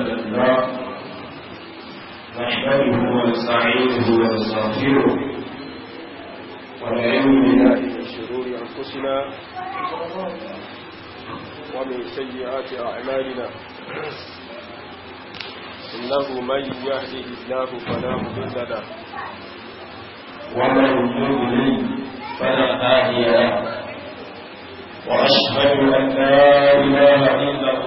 الحمد نحمده ونستعينه ونستغفره ونعوذ بالله من شرور انفسنا ومن سيئات اعمالنا انه من يهده الله فلا مضل له ومن يضلل فلا هادي له واشهد ان لا اله الا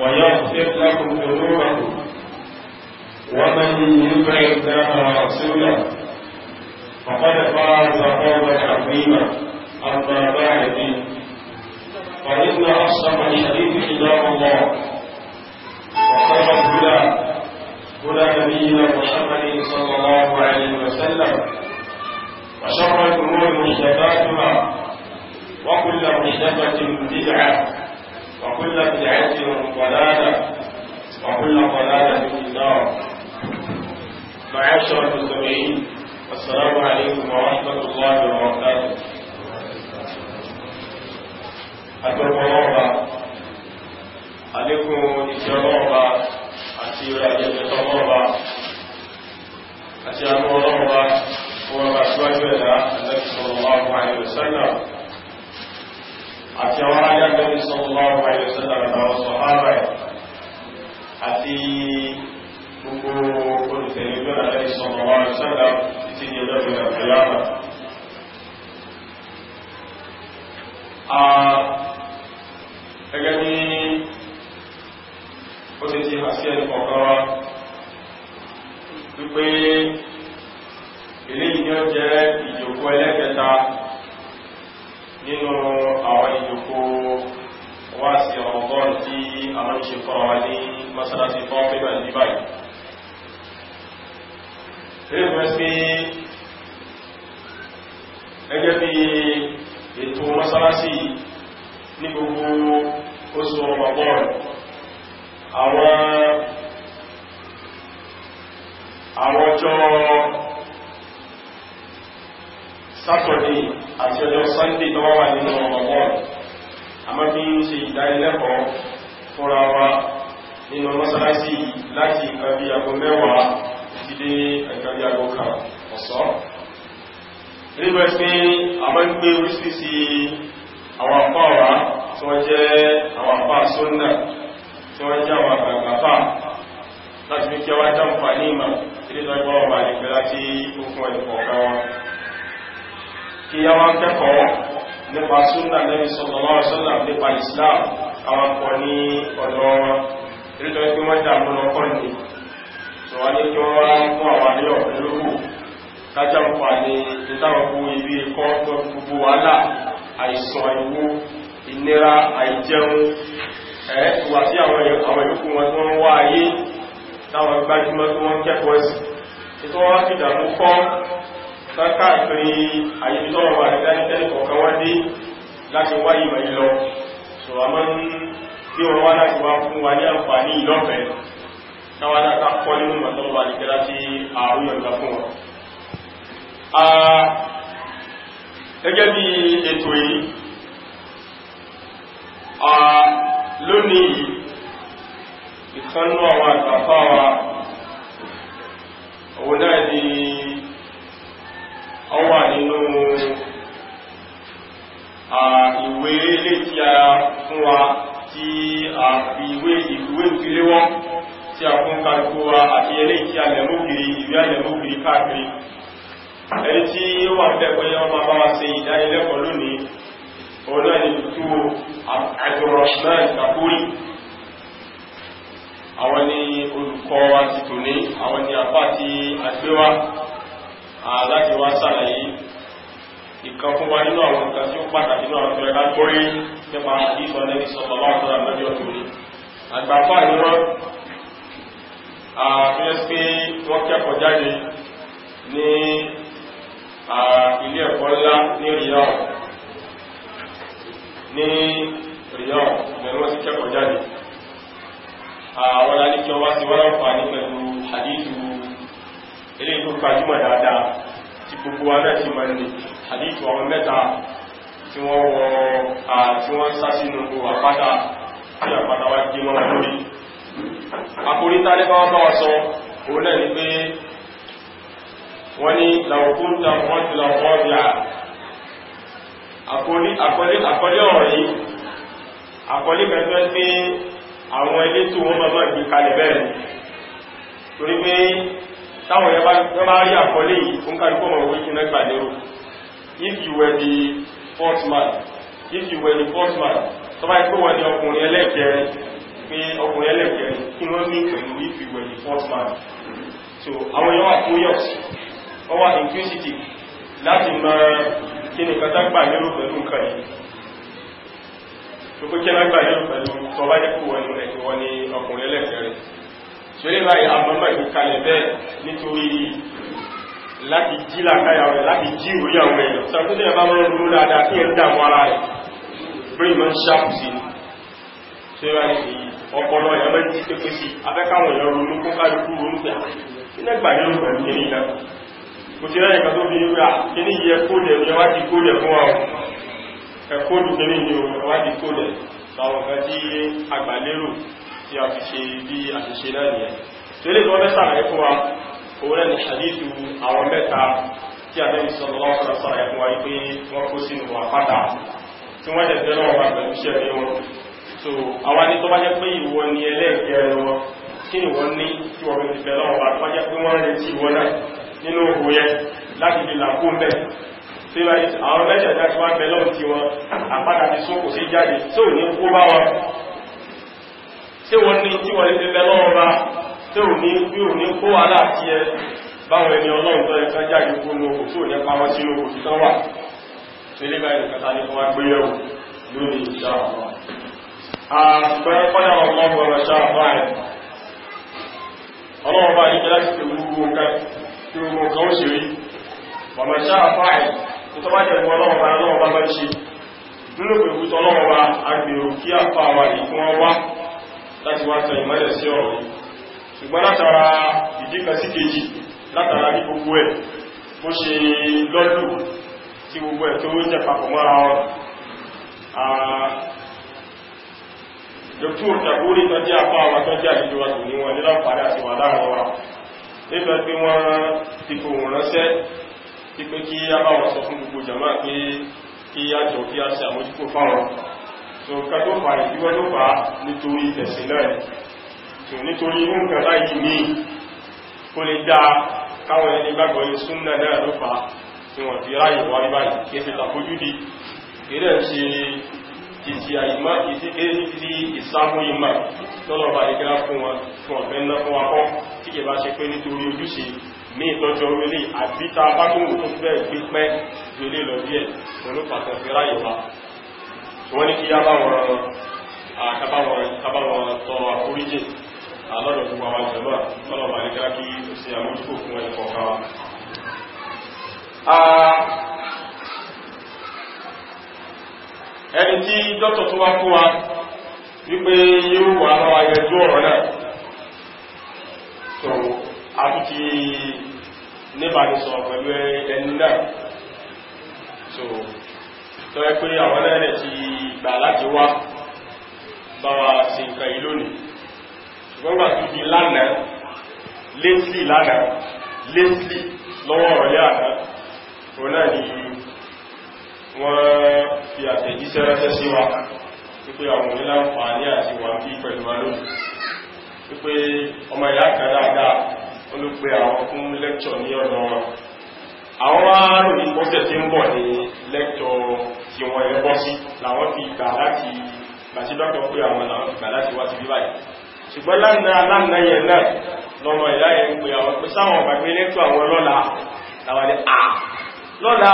ويغفر لكم ذنوبكم ومن يطع الله ورسوله فقد فاز فوزا عظيما اما بعد فان اصدق الحديث كتاب الله وخير الهدى هدى نبينا محمد صلى الله عليه وسلم وشر الامور محدثاتها وكل محدثه بدعه وكل بدعة ضلالة وكل ضلالة في النار معاشر المستمعين السلام عليكم ورحمة الله وبركاته أتوب الله عليكم الله، أتيرا جنة الله أتيرا الله هو مسؤول الله النبي صلى الله عليه وسلم àti àwọn aráyá lórí sallallahu alaihi wasallam àtàwọn sọ̀hárà ẹ̀ àti gbogbo olùtẹ̀lé lọ́nà lórí sallallahu alaihi wasallam títí di ọjọ́ ìrìnà kẹyàmà gẹ́gẹ́ ní ó ti nínú àwọn ìjòkó wá sí ọ̀rọ̀gbọ́n tí a mọ́ ṣe fún àwọn ní masalasi fún pẹ́lú ní báyìí rẹ̀mọ̀ sí ẹgẹ́ bí ètò masalasi ní gbogbo oṣù ọ̀rọ̀gbọ́n àwọn ọjọ́ sátọ̀dé àti ọjọ́ sunday tó wáwà nínú ọmọbọ́ọ̀lù àmọ́ bí ó ṣe ìdánilẹ́kọ̀ọ́ fúnra wa nínú mọ́sálásí láti nǹkan bí aago mẹ́wàá ti dé nǹkan bí aago kan ọ̀sán nígbà pé àwọn ń gbé oríṣiríṣi àwọn àpá wa tí wọ́n jẹ́ àwọn àpá sóńdà tí wọ́n jẹ́ àwọn àgbàgbà láti fi kí wá jàǹfà ní kí a wá kẹ́kọ̀ọ́ nípa súnà lẹ́yìn sallallahu alaihi wasallam nípa islam àwọn kọ ní ọ̀dọ̀ wọn nítorí pé wọ́n dàmú lọ́kọ́ ní sọ̀rọ̀ ní kí wọ́n mú àwọn alẹ́ ọ̀pẹ́ lókù kájá ń pa ní ìtàwọ̀kú ibi ikọ́ gbogbo wàhálà àìsàn ìwú ìnira àìjẹun ẹ̀ ìwà sí àwọn ìyókù wọn tó ń wá ayé táwọn gbájúmọ́ tó wọ́n kẹ́kọ̀ọ́ sí ìtọ́wọ́n fìdàmú kọ́ káàkiri àyíkítọ́rọ̀ wà ní dáńtẹ́lì kọ̀ọ̀kan wá dé láti wá ìmọ̀ ìlọ so a mọ́ bí wọ́n wá láti wá fún wa ní àǹfààní ìlọ́fẹ́ káwàdá ká kọ́ nínú mọ̀tọ́lọ̀wà ní kẹ́lá tí àrùn ẹ̀gbà fún wọn gẹ́gẹ́ bí ètò yìí lónìí ìkánú àwọn àgbàfáwa òun náà ni ọ wà nínú ìwé ilé tí a fún wa tí a fi ìwé ìwé ìfiléwọ́ tí a fún kàrùkú wa àti ilé tí a lẹ̀mógiri ìwé àlẹ̀mógiri káàkiri ẹni tí ó wà pẹ́pẹ́ yọ ma bá wa ṣe ìdánilẹ́kọ̀ọ́ lónìí ọ̀nà ìtú àjọrọ̀ṣán àwọn ni olùkọ́ wa ti àwọn ni àpá ti àgbéwá aláti wá sàlàyé ìkan fún wa nínú àwọn nǹkan tí ó pàtàkì náà fẹ́ lágbórí nípa ìfọ̀ lẹ́bí sọ̀tọ̀lá ọ̀tọ́lá lọ́jọ́ òní àgbàfà ìrọ́ àfihàn pé wọ́n kẹ́kọ̀ọ́ jáde ní ilé ẹ̀kọ́ ńlá ní Riyadh ní Riyadh ìgbẹ̀rún wọ́n sì kẹ́kọ̀ọ́ jáde àwọn alíkẹ́ wá sí wọ́n láǹfààní pẹ̀lú hadithu ilé tó gbajúmọ̀ dáadáa tí gbogbo wa náà ti máa ní àdíjù àwọn mẹ́ta tí wọ́n wọ àti wọ́n sá sínú àpáta tí àpáta wá gé wọn lórí àkórí tá nípa wọn bá wa sọ òun náà ni pé wọ́n ní làwọ̀kún ta wọ́n ti làwọ̀ ọ̀bìà àkọlé ọ̀rọ̀ yìí àkọlé kẹfẹ́ pé àwọn elétò wọn bàbá gbé kalẹ̀ bẹ́ẹ̀ torí pé táwọn yẹn rí àkọlé yìí fún kàrùkọ́ mọ̀ wíkí mẹ́gbà lérò if you were the fourth man if you were the fourth man tó bá ikú wọn ni ọkùnrin ẹlẹ́kẹrin pé ọkùnrin ẹlẹ́kẹrin kí wọ́n ní pẹ̀lú if you were the fourth man so àwọn yẹn wà curious wọ́n wà inquisitive láti mọ kí ni kọ́tà gbà lérò pẹ̀lú nǹkan yìí tó kó kí ẹ má gbà lérò pẹ̀lú tó bá ikú wọn ni ọkùnrin ẹlẹ́kẹrin ṣeré báyìí àmọ́mọ́ ìgbìkalẹ̀ bẹ́ẹ̀ nítorí láti jí làkáyà rẹ̀ láti jí orí àwọn èèyàn sàkúnlẹ̀ bá mọ́ rú dáadáa kí ẹ̀rù dàmú ara rẹ̀ bí mọ́ ṣàpù sí ni ṣeré báyìí sí ọpọlọ èèyàn mọ́ jí pépé sí afẹ́káwọn èèyàn ronú kó kálukú ronú pé ah, nígbà yóò pẹ̀lú kí nígbà kò ti rẹ́yìn kan tó fi wípé kíní yẹ kóòdẹ̀ ní ọwádìí ah, kóòdẹ̀ fún wa ẹ̀kóòdù kíní ni ọwádìí kóòdẹ̀ sàwọn kan tí agbàlérò tí a fi ṣe bí a ti ṣe náà nìyẹn tó lè wọ́n mẹ́sàn rẹ̀ fún wa òun náà ni hadithu àwọn mẹ́ta tí a bẹ́ẹ̀ sọ̀rọ̀ lọ́wọ́ sọ̀rọ̀ sọ̀rọ̀ ẹ̀kún wa wípé wọ́n kó sínú àpáta tí wọ́n jẹ̀ bẹ́ẹ̀ lọ́wọ́ pẹ̀lú iṣẹ́ rẹ̀ wọn so àwa ni tó bá jẹ́ pé ìwọ ni ẹlẹ́ẹ̀kẹ́ rẹ̀ tí wọ́n jẹ́ pé tí wọ́n àwọn mẹ́jẹ̀ẹ́ta tí tí wọ́n àpáta ti sókò sí jáde tí ò ní kó bá wọn ṣé wọ́n ní tí wọ́n ní bẹ́ẹ̀ lọ́wọ́ bá tí ò ní bí ò ní kó wàhálà tí ẹ báwọn ẹni ọlọ́run tó ẹ̀kan já ìgbó ní okùn tí ò ní pamọ́ sínú okùn tí tán wà tí lé báyìí kàtà ní fún agbéyẹ̀wò lónìí ìṣà àwọn àgbẹ̀ kọ́lá ọmọ ọgbọ̀rọ̀ ṣà àbáyẹ̀ ọlọ́run bá ní kíláṣì tó gbogbo nǹkan tí gbogbo nǹkan ó ṣe rí ọmọ ṣà àbáyẹ̀ tó tọ́ bá ọlọ́run bá ọlọ́run bá bá ń ṣe nínú pẹ̀lú tọ́lọ́run bá agbèrò kí àfa àwọn àyíkún wọn wá láti wá tan ìmọ́lẹ̀ sí ọ̀rọ̀ yìí ṣùgbọ́n látara ìdí kan sí kejì látara bí gbogbo ẹ̀ bó ṣe lọ́dù tí gbogbo ẹ̀ tó jẹ́ papọ̀ mọ́ra wọn dr taburi tó jẹ́ apá wa tó jẹ́ àjíjọ wa tò ní wọn nílá parí àti wà láàrin wa nígbà pé wọ́n ti kò wọ́n ránṣẹ́ pípé kí a bá wọn sọ fún gbogbo jàmáà a jọ kí a so ká tó fà ìdíwọ́ tó fà nítorí ìtẹ̀sí náà so nítorí nǹkan láìkì ní kó lè dá káwọn ẹni gbàgbọ́ yìí súnnà náà ló fà tí wọ́n fi ráyè wá rí báyìí kí ẹsẹ̀ tàbójúdì eré ṣe ìsì àìmá ìsìkéèsì ìsámú ìmá tọ́lọ̀bà ìgbà fún wọn fún ọ̀fẹ́ ńlá fún akọ́ tí kẹ bá ṣe pé nítorí ojúṣe ní ìtọ́jọ orílẹ̀ àbíta bákùnrin tó fẹ́ gbé pẹ́ lórí lọ díẹ̀ pẹ̀lú pàtàkì ráyè wa wọ́n ní kí àbáwọn tọrọ àforíjì àlọ́dọ̀ fún àwọn ìjọba tọ́lọ̀ màríkà kí ó sì àmójúkò fún ẹni kọ̀ọ̀káwà ẹni tí dọ́tọ̀ tó wá fún wa wípé yíó wà lọ́wọ́ ayẹjú ọ̀rọ̀ náà tó àtútí níbàdí sọ pẹ̀lú ẹni náà tó yẹ pé àwọn ẹlẹ́rẹ̀ ti gbà láti wá bá wa sí nǹkan yìí lónìí ṣùgbọ́n tó di lánàá lánàá lọ́wọ́ ọ̀rẹ́ àná òun náà ni wọ́n fi àtẹ̀jíṣẹ́ sí wa wípé àwọn àti wà pẹ̀lú wa lónìí wípé ọmọ ìyá kan dáadáa ó ló pe àwọn fún lẹ́kṣọ̀ ní àwọn tí ń bọ̀ ní lẹ́kṣọ̀ tí wọ́n ẹlẹ́bọ́ sí làwọn fi gbà láti gbàtí dọ́kọ̀ pé àwọn làwọn fi gbà láti wá ti bíbáyìí ṣùgbọ́n lánàá yẹn náà lọ́mọ ìlà yẹn pé àwọn pé sáwọn gbàgbé lẹ́tọ́ àwọn lọ́la làwọn lọ́la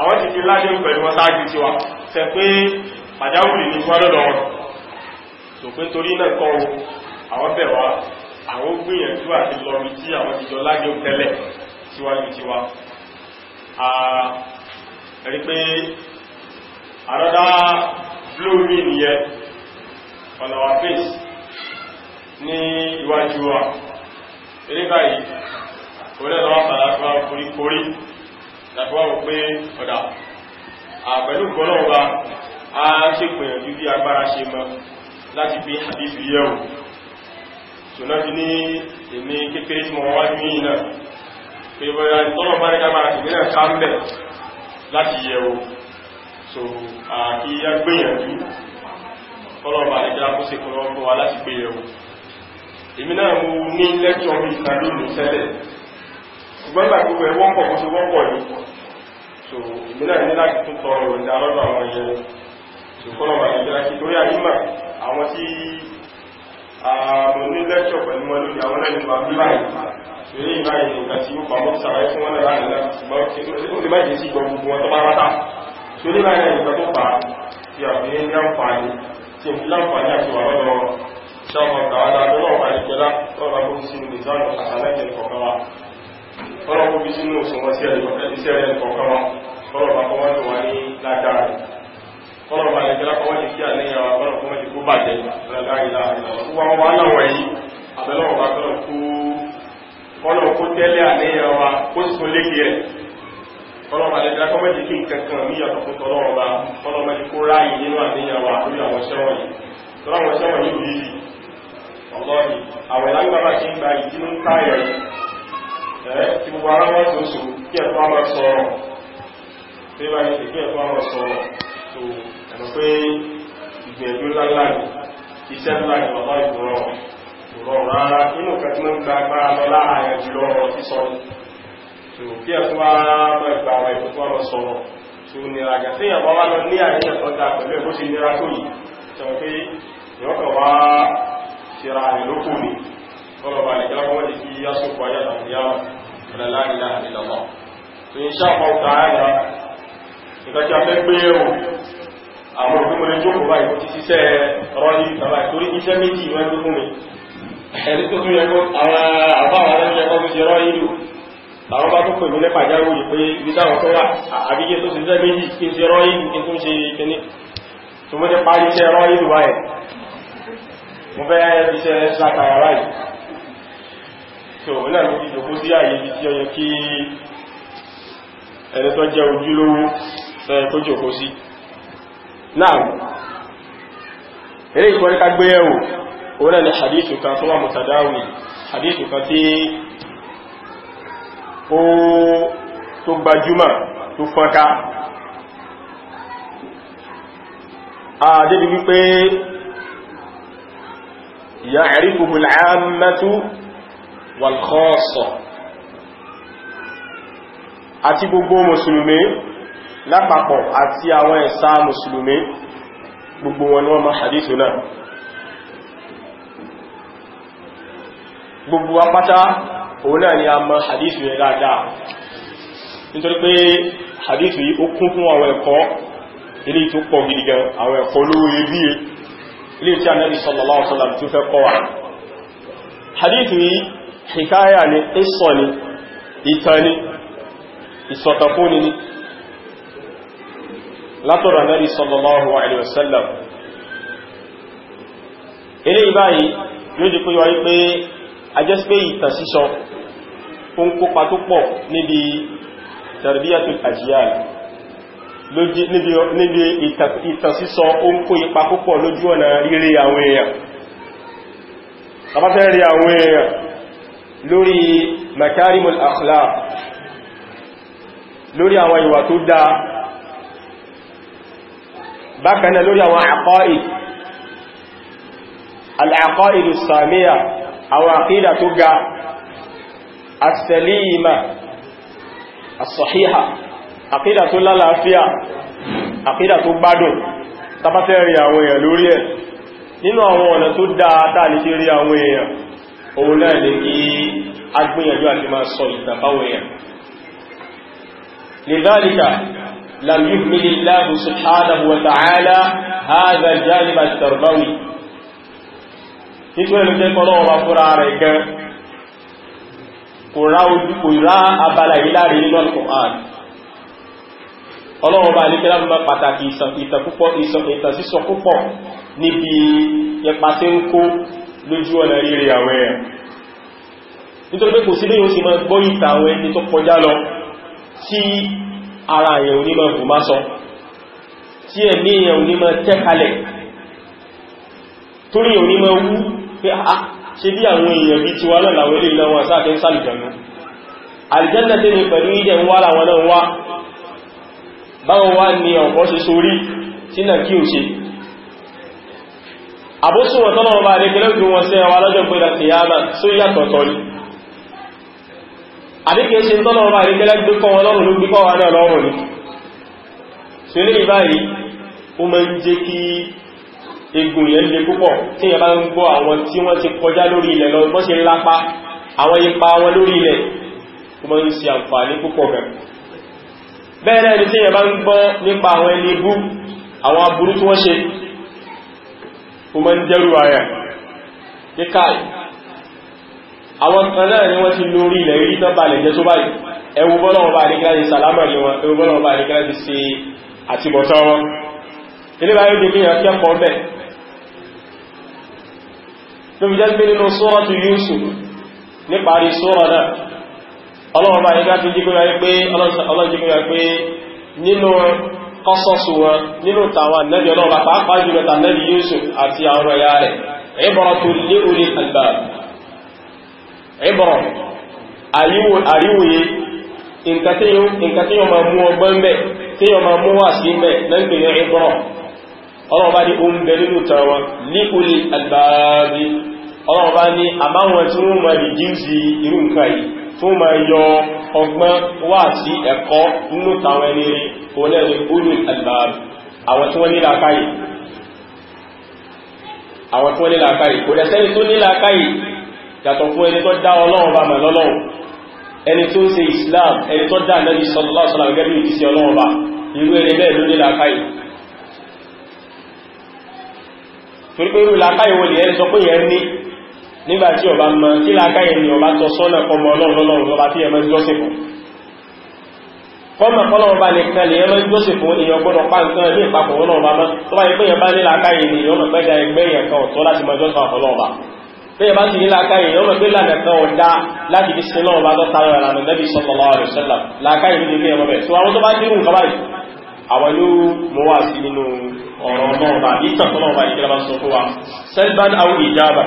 àwọn ti fi ládé pẹ̀lú wọn sáájú sí wa ṣe pé pàjáwìrì ní fọ́lọ́dọ̀ wọn ẹ̀rí pé àrọ́dá blóòmí nìyẹ on our face ní iwájú wa eré báyìí orílẹ̀-èdè àpàlàkọ́ koríkorí tàbíwá wò pé ọ̀dà àpẹ̀lú gbọ́lọ́wà a ṣe pẹ̀lú bí agbára ṣe mọ́ láti fi àdífì yẹ̀wò ṣùnà fi ní èmi kékeré tí mọ̀ wájú yìí náà pé bọ́yá ìtọ́nà bá ní kábàrà ṣùgbẹ́ náà ká ń bẹ̀ láti yẹ o so àti agbéyànjú kọlọ̀bà ìjọra kó sí kọlọ̀ fún wa láti gbé yẹ̀wò èmi náà mú ní lẹ́kṣọ́ ìta lónìí tẹ́lẹ̀ ṣùgbọ́n ìgbà gbogbo ẹ̀ wọ́pọ̀ kó sí wọ́pọ̀ yìí so èmi náà ní láti tún tọrọ ìdá lọ́dọ̀ àwọn ìyẹn so kọlọ̀bà ìjọra kí torí àyíma àwọn tí a mọ̀ ní lẹ́kṣọ́ pẹ̀lú wọn lónìí àwọn lẹ́nu ilé ìbáyìí nǹkan tí tó bá rátà tí ó ní láǹfààní tí èmi láǹfààní àti wà lọ́dọ̀ ṣọ́ọ̀kan kàwádà tó náà wà bó sínú sínú òṣùwọ̀n sí ẹ̀rẹ̀ kọ́lọ̀ kó tẹ́lẹ̀ àníyàn wa kó sì tún lékè rẹ̀ kọ́lọ̀ àlejò akọ́mọ́jì kí nǹkan kan ní ọ̀tọ̀ fún tọ́lọ́ ọba kọ́lọ̀ mẹ́jì kó ráyè nínú àníyàn wa lórí àwọn sẹ́wọ̀n yìí tọ́lá àwọn sẹ́wọ̀n yìí bí ọlọ́ọ̀dì àwẹ̀ lágbàbà kí ń gba ìdí ń táyà yìí ẹ̀ kí gbogbo ara wọn tó sùn kí ẹ̀fọ́ àwọn sọ̀rọ̀ pé báyìí sì kí ẹ̀fọ́ àwọn sọ̀rọ̀ tó ẹ̀mọ̀ pé ìgbìyànjú ńláńlá ni iṣẹ́ ńlá ni bàbá ìgbòrọ̀ rọrùn rárá inú kẹtí mọ́ gba agbára lọ láàárín jùlọ ọ̀rọ̀ sísọ tó kí ẹ̀ fún ààbọ̀ ìgbà àwọn ìfúnfún ọ̀rọ̀ sọ̀rọ̀ tó nira gà tí ìyàbọ̀ wá lọ ní àyíkẹ̀ tó dáa pẹ̀lú ẹ̀kọ́ sí nira tó yìí tẹ̀wọ̀n pé ìyọ́kọ̀ wá tira rẹ̀ lókò ní ọlọ́ba nìkan wọ́n ti fi yásùkú ayé àtàkùnyáwó ọ̀lẹ́lá ìlà ìlọ́mọ́ tó ń ṣàpọ̀ tààrà ìtọ́jú àwọn òfin mọ́lẹ́jókòó báyìí ti ṣiṣẹ́ rọ́lí ìtàbáyìí torí iṣẹ́ méjì wọ́n tó fún mi ẹni tó tún yẹ kó àwọn àbáwọn ẹni yẹ kó tún ti rán ìlú àwọn bá tó pè mí lẹ́pàá jáwó yìí pé ibi táwọn tó wà àbíyé tó ti fẹ́ méjì kí n ti rán ìlú kí n tún ṣe kíní tó mọ́ ti parí iṣẹ́ rán ìlú wáyẹ̀ mo fẹ́ iṣẹ́ ṣàkàrà báyìí tó náà ló fi jòkó sí àyè ibi tí ó kí ẹni tó jẹ ojúlówó tó kó jòkó sí náà eré ìkọ́ríká gbé ẹ̀wò òun náà ni hadithu kan tó wà mutadawi hadithu kan tí ó tó gbajúmọ̀ tó fọ́nká àdébí wípé ya'rifuhu al-'ammatu wal-khassa àti gbogbo mùsùlùmí lápapọ̀ àti àwọn ẹ̀sà mùsùlùmí gbogbo wọn ni ma hadithu náà gbogbo apáta òun náà ni a mọ̀ hadithu yẹ dáadáa nítorí pé hadithu yìí ó kún fún àwọn ẹ̀kọ́ ilé tó pọ̀ gidi gan àwọn ẹ̀kọ́ lóore bí i ilé tí Ànábì sallallahu alaihi wasallam tó fẹ́ kọ́ wa hadithu yìí hikaya ni ìsọ ni ìtàn ni ìsọ̀tàfúnni ni látọ̀rọ̀ Ànábì sallallahu alaihi wasallam ilé ìbáyìí ló jẹ́ pé wáyé pé ajẹ́sí pé ìtàn sísọ ó ń kópa tó pọ̀ níbi tàrbíyàtò àjíyàl níbi ìtàn sísọ ó ń kó ipa púpọ̀ lójú ọ̀nà rírí àwọn èèyàn abáfẹ́ rí àwọn èèyàn lórí makarimul akhlaq lórí àwọn ìwà tó dáa bákanáà lórí àwọn àkọ́ ìlú sàmíyà àwọn àkídà tó ga as-salima as-sahiha àkídà tó lálàáfíà àkídà tó gbádùn tàbátẹ́ rí àwọn èèyàn lórí ẹ̀ nínú àwọn ọ̀nà tó dáadáa lè ṣe rí àwọn èèyàn òun náà lè لذلك لم يهمل الله سبحانه وتعالى هذا الجانب التربوي nítorí ẹ̀lú jẹ́ kọ́lọ́ ọba fúra rẹ̀ gan kò rá ojú kò rá abala yìí láre nínú Al-Qur'an ọlọ́run ọba àlékẹ́lá mọ́ pàtàkì ìtàsísọ púpọ̀ níbi ẹpa tí ń kó lójú ọ̀nà rírì àwẹ̀ ẹ̀ nítorí pé kò sí léyìn ó sì mọ́ gbọ́ ìta àwọn ẹni tó kọjá lọ tí ara èèyàn onímọ̀ bùmásọ tí ẹ̀mí èèyàn onímọ̀ tẹ́kalẹ̀ torí èèyàn onímọ̀ wú pé a ah, ṣe bí àwọn èèyàn bí ti wá náà làwọn ilé ìlànà sáàkẹ́ ń sàlìjànú àlìjánà tí ni pẹ̀lú ìdẹ̀ ń wá làwọn náà wá báwọn wá ní ọ̀pọ̀ ṣe sórí tí náà kí ò ṣe àbúsùnwọ̀n tọ́nà ọba àdékẹ́lẹ́ òjú wọn sẹ́wà lọ́jọ́ pé láti yáàmà só egun yẹn lè púpọ̀ tí yẹn bá ń gbọ́ àwọn tí wọ́n ti kọjá lórí ilẹ̀ lọ bọ́ sí lápá àwọn ipa wọn lórí ilẹ̀ kuma ń ṣe àǹfààní púpọ̀ gan bẹ́ẹ̀ ni tí yẹn bá ń gbọ́ nípa àwọn ẹni bú àwọn aburú tí wọ́n ṣe kuma ń dẹ́rù ayà ní àwọn kan náà ni wọ́n ti lórí ilẹ̀ rí tán balẹ̀ jẹ́ tó báyìí ẹwú ilé báyìí ó di kíyàn kẹ́kọ̀ọ́ bẹ́ẹ̀ ló fi jẹ́ pé nínú sóràtù Yusuf níparí sóra náà ọlọ́run bá ẹgbẹ́ fi jíkúra pé ọlọ́run jíkúra pé nínú kọ́sọ̀sù wọn nínú tàwọn nẹ́bí ọlọ́run bá pàápàá jùlọ tà nẹ́bí Yusuf àti àwọn ẹ̀yà rẹ̀ ẹ̀bọ̀rọ̀tù lé orí àgbà ẹ̀bọ̀rọ̀ àríwòye nǹkan tí yọ ma mú ọgbọ́n bẹ̀ tí yọ ma mú wà sí bẹ̀ ní oúnjẹ nínú ọlọ́run bá ní àbáwọn tí wọ́n máa di jíúsì irú nǹkan yìí tó máa yọ ọgbọ́n wà sí ẹ̀kọ́ nínú tàwọn ẹni rí olẹ́ni olú albab àwọn tí wọ́n nílà káyì àwọn tí wọ́n nílà Islam ẹni tó dá Ànábì sallallahu alaihi wasallam gẹ́gẹ́ bí ìfisí ọlọ́run bá irú ẹni bẹ́ẹ̀ ló nílà ẹni sọ pé yẹn ní nígbà tí ọba mọ́ kí láàkáyẹ̀ ni ọba tọ́ sọ́nà ọmọ ọlọ́run ọba tí ẹmọ́ jọ́sìn fún fọ́mà fọ́lọ́run bá nìkan lè ẹmọ́ jọ́sìn fún èèyàn gbọ́dọ̀ pa nǹkan ní ìpapọ̀ wọn náà bá mọ́ tó bá yẹ pé yẹn bá ní láàkáyẹ̀ ni èèyàn mọ̀ pé da ẹgbẹ́ yẹn kan ọ̀tọ̀ láti mọ́ jọ́sìn fọ́lọ́run bá pé yẹn bá sì ní láàkáyẹ̀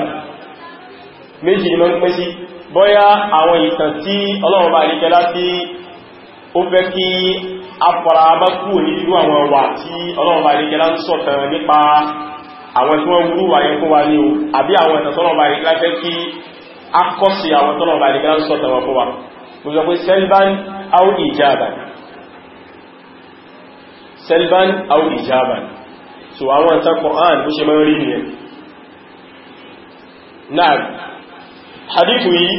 èèyàn mọ̀ pé méjì ni wọ́n pín sí bóyá àwọn ìtàn tí ọlọ́run bá àríkẹ́lá tí ó fẹ́ kí afọ̀ràmọ́ kúrò ní irú àwọn ọwà tí ọlọ́run bá àríkẹ́lá ń sọ̀tàn nípa àwọn tí wọ́n wúrú wáyé fún wa ní o àbí àwọn ìtàn tọ́lọ́run bá àríkẹ́lá fẹ́ kí akọ́sí àwọn tọ́lọ́run bá àríkẹ́lá ń sọ̀tàn wọn fún wa mo sọ pé selban au ijaban selban au ijaban so àwọn ìtàn Qur'an bó ṣe mọ́ rí nìyẹn náà hadithu yìí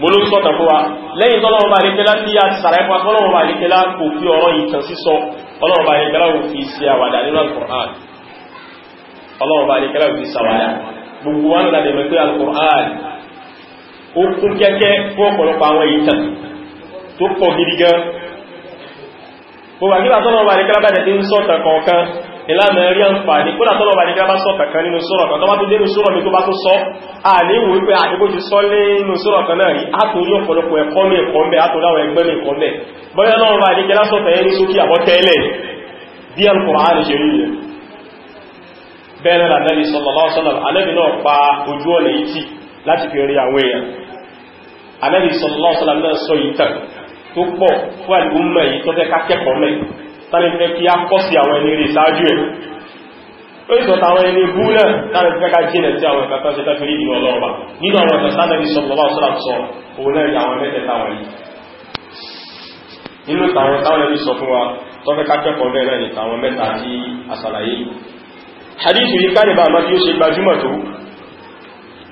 bolo ń sọ́tà fún wa lẹ́yìn tọ́lọ́wọ́ bá nìkẹ́lá tí a ti sàrẹ́ fún akọ́lọ́wọ́ bá nìkẹ́lá kò fi ọ̀rọ̀ yìí tàn sísọ ọlọ́wọ́ bá nìkẹ́lá ò fi ṣe àwàdà nínú al-Qur'an ọlọ́wọ́ bá nìkẹ́lá ò fi ṣàwàdà gbogbo wa nílá ìlànà rí àǹfààní kó dàtọ́lọ̀ bá ní gbá bá sọ kankan nínú sọ́rọ̀ kan tó bá tó dé nínú sọ́rọ̀ mi tó bá tó sọ àníwò wípé àdíkò ti sọ lé nínú sọ́rọ̀ kan náà rí átorí ọ̀pọ̀lọpọ̀ ẹ̀kọ́ mi ẹ̀kọ́ mẹ́ átoláwọ̀ ẹgbẹ́ mi ẹ̀kọ́ mẹ́ bọ́yá náà bá ní kẹlá sọ́tẹ̀ ẹni sókí àbọ́ tẹ́lẹ̀ bí Al-Qur'an ṣe rí yẹn bẹ́ẹ̀ náà Nabi sallallahu alaihi wasallam mẹ́ tàbí fẹ́ kí á kọ́ sí àwọn ẹni rí sáájú ẹ̀ ó ìsọ̀tà àwọn ẹni bú náà tàbí fẹ́ ká jìnà sí àwọn ìkàtà sí tàbí rí ìlú ọlọ́ọ̀bà nínú àwọn ọ̀tọ̀ sánàbí sọ̀rọ̀lá ọ̀sọ̀rọ̀ sọ òun náà ni àwọn mẹ́tẹ̀ẹ̀ta wọ̀nyí nínú tàwọn táwọn ẹni sọ fún wa tó fẹ́ ká kẹ́kọ̀ọ́ mẹ́rẹ̀ ni tàwọn mẹ́ta tí àṣàlàyé hadith yìí kálíbà máa bí ó ṣe gbajúmọ̀ tó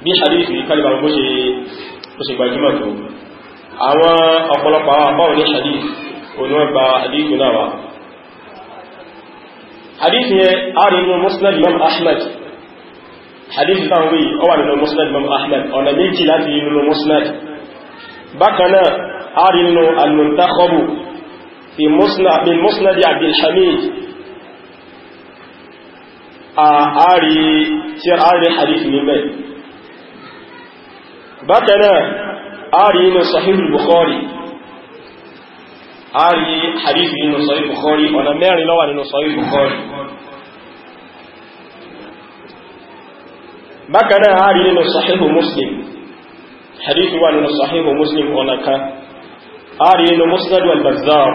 bí hadith yìí kálíbà bó ṣe gbajúmọ̀ tó àwọn ọ̀pọ̀lọpọ̀ àwọn àbáwọn ní hadith òun wọ́n gba hadith náà wa hadith yẹn a rí inú musnad imam ahmed hadith tán wí ó wà nínú musnad imam ahmed ọ̀nà méjì láti inú musnad bákanáà a rí inú al-muntakhabu fi musnad bin musnad abdul hamid a rí tí a hadith níbẹ̀ bákanáà a rí inú bukhari a rí hadith nínú Sahih Bukhari ọ̀nà mẹ́rin ló wà nínú Sahih Bukhari bákan náà a rí nínú Sahih Muslim hadith wà nínú Sahih Muslim ọ̀nà kan a rí nínú Musnad al-Bazzar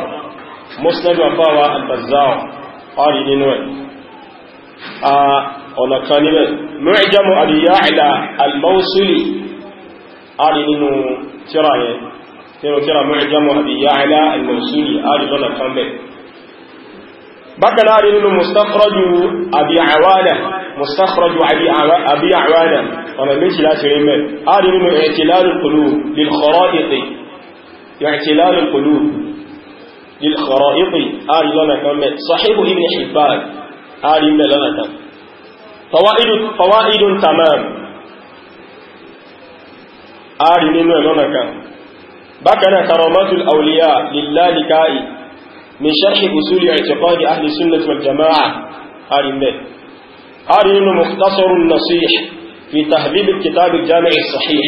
Musnad àfáwà al nínú ẹ̀ ọ̀nà níbẹ̀ Mu'jam Abi Ya'la al-Mawsili nínú tíra nínú tíra Mu'jam Abi Ya'la al-Mawsili àrídọ́nà kan bẹ̀. bákanáà rí nínú mustakhraj Abi Awana mustakhraj Abi Awana ọ̀nà méjì láti rí mẹ́ àrí nínú i'tilal al-qulub lil khara'it bákanáà karamatul auliya lillalikai min sharhi usuli i'tiqadi ahli sunnati wal jama'a arimbe arinu mukhtasarun nasih fi tahdhib alkitab aljami' as-sahih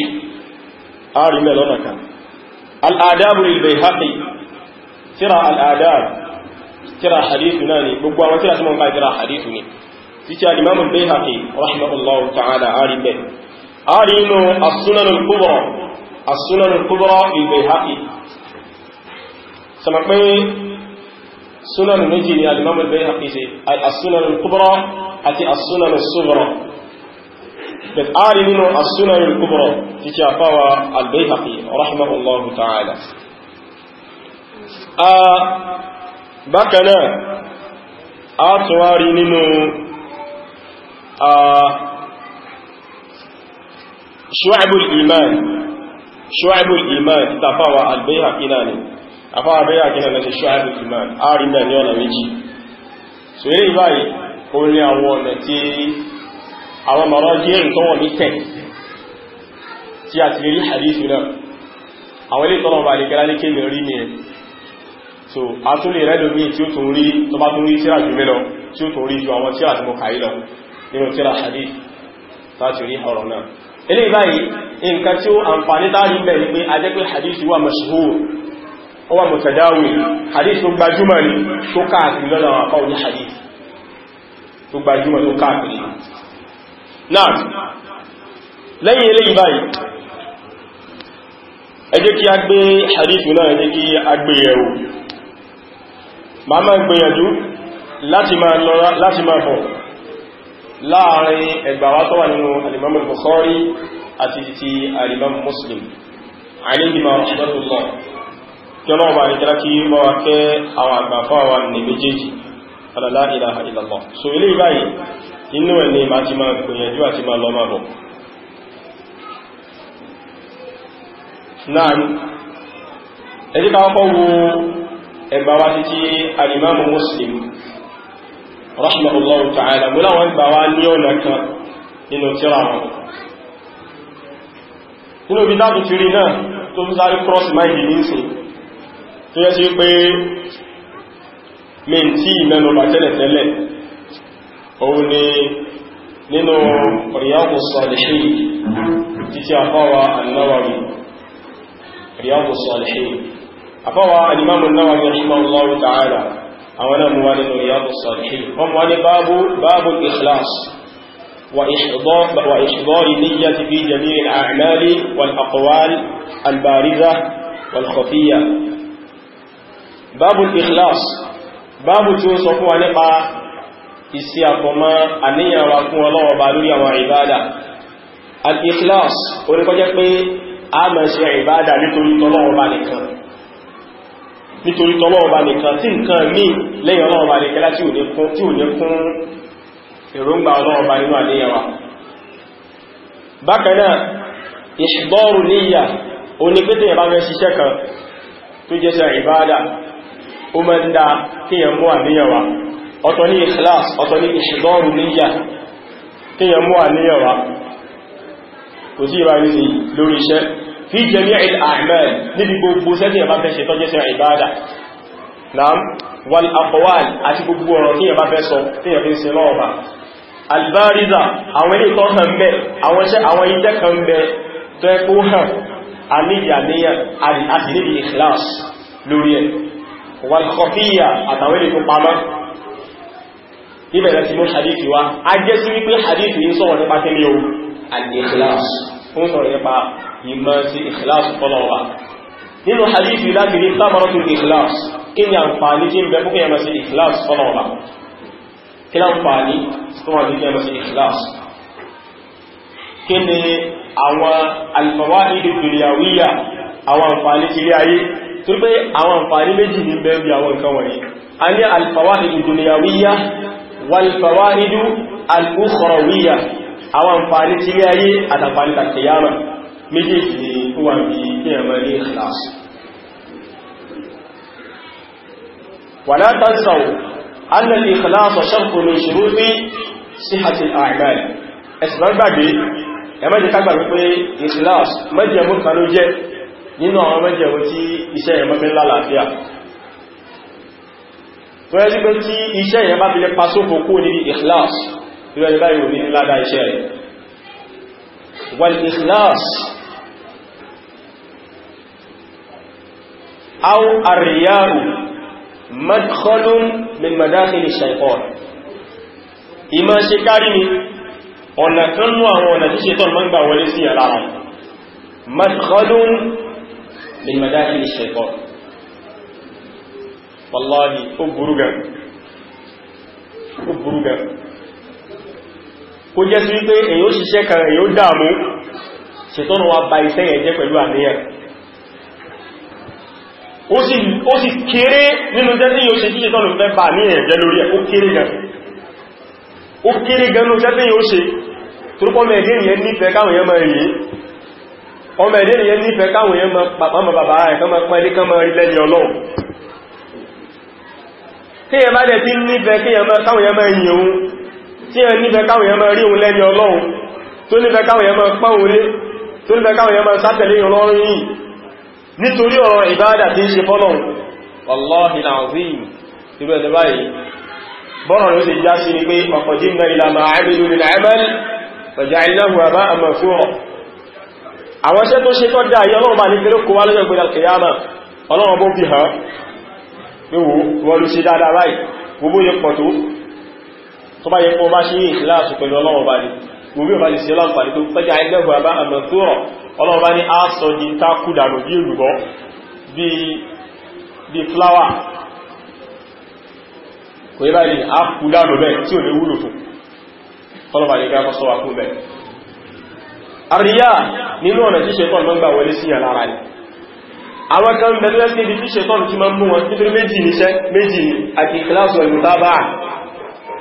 arimbe lonaka al-adab lil bayhaqi tira al-adab tira hadithuna ni gbogbo àwọn tira tí mo ka tira hadithu ni títí al-imam al rahimahullahu ta'ala arimbe arinu as-sunan al السنن الكبرى للبيهقي سمعت سنن نجي يا الإمام البيهقي السنن الكبرى أتي السنن الصغرى بتعالي منه السنن الكبرى تتعفى البيهقي رحمه الله تعالى آه بكنا أتواري منه آه شعب الإيمان ṣọ́ẹ̀bùl iman ta fáwa albayhaqi náà ni a fáwa albayhaqi náà lọ́sẹ̀ ṣọ́ẹ̀bùl iman àárín náà ní ọ̀nà méjì so eré ìbáyìí kò ní àwọn ọ̀nà tí àwọn mọ̀rọ̀ jẹ́ ìtọ́wọ̀ ní tẹ̀ tí a ti rí hadithu náà àwọn ilé tọ́lọ̀ bá lè gẹ́lá ní kéèmì rí ni ẹ̀ so a tún lè rẹ́lò mí tí ó tún rí tó bá tún rí tíra jù mẹ́lọ tí ó tún rí ju àwọn tíra tí mo kàí lọ nínú tíra hadith láti rí ọ̀rọ̀ náà ilé báyìí nǹkan tí ó àǹfàní tààrí bẹ̀rẹ̀ pé a jẹ́ pé hadith wà mashhur ó wà mutadawi hadith tó gbajúmọ̀ ní tó káàkiri lọ́dọ̀ àwọn àpá òní hadith tó gbajúmọ̀ tó káàkiri náà lẹ́yìn ilé báyìí ẹ kí a gbé hadith náà ẹ kí a gbé yẹ̀wò máa máa gbìyànjú láti máa bọ̀ láàrin ẹgbàwá tó wà nínú alimamul bukhari àti ti alimam muslim àìlèdìmọ̀ ọ̀ṣọ́tọ̀lọ́ kí ọlọ́wọ́ bá nìkẹ́lá kí bọ́ wa kẹ́ àwọn àgbàfáwà ní méjèèjì alàlá ilaha illallah so ilé ìbáyìí inú ẹ̀ ni ma ti máa gbìyànjú àti wo ẹgbàwá ti ti alimamu rahimahullahu ta'ala mo láwọn gbà wá ní ọ̀nà kan nínú tíra wọn nínú bí dábì ti rí náà tó ń sáré cross mind nísìn tó yẹ́ sí pé mi tí mẹ́nu bà tẹ́lẹ̀ tẹ́lẹ̀ òun ni nínú Riyadus Salihin títí àfáwà annáwàrí Riyadus Salihin àfáwà al-Imam an àwọn náà mú wá nínú Riyadu Salihin wọ́n mú wá ní báàbù báàbù ikhlas wa ìṣìdọ́rì níyà ti fi jami'i al'amali wal aqwal albariza wal khafiya báàbù ikhlas báàbù tí ó sọ fún wa nípa isi àkọmọ́ àníyàn wa fún ọlọ́wọ́ nítorí tọ́lọ́ọ̀bá nìkan tí nǹkan mí lẹ́yìn ọlọ́ọ̀bá nìkan láti ò ní kún èròǹgbà ọlọ́ọ̀bá nínú àníyàwó bákan náà ìṣbọ́rù níyà o ní pété ìbá mẹ́ ṣiṣẹ́ kan tó jẹ́ o mẹ́ ń dá kíyàn mú àníyàwó ọ̀tọ̀ ní ikhlas ọ̀tọ̀ ní ìṣbọ́rù níyà kíyàn mú àníyàwó kò sí ìbá fi jami'il a'mal níbi gbogbo sẹ́tì ẹ̀bá fẹ́ ṣe tọ́jẹ́ sí ìbádà naam wal aqwal àti gbogbo ọ̀rọ̀ tí ẹ̀bá fẹ́ sọ tí ẹ̀fẹ́ sí lọ́ọ̀bà albariza àwọn ilé tó hàn mẹ́ àwọn iṣẹ́ àwọn iṣẹ́ kan mẹ́ tó ẹkó hàn àníyà níyà àti níbi ikhlas lórí ẹ̀ wal ó sọ̀rọ̀ nípa ìmọ̀ sí ìkìláàsì fọ́lọ́wà nínú hadithi láti ní sámarọ́tù ìkìláàsì kí ni àǹfààní kí ń bẹ fún kíyàmọ̀ sí ìkìláàsì fọ́lọ́wà kí láǹfààní tó wà ní kíyàmọ̀ sí ìkìláàsì kí ni àwọn alfawaidu dunyawiyya àwọn àǹfààní kiri ayé tó pé àwọn àǹfààní àwọn àǹfààní ti rí ayé àtàǹfààní tàkìyàmà méjèèjì ni ó wà ní kí ẹ̀mọ́ ní ikhlas wa la tansaw anna al-ikhlas shartun min shuruti sihhati al-a'mal ẹ̀sìnà gbàgbé ẹmẹ́jẹ kágbàgbé pé ikhlas mẹ́jẹ̀mú kan ló jẹ́ nínú àwọn mẹ́jẹ̀mú tí iṣẹ́ ẹ̀mọ́ fi sí pé tí iṣẹ́ ẹ̀mọ́ fi lè irú ẹni báyìí ò ní ládá iṣẹ́ rẹ̀ wal ikhlas aw arriya'u madkhalun min madakhili shaytan ìmọ̀ ṣe kárí ni ọ̀nà kanú àwọn ọ̀nà tí ṣetán ma ń gbà wọlé sí àlára madkhalun min madakhili shaytan wallahi ó burú kó jẹ́ sí wípé èyí ó ṣiṣẹ́ kan èyí ó dààmú ṣètọ́nà wa ba iṣẹ́ yẹn jẹ́ pẹ̀lú àníyàn ó sì kéré nínú jẹ́ tí yóò ṣe tí ṣètọ́nà fẹ́ bà ní ẹ̀jẹ́ lórí ẹ̀ ó kéré gan ó kéré gan ló jẹ́ tí yóò ṣe tó pọ́ mẹ́ẹ̀dẹ́ ìyẹn nífẹ̀ẹ́ káwọn yẹn máa rí ọmọ ẹ̀dẹ́ ìyẹn tí ẹ nífẹ́ káwọn èèyàn máa rí òun lẹ́ni ọlọ́run tó nífẹ́ káwọn èèyàn máa pọ́n òun lé tó nífẹ́ káwọn èèyàn máa sátẹ̀lé ìrọrùn yìí nítorí ọ̀rọ̀ ìbáadà tí ń ṣe fọ́lọ̀un wallahi alazim irú ẹ̀dẹ̀ báyìí bọ́rọ̀ ló ti já sí ni pé ọ̀pọ̀jínà ìlàmà àìbìlú ní àìbẹ́lì pẹ̀já ìlàmù àbá àmàfúrọ̀ àwọn iṣẹ́ tó ṣe tọ́ ọlọ́run bó fi hàn pé wọ́n ló ṣe dáadáa báyìí gbogbo yẹ pọ̀ tó tó bá yẹ kó bá ṣe ìkìláàsù pẹ̀lú ọlọ́run bá ní gbogbo ìbá lè ṣe láǹfààní tó pẹ́jà ẹgbẹ̀gbẹ̀ àbá àmọ̀túrọ̀ ọlọ́run bá ní aṣọ di tákùdànù bí olùgọ́ bí fláwà kò yẹ báyìí àkùdànù bẹ́ẹ̀ tí ò ní wúlò fún ọlọ́run bá ní ká fọ́sọ́ wà fún bẹ́ẹ̀ àríyá nínú ọ̀nà tí ṣetán ló ń gbà wọlé síyàn lára ní àwọn kan bẹ̀rẹ̀ sí ibi tí ṣetán tí ma ń mú wọn títorí méjì níṣẹ́ méjì àti ìkìláàsù ẹ̀lú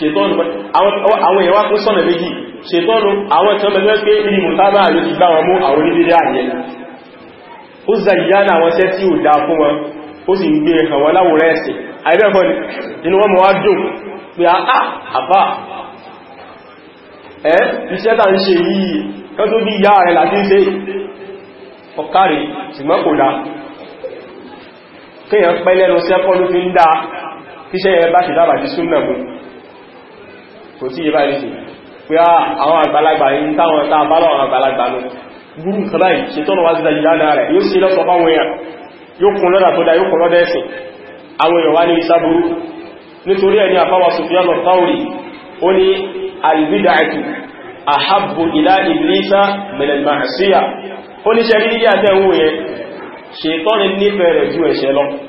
ṣètọ́nù àwọn èèyàn wá kún sọ́nà méjì ṣètọ́nù àwọn ìtàn mẹ́lẹ́ pé ní mùtábà ló ti gbá wọn mú àwọn onídílé àyẹ ó zàyíyánà àwọn iṣẹ́ tí ó dá fún wọn ó sì ń gbé ẹ̀kàn e wọn láwòrán ẹ̀sìn àìbẹ́ẹ̀kọ́ ni inú wọn mọ̀ wá dùn pé àá ah, ah, àbá ẹ́ iṣẹ́ tà ń ṣe yìí kọ́ tó bí ìyá rẹ̀ láti ń ṣe ọkàrí ṣùgbọ́n kò dá kéèyàn pẹ́ lẹ́nu sẹ́kọ́ ló fi ń dá kíṣẹ́ yẹn bá ti dábàá di súnnà kò tí yẹ báyìí pé ah, àwọn àgbàlagbà yìí táwọn tá bá láwọn àgbàlagbà lọ gúrù nǹkan báyìí ṣe tọ́nà wá síta ìdáná rẹ̀ yóò sí lọ́sọ fáwọn èèyàn yóò kún lọ́dà tó dá yóò kún lọ́dà ẹ̀sìn àwọn èèyàn wá ní ìsáburú nítorí ẹni àfáwà Sufyan al-Thawri ó ní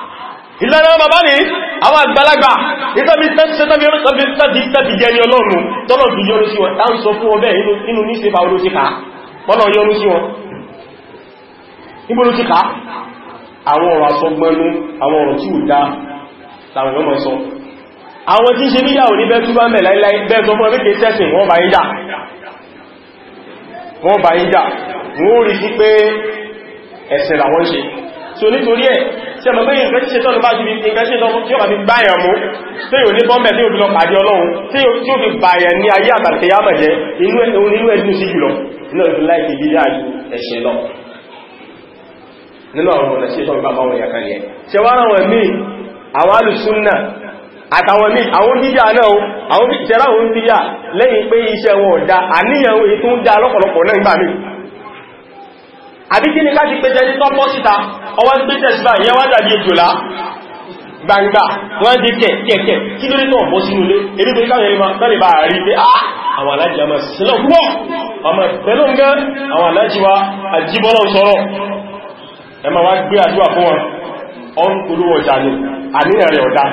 ìlànà bàbá ní àwọn àgbàlagbà ìtàbí tàbí jẹ́ ní ọlọ́run tọ́lọ̀ fi yọrù sí wọn tán sọ fún ọbẹ̀ inú ní ṣepa olóṣíká pọ́nà yọrù sí wọn nígbólóṣíká àwọn ọ̀rọ̀ asọgbọ́nú àwọn ọ̀rọ̀ tí ò dá láwọn ọmọ sọ àwọn tí ń ṣe níyàwó ní bẹ́ẹ̀ túbá mẹ́ láíláí bẹ́ẹ̀ sọ fún ẹgbẹ́ kìí sẹ́sìn wọ́n bá ń jà wọ́n bá ń jà wọ́n rí sí pé ẹ̀sìn làwọn ṣe so nítorí ẹ̀ ṣe mọ̀ pé nǹkan ṣe tọ́lọ bá ti fi nǹkan ṣe tọ́lọ tí ó bá fi báyàn mú tí yóò ní bọ́m̀bẹ̀ tí ó fi lọ pàdé ọlọ́run tí ó fi báyàn ní ayé àtàkìyàmọ̀ jẹ́ inú ẹ̀dùn sí jùlọ náà fi láìpì bí yáà ẹ̀ṣẹ̀ lọ nínú àwọn ọ̀nà ṣe tọ́lọ bá báwọn ìyàkà ni ẹ̀ ṣe wá rán wọn míì àwọn alùsúnnà àtàwọn míì àwọn dídá náà àwọn ìṣẹ́ra òun dídá lẹ́yìn pé iṣẹ́ wọn ọ̀dá àníyàn ètò ń já lọ́pọ̀lọpọ̀ náà nígbà míì àbí kí ni káti pẹ́jẹ́ ní tọ́pọ̀ síta ọwọ́ ń pẹ́jẹ́ síta ìyẹn wá dàbí ètòlá gbangba wọ́n dé kẹ̀kẹ̀kẹ̀ kí lórí tọ́ bọ́ sínú lé èdè tó káwọn ẹ̀rìmá tọ́lẹ̀ bá ah! wa àjíbọ́lọ̀ sọ́rọ̀ ẹ ma wá gbé àdúrà fún wọn ọ́n polówó ọjà ni àníyàn rẹ̀ ọ̀dá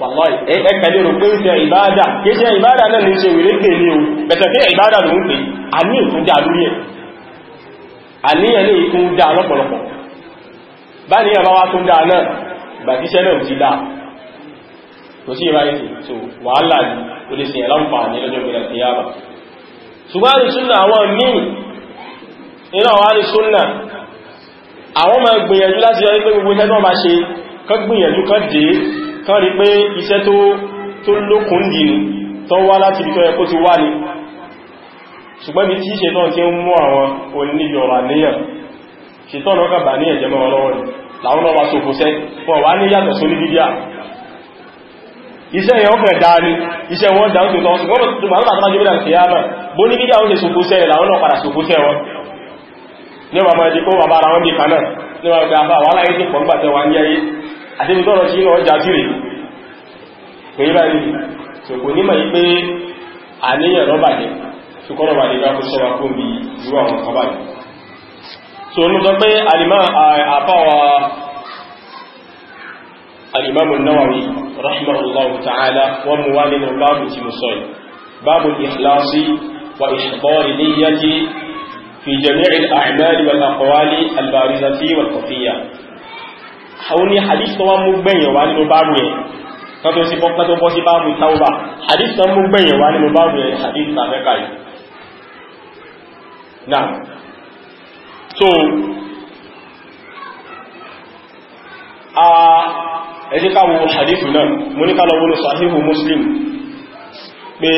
wàláì ẹ̀kẹ̀lẹ̀ rò pé ń tẹ ìbáadà kéṣẹ́ ìbáadà náà ní ṣe wèrè pè ní o bẹ̀tẹ̀ pé ìbáadà ló ń pè àní ìtúnjà lórí ẹ̀ àníyàn lè tún dá lọ́pọ̀lọpọ̀ bá ní àbáwá tún dá náà gbàtíṣẹ́ náà ti dá kò sí ìráyé tó wàhálà ní o lè sìn ẹ̀lọ́pàá ní lọ́jọ́ ìgbẹ̀rẹ̀ ti yába ṣùgbọ́n àrísúnnà àwọn míì nínú àwọn àrísúnnà àwọn máa gbìyànjú láti rí pé gbogbo iṣẹ́ tó máa ṣe ṣùgbọ́n bí tí ṣetán tí ń mú àwọn oníyọ̀rọ̀ àníyàn ṣetán ọkà bà ní ẹ̀jẹ̀ mọ́ ọlọ́wọ́ rẹ̀ láwọn ọba ṣòfòṣẹ́ wọn wá ní yàtọ̀ sólí bídíà iṣẹ́ èèyàn ọkàn dáa ni iṣẹ́ wọn dáa tó tọ́ ṣùgbọ́n tó máa ń bàtà máa jẹ́bẹ̀rẹ̀ sí yáàmà bó ní bídíà ó ṣe ṣòfòṣẹ́ rẹ̀ láwọn ọ̀padà ṣòfòṣẹ́ wọn ní ọmọ ẹ̀dí kó bàbá ara wọn bí kanáà ní wọn gbà wà láyé tí pọ̀ ń wà ń yẹ́ àti ibi tọ́rọ sí inú ọjà sí pé báyìí ṣòkò nímọ̀ yí pé àníyàn lọ́bàjẹ́ so kọ́nà bá nígbà kó sọ́wà kó bí irú àwọn kọba yìí so ní sọ pé àfáwà alìmáàmù Nawawi rahimahullahu ta'ala wọ́n mú wá nínú báàbù tí mo sọ yìí báàbù ikhlasi wa ihdari niyyati fi jami'il a'mali wal aqwali albarizati wal khafiyya àwọn ni hadith tó wọ́n mú gbẹ̀yìn wá nínú báàbù yẹn kan tó sí bọ́ sí báàbù tawba hadith tó mú gbẹ̀yìn wá nínú báàbù yẹn hadith tàbẹ́kà yìí náà so a ẹjẹ́ káwọ hadithu náà mú ní kálọ̀ wọ́n sahihu muslim pé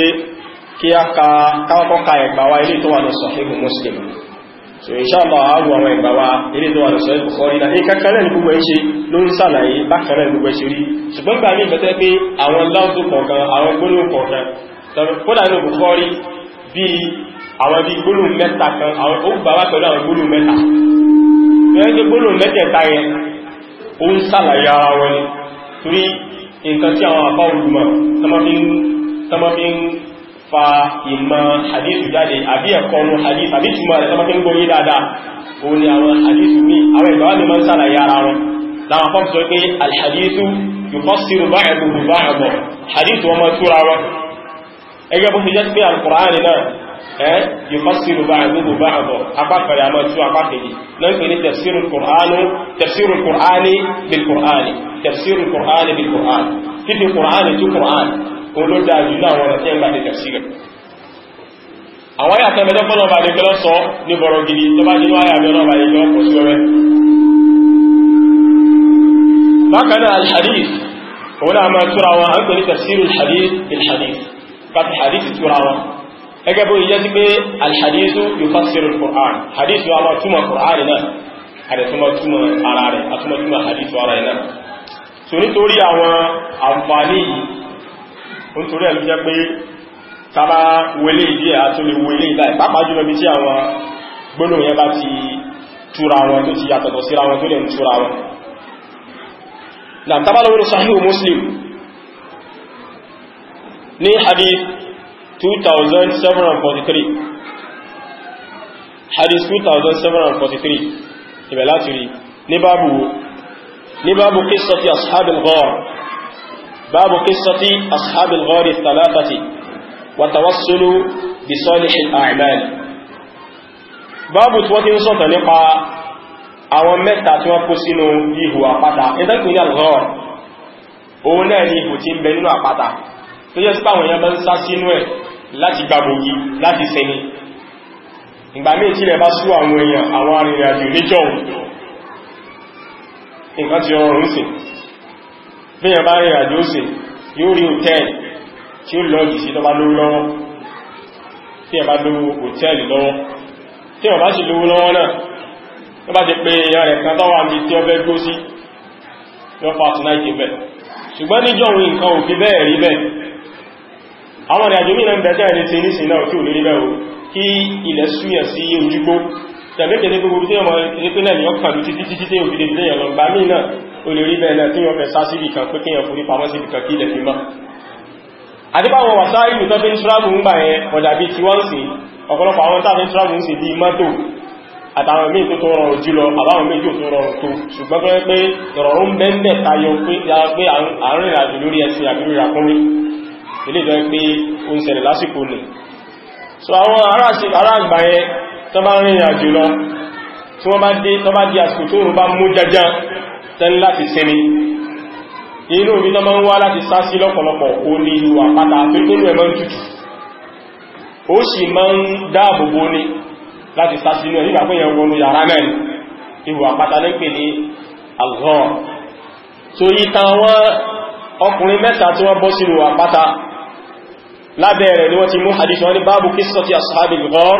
kí a ka káwọ́kọ́ ka ẹgbàwà ilé tó wà ní sahihu muslim so in sha Allah àwọn àwọn ìgbàwà ilé tó wà ní sahihu bukhari náà ní kankanlẹ̀ ní gbogbo ẹ̀ṣẹ́ ló ń sàlàyé bákanlẹ̀ ní gbogbo ẹ̀ṣẹ́ rí ṣùgbọ́n gbà ní àwọn bí gbólóhùn mẹ́ta kan àwọn ó gbà wá pẹ̀lú àwọn gbólóhùn mẹ́ta ẹni tó gbólóhùn mẹ́tẹ̀ẹ̀ta yẹn ó ń sàlàyé ara wọn torí nǹkan tí àwọn àpá olùmọ̀ tọmọfí ń fa ìmọ̀ hadith jáde àbí ẹ̀kọ́ ọmọ hadith àbí túnmọ̀ rẹ̀ tọmọfí ń gbóyí dáadáa ó ní àwọn hadith ní àwọn ìgbà wọn ń sàlàyé ara wọn láwọn fọ́n sọ pé alhadithu yufassiru ba'duhu يفسر بعضه بعضا أبقى يا ما شو أبقى نقول تفسير القرآن تفسير القرآن بالقرآن تفسير القرآن بالقرآن في القرآن في القرآن قولوا دا جنا ولا تين بعد تفسير àwọn ayà kan mẹ́jọ́ fọ́nà bàdé kẹlọ́ sọ ní bọ̀rọ̀ gidi tó bá jínú ayà mẹ́rọ bàdé lọ pọ̀ sí ọrẹ́ bákaná alhadith òun náà máa túra an kò ní tafsirul bil hadith kàtàkì hadith túra wọn gẹ́gẹ́ bó ìjẹ́ sí pé alhadisu yufassiru al-Qur'an hadisu wa ma túmọ̀ Qur'an náà àdẹ̀túmọ̀ túmọ̀ ara rẹ̀ àtúmọ̀túmọ̀ hadisu ara rẹ̀ náà so nítorí àwọn àǹfààní yìí nítorí ẹ̀lú jẹ́ pé tàbá wẹlé ìdí ẹ̀ àtúnlẹ̀ wẹlé ìdáì pàápàá jùlọ bí tí àwọn gbónà yẹn bá ti túra wọn tó ti yàtọ̀tọ̀ síra wọn tó lè ń túra wọn na tàbá lọ́wọ́ Muslim ní hadith 2743 hadith 2743 ibẹ̀ láti rí ní bábù ní bábù qissati ashabil ghar bábù qissati ashabil ghar thalathati wa tawassulu bi salihil a'mal bábù tí wọ́n ti ń sọ̀tọ̀ nípa àwọn mẹ́ta tí wọ́n kó sínú ihò àpáta ìdánkù ní tó yẹ́ sí èèyàn bá ń sá sínú ẹ̀ láti gbàgbògi láti sẹni ìgbà mí tí rẹ̀ bá sú àwọn èèyàn àwọn arìnrìnàjò léjọ́ nǹkan tí ó lọ́jì sí tó lówó lọ́wọ́ tí ẹ bá lówó hòtẹ́ẹ̀lì lọ́wọ́ tí wọ́n bá sì lówó lọ́wọ́ náà tó bá ti pé èèyàn rẹ̀ kan tọ́wà ní tí ó fẹ́ gbó sí lọ́pàá tonight bẹ̀ ṣùgbọ́n níjọ́ òun nǹkan òfin bẹ́ẹ̀ rí bẹ́ẹ̀ àwọn ìrìnàjò mìíràn ń bẹ̀ẹ́sẹ̀ ẹni tí ní sí náà kí ò lè rí bẹ̀rù kí ilẹ̀ súyàn sí ojúgbó tẹ̀lẹ́kẹ̀ẹ́ gbogbo tí ọmọ ìrìnpínlẹ̀ ni ọkà lù títí títí òbìdè ilé ẹ̀rọ gbà mí náà ò lè rí bẹ̀rẹ̀ náà tí wọ́n fẹ́ sá síbì kan pé kí èèyàn forí pamọ́ síbì kan kí ilẹ̀ fi mọ́ àdíbáwọn wàsá ìlú tó fi ń tíráàbù ń gbà yẹn ọ̀dà bíi ti wọ́n sì àtàwọn míì tó tó rọrùn jù àbáwọn méjì tó rọrùn tó ṣùgbọ́n pé pé ìrọ̀rùn bẹ́ẹ̀ tayọ pé àárín ìrìnàjò lórí ẹsẹ̀ àbí rírà ilé ìjọ pé ó ń ṣẹlẹ̀ lásìkò nì so àwọn ará àgbáyẹ tó bá rìnrìn àjò lọ tí wọ́n bá dé tó bá di àsìkò tó rùn bá mú jajá tẹ́lú láti sinmi inú omi tó bá ń wá láti sá sí lọ́pọ̀lọpọ̀ ó ní ìlú àpáta pẹ́kọ́lù ẹ̀mọ́ tútù ó sì máa ń dáàbòbò ní láti sá sínú ẹ̀ nígbà pẹ́yẹ̀ wọnú yàrá mẹ́rin ìwò àpáta ní pè ọkùnrin mẹ́ta tí wọ́n bọ́ sínú àpáta lábẹ̀ẹ̀rẹ̀ ni wọ́n ti mú hadith wọ́n ní báàbù qissati ashabil ghar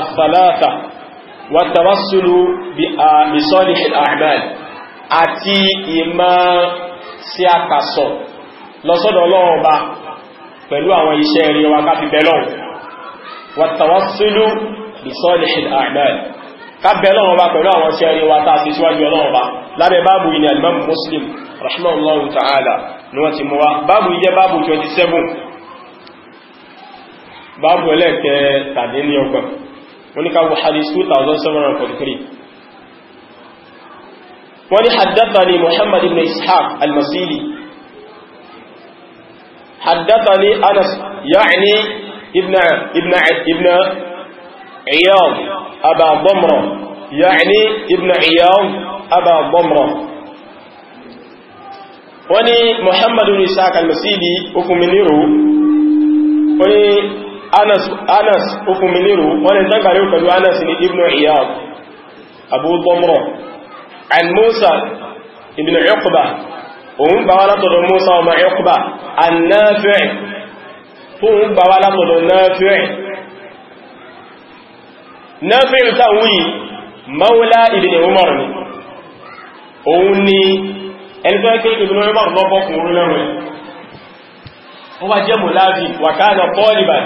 al-thalatha wa tawassulu bi salih al-a'mal àti ìmá sí àkàsọ̀ lọ́sọ́dọ̀ lọ́ọ̀ba pẹ̀lú àwọn iṣẹ́ rí wa káfí bẹ́lọ̀ wa tawassulu bi salih al-a'mal kábẹ̀ lọ́wọ́ bá pẹ̀lú àwọn tí a 27 báàbù ẹlẹ́ẹ̀kẹ́ tàdé ní ọgbọ̀n wọ́n ní ká wọ hadith 2743 wọ́n ní haddathani muhammad ibn ishaq al-masili haddathani anas ya'ni ibn ibn ibn iyad aba damra ya'ni ibn iyad aba damra wọ́n muhammad ibn ishaq al-masili hukumin niro wọ́n ní anas ó fún mi nírò wọ́n ni tágbàrí pẹ̀lú anas ní ibn iyad abu dhamra an musa ibn uqba òun bá wá látọ̀dọ̀ musa ọmọ uqba an nafi' tó ń bá wá látọ̀dọ̀ nafi' nafi' táwọn yìí maula ibn umar ni òun ni ẹni ẹkẹ́ ibn umar lọ́bọ̀kùnrin lẹ́rùn ó wá jẹ́ mùláàbí wà kana taliban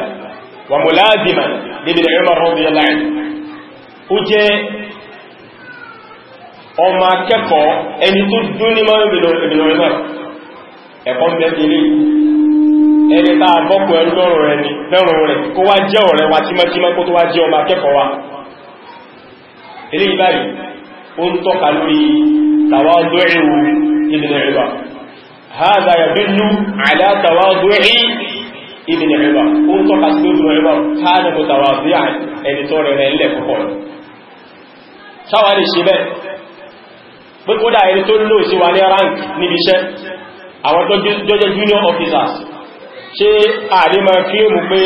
wa mùláàzìmà níbi Umar radiyallahu anhu ó jẹ́ ọmọ akẹ́kọ̀ọ́ ẹni tó dún ní mọ́rin ìbìnà Umar ẹ̀kọ́ mẹ́tẹ̀lẹ́ ẹni tá a bọ́pọ̀ ẹrú lọ́rùn rẹ̀ ni lẹ́rùn rẹ̀ kó wá ibn Umar ó ń tọ́ka sí lójú Umar káàdì kò tàwà sí ẹni tó rẹ̀ rẹ̀ ńlẹ̀ púpọ̀ ṣáwà lè ṣe bẹ́ẹ̀ pé kódà ẹni tó lò sí wà ní rank níbi iṣẹ́ àwọn jọjẹ́ junior officers ṣe ààrẹ máa kí èmù pé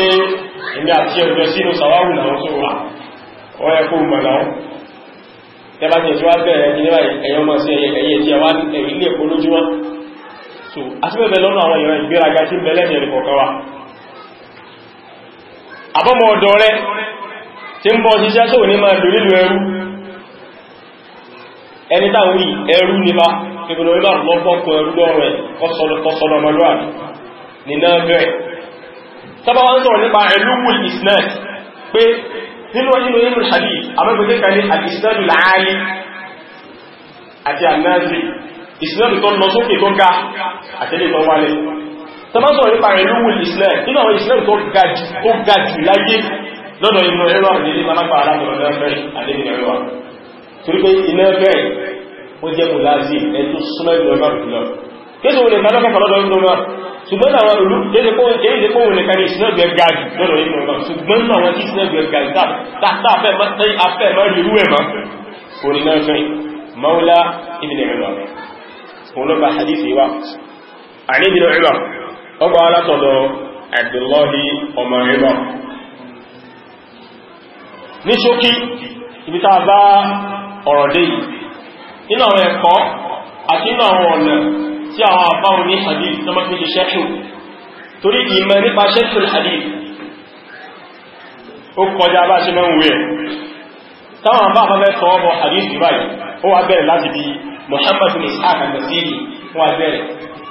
èmi àti ẹ̀rùjọ sínú sàwáwù náà tó wà wọ́n ẹkù mọ̀ náà tẹbà tí ẹ̀tí wá bẹ̀rẹ̀ kí níwà ẹ̀yọ́ mọ̀ sí ẹ̀yẹ tí ẹwà ilé ẹ̀kọ́ lójú wọn so àti bẹ̀bẹ̀ lọ́nà àwọn ìran ìgbéraga tí ń bẹ̀lẹ̀ ní ẹ̀rẹ̀ kọ̀ọ̀kan wa àbọ́mọ̀ ọ̀dọ̀ rẹ tí ń bọ́ jíṣẹ́ tó ní máa lórílò ẹrú ẹni táwí ẹrú nípa ìbìnà ìbá lọ́pọ̀kọ̀ ẹrú lọ́rọ̀ ẹ̀ kọ́sọ̀lọ̀ ọmọlúwàbí ní náà bẹ̀rẹ̀ sábà wọ́n sọ̀rọ̀ nípa ẹlúwùl isnad pé nínú ọdún nínú hadith amẹ́gbẹ̀gbẹ̀ kan ní al-isnadu al-ali àti al tẹmọ́sọ̀ nípa ìlúwù islam nínú àwọn islam tó gajù láyé lọ́dọ̀ inú ẹ̀rọ àdílé malápa aláàbọ̀lọ́dọ̀ ẹ̀fẹ́ àdébìn ẹ̀rọ torí pé iná ẹ̀fẹ́ ó jẹ́ kò láti ẹ̀tọ́ súnmọ́ ìlú ọmọ ìlú kéèsì òun lè máa lọ́kàkà lọ́dọ̀ inú ọmọ ṣùgbọ́n àwọn olú kéèsì kó wọn lè kárí islam gbẹ gajù lọ́dọ̀ inú ọmọ ṣùgbọ́n àwọn tí islam gbẹ gajù táfẹ́ máa rí irú ẹ̀ mọ́ òun iná ẹ̀fẹ́ maula ibn ẹ̀rọ òun lọ́gbà hadith yìí ọgbà alátọ̀lọ Abdullahi ọmọ ìrọ̀ ní ṣókí ibi tá bá ọ̀rọ̀ dé inú àwọn ẹ̀kọ́ àti inú àwọn ọ̀nà tí àwọn àbáwọn ní hadith tó mọ́ fi ṣẹ́kù torí ìmọ̀ nípa ṣẹ́kù hadith ó kọjá bá ṣe mẹ́rin wẹ̀ táwọn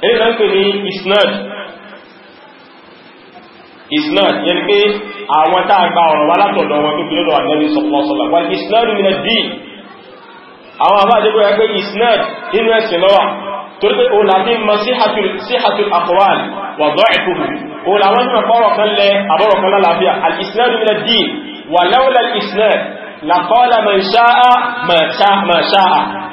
ẹni náà ń pè ní isnad isnad yẹni pé àwọn tá a gba ọ̀rọ̀ wá látọ̀dọ̀ wọn tó fi lọ́dọ̀ ànábì sọ̀pọ̀sọ̀lá wà isnad ní ẹ̀dí àwọn àbájẹ́gbọ́ ẹgbẹ́ isnad nínú ẹ̀sìn lọ́wà torí pé òun láti mọ síhàtùl àkọwàl wà dọ́ẹ̀kùhù òun làwọn ní ọ̀pọ̀rọ̀ kan lẹ àbọ̀rọ̀ wà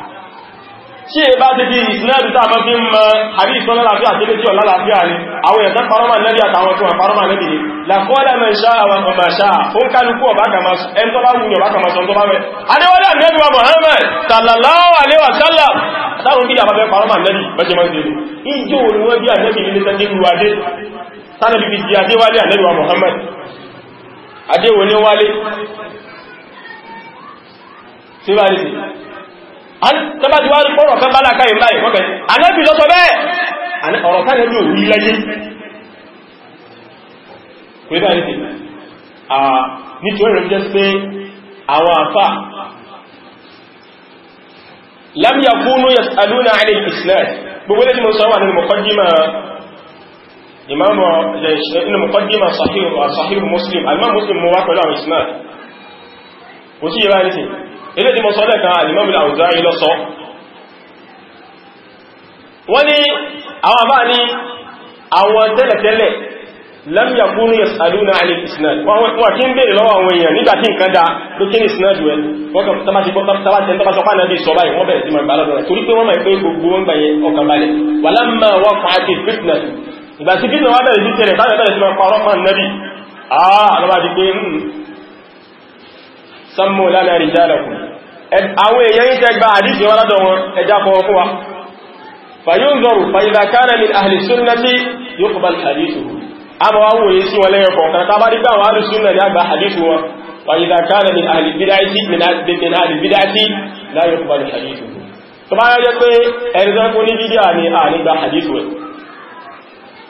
tí è bá débi ìsinẹ́dù tàà mọ́ fi ń mọ́ àríṣọ́ lálàáfíà tí lè tí ọ̀lá lálàáfíà ni àwọn èèyàn tán parọ́mà lẹ́bí àtàwọn tí wọ́n parọ́mà lẹ́bí ni làkọ́ọ́lẹ̀ mẹ́ṣá àwọn ọmọ ṣá ó ń kálukú ọ̀bá kàmá ẹn tó bá wù ní ọ̀bá kàmá sọ tó bá wẹ̀ adéwọ́lẹ̀ nẹ́bí wa Muhammad sallallahu alaihi wa sallam táwọn kí àbábẹ́ parọ́mà lẹ́bí bẹ́jẹ mọ́ sí ìjọ òní wọ́n bí ànẹ́bí nílé tẹ́jú lu adé tánàbí fi di adéwálé ànẹ́bí wa Muhammad adéwọ́lé wálé sí tọ́bájú wá pọ̀rọ̀ fẹ́ bá lákàáyé báyìí wọ́n fẹ́ anẹ́bì lọ́tọ̀ bẹ́ẹ̀ ọ̀rọ̀ fẹ́ lẹ́bí òwú lẹ́yìn pé bá nìtì nítorí rẹ̀ jẹ́ pé àwọn àfà lámíyà kúnú yas'aluna 'ala al-islam gbogbo lẹ́jì mọ́ sọ́wọ́ nínú muqaddima imamu nínú eh, muqaddima sahih muslim al muslim mọ́ pẹ̀lú àwọn islam kò sí ìrá ìsìn ilé tí mo sọ lẹ́kan alìmọ́bìnà àwùjọ ayé lọ sọ wọ́n ní àwọn àbá ní àwọn tẹ́lẹ̀tẹ́lẹ̀ lámìyàkúrú yẹ̀sàlúnà alìsìnàdì wọ́n kí ń bèèrè lọ́wọ́ àwọn èèyàn nígbà tí nǹkan dá ló kí ní sinadu ẹ̀ wọ́n kàn tàbátí tàbátí ọpá náà bí sọ báyìí wọ́n bẹ̀rẹ̀ sí màgbà lọ́dọ̀ rẹ̀ torí pé wọ́n mọ̀ pé gbogbo wọn gbàyẹ ọkàn balẹ̀ wà lámà wọ́n kàn á ti fitna ìgbà tí fitna wọ́n bẹ̀rẹ̀ sí tẹ̀lẹ̀ táwọn bẹ̀rẹ̀ sí mọ̀ pa ọlọ́pàá nàbì àà lọ́wọ́ sammu lana rijalakum àwọn èèyàn yìí tẹ́ gba àdíjì wọn lọ́dọ̀ wọn ẹjá fọwọ́ fún wa fayunzaru fa idha kana min ahli sunnati yuqbal hadithuhu ama wa wo yesi wala yo kon ta ba di ba wa sunna ya ba hadithu wa wa idha kana min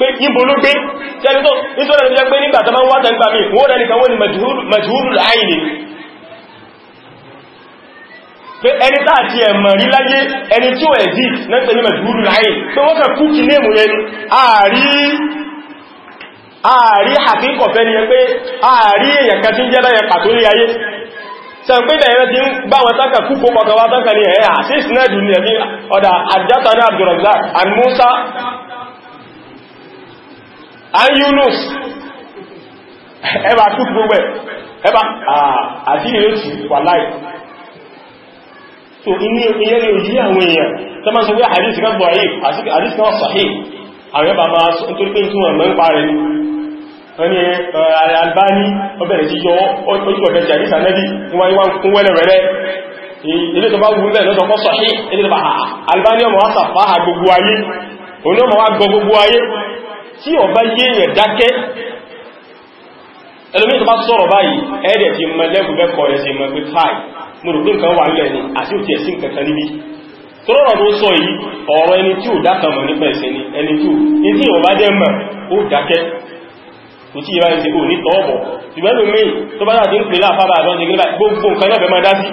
pé níbo ló gbé tẹ́lẹ̀ tó nítorí ẹ̀rọ jẹ́ pé nígbà tó máa ń wá tẹ́gbà mí wọ́n rẹ̀ nìkan wọ́n ni majhulul aini pé ẹni táàtí ẹ̀mọ̀ rí láyé ẹni tí ó ẹ̀dí nẹ́pẹ̀ ní majhulul aini pé wọ́n kàn kúkì ní èmù yẹn ààrí àkíkọ̀fẹ́ ni pé ààrí èyàn kan tí ń jẹ́ láyẹ pàtó ní ayé sẹ̀pẹ́lẹ̀ ẹ̀rẹ́ ti ń bá wọn tánkà kúkò kọkàwá tánkà ní ẹ̀ẹ́ àṣíṣ náà dùn ní ẹ̀mí ọ̀dà àjátà ní Abdurrazzaq and Musa an you ẹba tó gbogbo ẹba àdínìyànjú wà láì tó inú ìyẹ́ ni òjí àwọn èèyàn tó máa sọ pé àdíṣì kan bọ̀ọ̀yí àdíṣì kan sọ̀hí àwọn ẹba máa sọ nítorí pé ìtumọ̀ mọ́ ń parí wọ́n ni Albani ọbẹ̀rẹ̀ sí yọ ojú ọ̀fẹ́ jẹ́ àdíṣà nẹ́bí wọ́n ń kún wẹ́lẹ̀ rẹ̀ ilé tó bá wúlẹ̀ lọ́dọ̀ kọ́ Albani tí ọba yé èèyàn dákẹ́ ẹlòmí tó bá sọ̀rọ̀ báyìí ẹ̀ẹ́dẹ̀ ti mọ lẹ́gbẹ̀ẹ́kọ̀ rẹ̀ sí mọ̀ pé fáì mo rò pé nǹkan wà nílẹ̀ ni àti òtí ẹ̀sìn kankan níbi tó tó sọ yìí ọ̀rọ̀ ẹni tí ò dákan mọ̀ nípa ẹ̀sẹ̀ ni ẹni tí ò ní tí ọba jẹ́ mọ̀ ó dákẹ́ kò tí ìbáyìí ti kò ní tọ́ọ̀bọ̀ ṣùgbọ́n lómi tó bá láti ń pè láàfábà àbọ́n ti gbígbà gbogbo nǹkan náà fẹ́ máa dá sí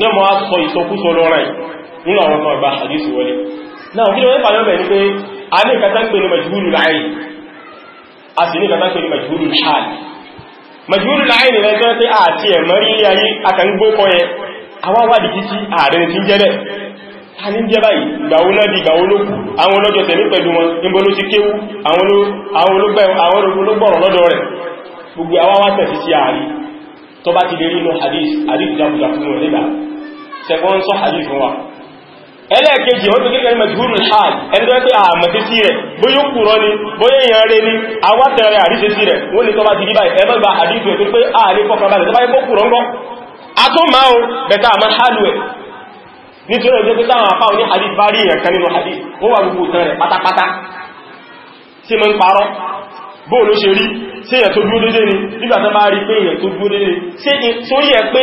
náà mọ́ á sọ ìsọkúsọ lọ́rẹ̀ ìbá àdísù a ní kata na pè ní majhulul láàrín a sì ní ta ń pè ní majhulul hal majhulul láàrín rẹ̀ tó tẹ́ àti ẹ̀mọ́rí ilé ayé akàngbó kọ́ yẹ awáwádìí títí ààrẹ ti ń jẹ́ bẹ́ẹ̀ ta ní jẹ́ báyìí ìgbàwó náà di ìgbàwó ló kù àwọn olójọ́ gbogbo ẹlẹ́ẹ̀kejì wọ́n tó kékeré mẹ́júrù hàn ẹni tó ẹ́ pé àmàtí sí rẹ̀ bóyá ń kúrọ ni bóyá èèyàn rẹ̀ ni awátẹ̀rẹ̀ àríṣẹ́ sí rẹ̀ wọ́n ni tọ́bá ti díbà ẹgbẹ́gbà àdíjú ẹ̀ tó pé ààrẹ fọ́kànbalẹ̀ tọ́bá ẹgbẹ́ kúrọ ń gọ́ atọ́mà ó bẹ̀ta àmà hálù ẹ̀ nítorí ọjọ́ pé táwọn afáwọn ní hadith bá rí èèyàn kan ṣe rí sí tó dúró dédé ni bá rí pé èèyàn tó dúró dédé sí èèyàn pé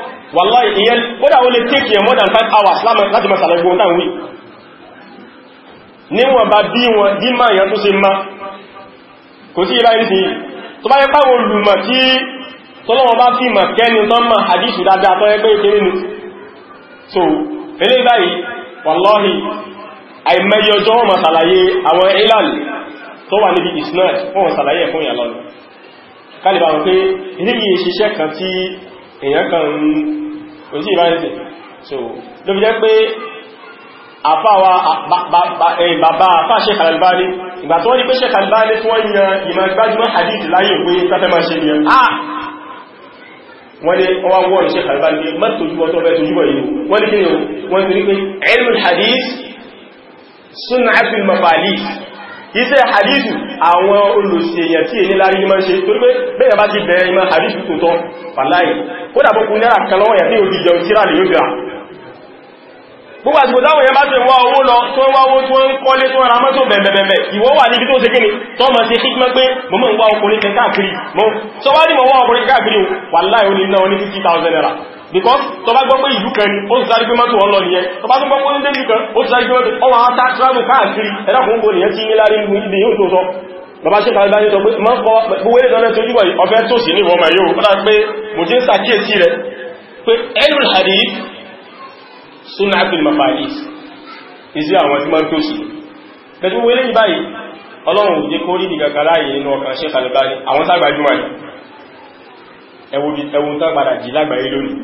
wallahi ìyẹn kódà ó lè take more than five hours láti mọ̀ sàlẹ̀ gbogbo táwọn wí níwọ̀n bá bí wọn dímọ̀ èèyàn tó ṣe má kò sí ìbáyìí sí tó bá yẹ páwọn olùmọ̀ tí tọ́lọ́wọ́ bá fi mọ̀ kẹ́ni tán mọ̀ àdíṣù dáadáa tọ́ ẹgbẹ́ ìkéré nù so ilé báyìí wallahi àìmẹ́yẹ ọjọ́ wọn sàlàyé àwọn ìlàlì tó wà níbi isnad wọn sàlàyé ẹ̀fún ìyàlọ́nù kálìbà wọn pé ilé yìí ṣiṣẹ́ kan tí èyàn kan ń òsì ìbáyìí so ló fi jẹ́ pé àfáwà bàbá àfá Sheikh Al-Albani ìgbà tó ní pé Sheikh Al-Albani tó wọ́n yan ìmọ̀ gbájúmọ́ hadith láyé pé tafẹ́ máa ṣe yẹn ah wọ́n ni wọ́n wọ́n Sheikh Al-Albani mẹ́tò yíwọ́ tó fẹ́ tó yíwọ́ yìí wọ́n ni kí ni wọ́n iṣẹ́ hadithu àwọn olùsèyàn tí èní lárí ìmọ̀ ṣe torí pé bẹ́yàn bá ti bẹ̀rẹ̀ ìmọ̀ hadithu tó tọ́ pàláì kódà bó kú náà kan lọ́wọ́ yà tí ò ti jẹun tíra lè yóò bẹ̀rẹ̀ gbogbo àti gbogbo èèyàn bá ti wá owó lọ tó ń wá owó tó ń kọ́lé tó ra mọ́tò bẹ̀bẹ̀bẹ̀ ìwọ wà níbi tó ṣe kí ni tó mọ̀ sí ṣíkmọ́ pé mo mọ́ ń wá ọkùnrin kẹkàkiri mọ́ sọwá ní mọ̀ wá ọkùnrin kẹkàkiri wàláhì ó ní náà ní 50,000 naira because tó bá gbọ́ pé ìlú kan ó ti sáré pé mọ́tò ọlọ nìyẹn tó bá gbọ́ pé ní ìlú kan ó ti sáré pé mọ́tò ọwọ́ ata travel káàkiri ẹ̀dàkùn gbò nìyẹn tí ní lárí ní ibi yóò tó sọ bàbá ṣe kàrí báyé sọ pé mọ́ kọ́ gbogbo èdè ọ̀nà tó jùwọ̀ ọ̀fẹ́ tó sì ní ìwọ̀n mẹ́yọ́ ó dá pé mo ti ń sàkíyèsí rẹ̀ pé ẹnu hadith sunatul mafalis isi àwọn tí máa ń tòṣì pẹ̀lú wẹ́lẹ́ yìí báyìí ọlọ́run òjé kó rí nìkan kan láàyè nínú ọkàn ṣe kàlùbá ní àwọn sàgbàjúmọ̀ ní ẹwùn tán padà jì lágbàáyé lónìí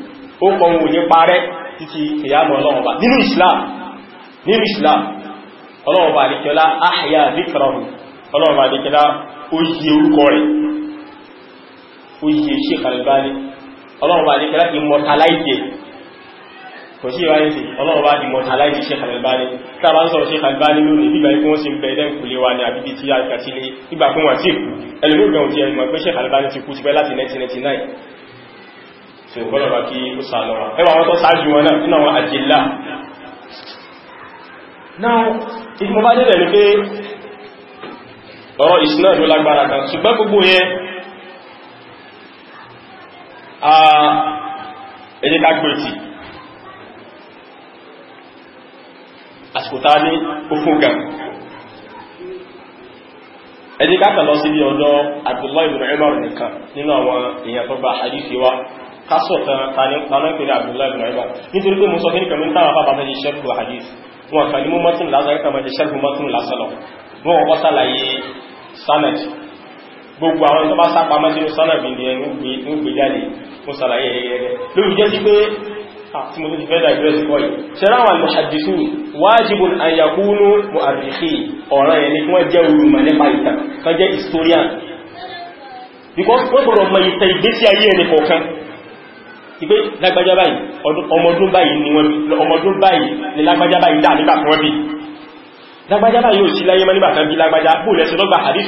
ó kọ ohun òjé parẹ́ títí ìyàmọ̀ ọlọ́run bá nínú Islam nínú Islam ọlọ́run bá àdíkẹ́lá ahya dhikrahu ọlọ́run bá àdíkẹ́lá ó yí orúkọ rẹ̀ ó yí ṣe kàlùbá ní ọlọ́run bá àdíkẹ́lá immortalize kò sí ìwáyé sí ọlọ́run bá di mọ̀tàláìdì Sheikh Al-Albani tàbá ń sọ̀rọ̀ Sheikh Al-Albani bíbá ikú wọ́n sí ń bẹ wa ní àbíbí tí a kàtí lé fún wọn tí kú ẹlùmígbà òjì ẹnu pé Sheikh Al-Albani ti kú ti pẹ́ láti 1999 so gbọ́nà bá kí ó sà lọ́wọ́ ẹwà wọn tó sáájú wọn náà nínú àsìkò tá ní ó fún gan ẹ jẹ́ ká kàn lọ sí bí ọ̀dọ̀ Abdullahi ibn Umar nìkan nínú àwọn èèyàn tó bá hadith wa kásọ̀ tán tánà pẹ̀lú Abdullahi ibn Umar nítorí pé mo sọ kíní kàmí táwọn bá bàbá jẹ́ sharhu hadith wọn kà ní mú mọ́tún lásán kàmá jẹ́ sharhu mọ́tún lásán lọ wọn wọ́n sàlàyé sanad gbogbo àwọn ìtọ́ bá sápamọ́ sínú sanad ní ẹni jáde mo sàlàyé ẹ̀yẹ lórí jẹ́ sí pé Ah, tí mo tó ti fẹ́ digress kọ́ yìí ṣẹ́ráwà mọ̀ṣàdìsù wájibun àyàkúnú mọ̀àrìkì ọ̀ràn yẹn ni kí wọ́n jẹ́ olùmọ̀ nípa ìtàn kan jẹ́ historian because wọ́n gbọ́dọ̀ mọ ìtàn ìgbésí ayé ẹni kọ̀ọ̀kan ìgbé lágbájá báyìí ọmọdún báyìí ni wọ́n ọmọdún báyìí ni lágbájá báyìí dá nígbà kan wọ́n bí lágbájá báyìí ò sí láyé mọ́ nígbà kan bí lágbájá bóòlẹ́sẹ̀ lọ́gbà hadith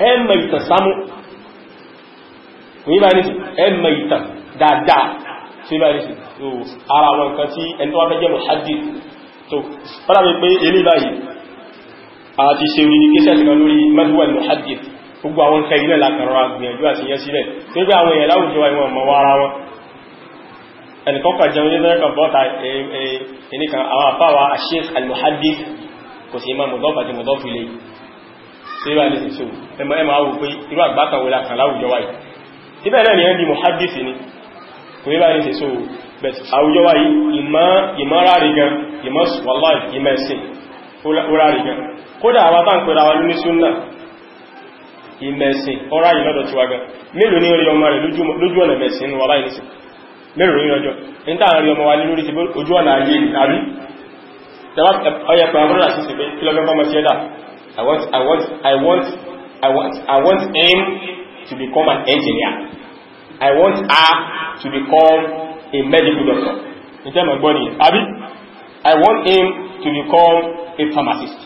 ẹmọ ìtàn sámú ní bá ní sí ẹmọ ìtàn dáadáa tí bá ní sí so ara wọn nǹkan tí ẹni tó wá fẹ́ jẹ́ muhaddith so fọ́nà mi pé ilé báyìí àti ṣe orí kéṣẹ́ ti kan lórí madhuwal muhaddith gbogbo àwọn nǹkan ilẹ̀ lákàrọ agbìyànjú àti àfáwà Sheikh al kò sí imá mọ̀dọ́fà ti mọ̀dọ́fì lè síra ní ìṣò ẹmọ ẹmọ awò pé irú àgbákanwò lákan láwùjọ wáyé ibẹ̀ náà ni ẹni mọ̀hádìsì ni kò ríra ní so. but àwùjọ wáyé ìmọ̀ rárí gan ìmọ̀ wàláì ìmọ̀ ẹ̀sìn ó rárí gan kódà àwọn tá ń pẹ̀lú àwọn ní súnnà ìmọ̀ ẹ̀sìn ó ráyì lọ́dọ̀ tí wá gan mélòó ní orí ọmọ rẹ̀ lójú ọ̀nà mẹ̀sìn ní wàláì nìsìn mélòó ní ọjọ́ ní táà rí ọmọ wa lórí ti ojú ọ̀nà ayé tàbí ọyẹ̀pẹ̀ àbúrò àti ìsìnkú kí lọ́gbẹ́ fọ́mọ sí ẹ̀dà I want, I want, I want, I want, I want him to become an engineer. I want her to become a medical doctor. In terms of body, Abi, I want him to become a pharmacist.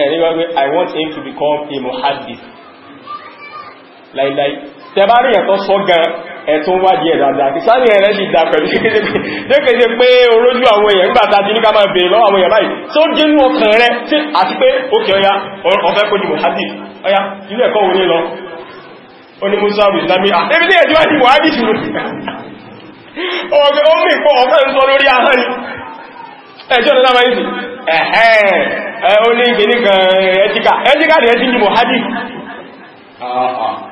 Anyway, I want him to become a muhaddith. Like, like, tẹ́bárí ẹ̀tọ́ sọ gan ẹ̀tún wájí ẹ̀ dáadáa kí sáàrì ẹ̀rẹ́ sì dá pẹ̀lú kékeré pé olójú àwọn èèyàn nígbàtà ti ní ká máa bèèrè lọ́wọ́ àwọn èèyàn báyìí tí ó jẹ́ ní ọkàn rẹ tí àti pé òkè ọya ọ̀fẹ́ kó dìbò ọya musa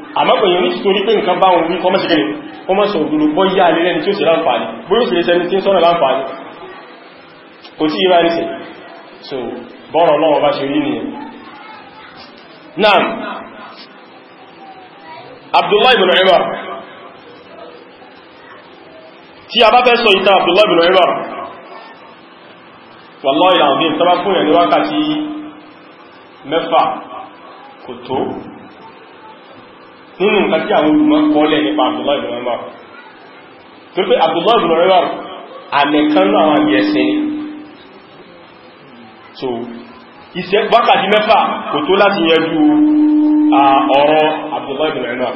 àmọ́kọ̀yẹ̀ ní títorí pé nǹkan bá wọn wí kọmọ́ sí kẹrẹ kọmọ́ sí òdúrú bọ́ yá alẹ́ lẹ́ni tí ó sì láǹfààní bóyí sì lè sẹ́ni tí ń sọ́nà láǹfààní kò tí ìrà nìsẹ̀ so bọ́rọ̀ lọ́wọ́ bá ṣe rí nìyẹn náà Abdullahi bin Umar tí a bá fẹ́ bin Umar wallahi ìlànà bí i tọ́bá fún ẹ̀ ní wákàtí mẹ́fà kò tó nínú nǹkan tí àwọn olùmọ̀ kọ́lẹ̀ nípa Abdullahi ibn Umar tó pé Abdullahi ibn Umar àmẹ́kánú àwọn àmì ẹ̀sìn ni so iṣẹ́ wákàtí mẹ́fà kò tó láti yẹjú ọ̀rọ̀ Abdullahi ibn Umar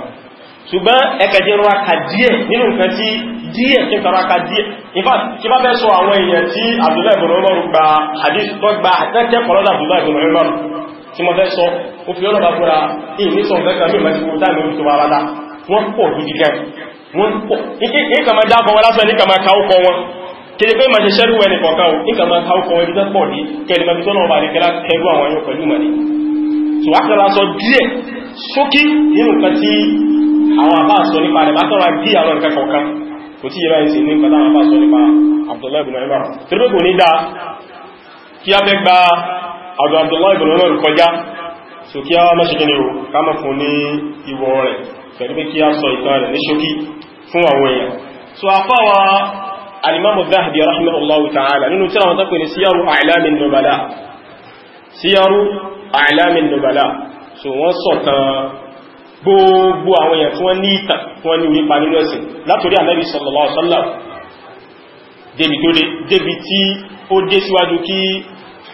ṣùgbọ́n ẹkẹjẹ́ rọ́ka díẹ̀ nínú nǹkan tí díẹ̀ tí kọ̀rọ̀ka díẹ̀ in fact tí bá bẹ́ sọ àwọn èèyàn tí Abdullahi ibn Umar gba hadith tó gba àtẹ́kẹ́ kọ̀lọ́dà Abdullahi ibn Umar tí mo fẹ́ sọ ó fi ọlọ́bà fúra ìní sọ fẹ́ kàmí ìmọ̀ tí mo táìmì orí tó wà rádá wọ́n pọ̀ gidi gan wọ́n pọ̀ ní kàmá jábọ̀ wọn lásán ní kàmá káúkọ wọn kí ni pé ma ṣe ṣẹ́rù ẹni kọ̀ọ̀kan ní kàmá káúkọ wọn ibùdó pọ̀ ní kẹlẹ̀mọ́ tó náà bà ní kẹlá kẹrù àwọn yóò pẹ̀lú mọ̀ ní tó wá kẹlá sọ díẹ̀ sókí nínú nǹkan tí àwọn àbá sọ nípa rẹ̀ bá tọ́ra bí àwọn nǹkan kọ̀ọ̀kan kò tí yẹra ìsìn ní nǹkan táwọn àbá sọ nípa Abdullahi ibn Umar tó ní kò ní dáa kí a fẹ́ àdó Abdullahi ibn Umar kọjá so kí a mẹ́ṣẹ́kí ni o ká mọ́ fún ní ìwọ̀ rẹ̀ pẹ̀lú pé kí a sọ ìta rẹ̀ ní ṣókí fún àwọn èèyàn so àfáwà alimamu Zahabi rahimahullahu ta'ala nínú tí àwọn tọ́pẹ̀ ní síyàrù a'lamin nubala síyàrù a'lamin nubala so wọ́n sọ̀tàn gbogbo àwọn èèyàn tí ó dé síwájú kí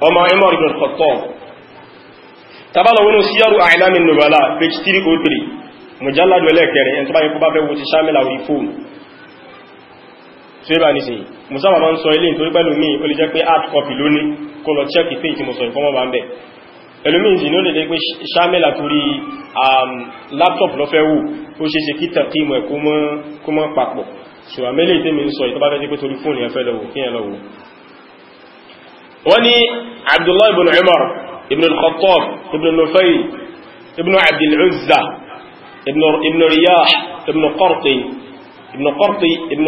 ọmọ Umar ibn al-Khattab tàbálọ̀ wọnú Siyaru A'lamin Nubala page 303 mujalladu ẹlẹ́kẹrin ẹni tó bá yẹ kó bá fẹ́ wo ti Shamila orí fóònù tí ó bá ní sí musamman ma ń sọ ilé nítorí pẹ́lú mi ó lè jẹ́ pé hard copy lónìí kó tí ó lè laptop lọ fẹ́ wò ó ṣe ṣe kí tàkí mọ̀ ẹ̀kọ́ mọ́ papọ̀ ṣùgbọ́n mẹ́lẹ̀ ìtẹ́mi ń sọ ìtọ́bá wọ́n ní abdullahi ibn umar ibn al-khattab ibn nufayl ibn abdul uzza ibn riyah ibn qarqi ibn qarqi ibn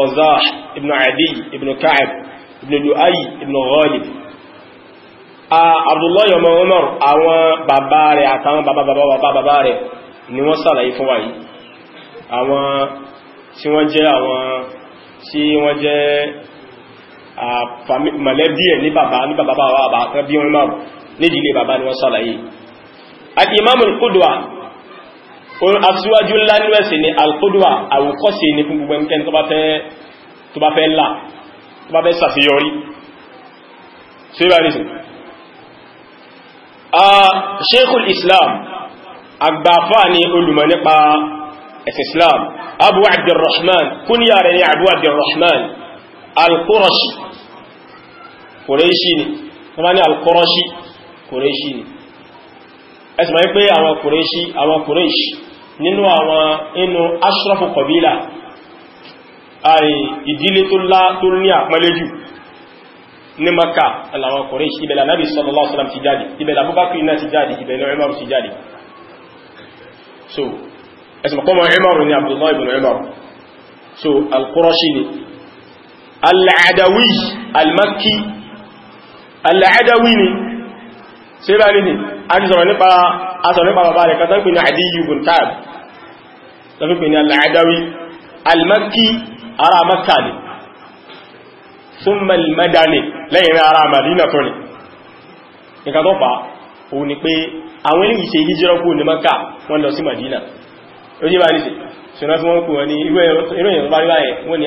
razah ibn adi ibn ka'ab ibn lu'ay ibn ghalib abdullahi ibn umar àwọn bàbá rẹ̀ àtàwọn bàbá bàbá bàbá rẹ̀ ni wọ́n sàlàyé fún wa yìí àwọn tí wọ́n jẹ́ àwọn tí wọ́n jẹ́ mọ̀lẹ́bí ẹ̀ ní bàbá ní bàbá bàbá bàbá tán bí wọn márùn nídìílé bàbá ni wọ́n sàlàyé àti Imam al-Qudwa aṣíwájú ńlá nínú ẹ̀sìn ni al-Qudwa àwòkọ́ṣe ni fún gbogbo ẹnikẹ́ni tó bá fẹ́ tó tó bá fẹ́ ṣàṣeyọrí síbárísì Sheikhul Islam àgbàfà ni olùmọ̀ nípa ẹ̀sìn Islam Abu Abdurrahman kúníyà rẹ̀ ni Abu Abdurrahman al-Qurashi kòrèṣì ni wọ́n bá ní alkọ́rọ́ṣì kòrèṣì ni ẹ̀sùn máa ń pé àwọn kòrèṣì àwọn kòrèṣì nínú àwọn inú ashrafu kọbílà ìdílé tó ní àpẹẹlẹ́ jù ní maka aláwọn kòrèṣì ibẹ̀lá nábi sallallahu alaihi wasallam ti jáde ibẹ̀lá Abubakar náà ti jáde ibẹ̀lá Umar ti jáde so ẹ̀sùn mọ̀kọ́mọ̀ Umar ni Abdullahi ibn al-Qurashi al-Adawi al-Makki al-Adawi ni ṣe bá ní a ti sọ̀rọ̀ nípa asọ̀ nípa bàbá rẹ̀ kátà pè ní Adiyyu bin Ka'b tàbí pè ní al-Adawi al-Makki ara Makka ni thumma al-Madani lẹ́yìn ara Madina tó ni nǹkan tó pa òun ni pé àwọn ilé ìṣe hijira kú ní Makka lọ sí Madina ó jẹ́ bá ní sí ṣùgbọ́n fún wọn kú wọn ni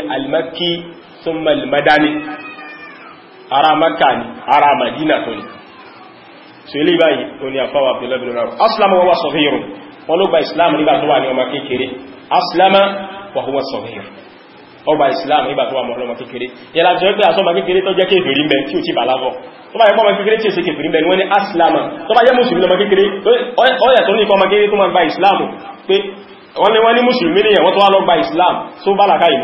irú ará Makka ni ará Madina tó ní so ilé báyìí o ní àfáwà Abdullahi bin Umar aslama wa sọfíìrù wọn ló gba islam nígbà tó wà ní ọmọ kékeré aslama wa huwa sọfíìrù ọba islam nígbà tó wà mọ́ ọmọ kékeré yẹla jẹ́ pé àsọ́mọ kékeré tó jẹ́ kéfèrí mẹ́ tí ò ti bàlágọ́ tó bá yẹ pọ́mọ kékeré tí ò sí kéfèrí mẹ́ wọ́n ni aslama tó bá yẹ mùsùlùmí lọmọ kékeré ọyẹ̀ tó ní ikọ́ ọmọ kékeré tó máa gba islam pé wọ́n ni wọ́n ni mùsùlùmí nìyẹn wọ́n tó wá lọ gba islam tó bá làkáyìí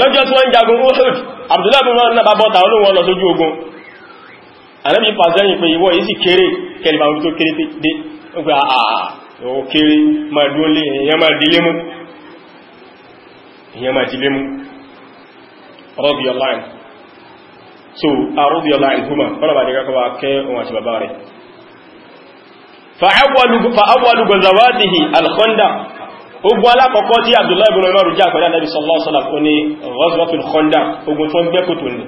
lọ́jọ́ tí wọ́n ń jagun Uhud Abdullahi bin Umar náà bá bọ́ta olóhun lọ sójú ogun Ànábì pàṣẹ́yìn pé ìwọ yìí sì kéré kẹlìbà orí tó kéré dé ó pé àà ó kéré máa dúó lé èyàn máa dílé mú èyàn máa dílé mú radiyallahu anhu so a radiyallahu ogun alákọ̀ọ́kọ́ tí Abdullahi ibn Umar jà pẹ̀lú Ànábì sallallahu alaihi wasallam oní Ghazwatul Khandaq ogun tí wọ́n gbẹ́ kòtò ní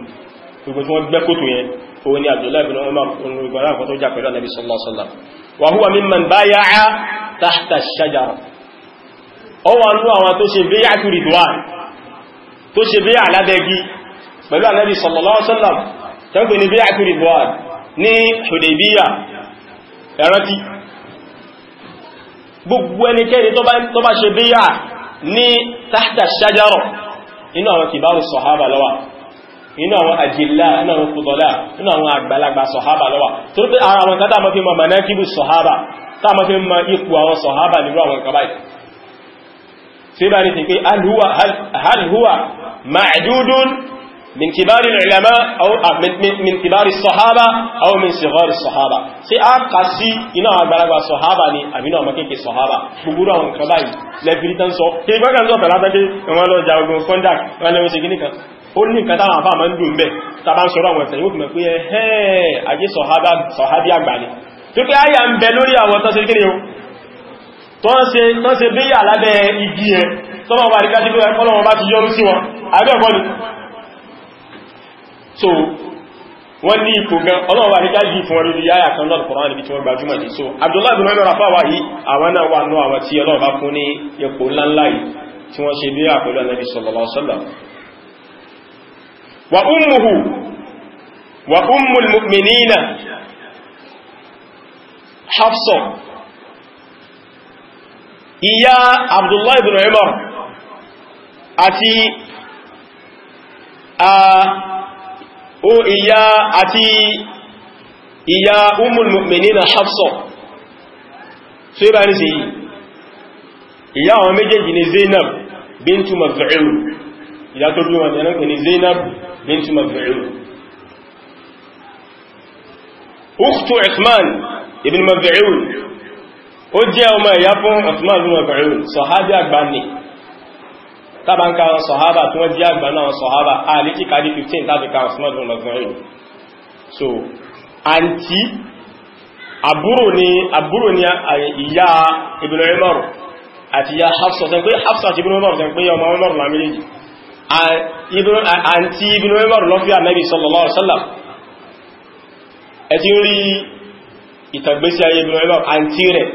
ogun tí wọ́n gbẹ́ kòtò yẹn òun ni Abdullahi ibn Umar ogun alákọ̀ọ́kọ́ tó jà pẹ̀lú Ànábì sallallahu alaihi wasallam wa huwa mimman baya'a tahta ash-shajara ó wà nínú ní bay'atu ridwan ní Hudaybiyah ẹ̀rántí gbogbo ẹnikẹ́ni tó bá ṣe bíyà ní tahta ṣájárọ̀ inú àwọn kìbáru sọ̀hábà lọ́wà inú àwọn àjìlá inú àwọn fùdọ́lá inú àwọn àgbàlagbà sọ̀hábà lọ́wà tó rí pé ara àwọn kátà mọ́ fi mọ̀ mọ̀nákíbù sọ̀hábà tá mọ́ mọ̀ ipò àwọn sọ̀hábà nínú àwọn kaba من كبار العلماء أو من كبار الصحابة أو من صغار الصحابة سي أقاسي إنا أبلغ الصحابة ني أبينا مكيك الصحابة بقولوا عن كباي لا بريتان سو كي بقى نزو تلاتا كي ومالو جاوغون كونداك ومالو سيكينيكا ó ní nǹkan táwọn àfáà máa ń dùn bẹ́ tàbá ń sọ̀rọ̀ àwọn ẹ̀sẹ̀ yóò fi mẹ́ pé ẹ̀ẹ́ ajé sọ̀hábí àgbà ni tó pé àyà ń bẹ lórí àwọn tọ́sí kí ni ó tọ́n ṣe bí yà lábẹ́ igi ẹ̀ tọ́lọ́wọ́ bá rí kájú pé ọlọ́wọ́ bá ti yọrú sí wọn àbẹ́ ọ̀kọ́ ni so wọ́n ní ipò gan ọlọ́run wà ní káàkiri fún ọdún yáyà kan lọ́dún kọ̀rán níbi tí wọ́n gbajúmọ̀ ní so abdullahi bin mẹ́rin afáwà yìí àwọn náà wà náà àwọn tí ọlọ́run bá fún ní ipò ńláńlá yìí tí wọ́n ṣe bíyà pẹ̀lú wa ummuhu wa ummul Hafsa ìyá abdullahi bin Umar àti ah, ó ìyá àti ìyá umul mu'minina Hafsa tó yíba ní sí yìí ìyá àwọn méjèèjì ni Zainab bintu Maf'ul ìyá tó bí wọn ẹ̀nà ni Zainab bintu Maf'ul ukhtu Uthman ibn Maf'ul ó jẹ́ ọmọ ìyá fún Uthman ibn Maf'ul sàhábí àgbà tábà ń ka àwọn sọ̀hábà tí wọ́n jí àgbà náà sọ̀hábà ààlé tí kàdí 15 tàbí ka àwọn smart lọ́gbọ̀n so àǹtí àbúrò ni àbúrò ni ìyá Ibn Umar àti ìyá Hafsa tẹ́ pé Hafsa àti Ibn Umar tẹ́ pé ọmọ Umar lámìlẹ́jì àǹtí Ibn Umar lọ́fí ànábì sallallahu alaihi wasallam ẹ ti rí ìtàgbésí ayé Ibn Umar àǹtí rẹ̀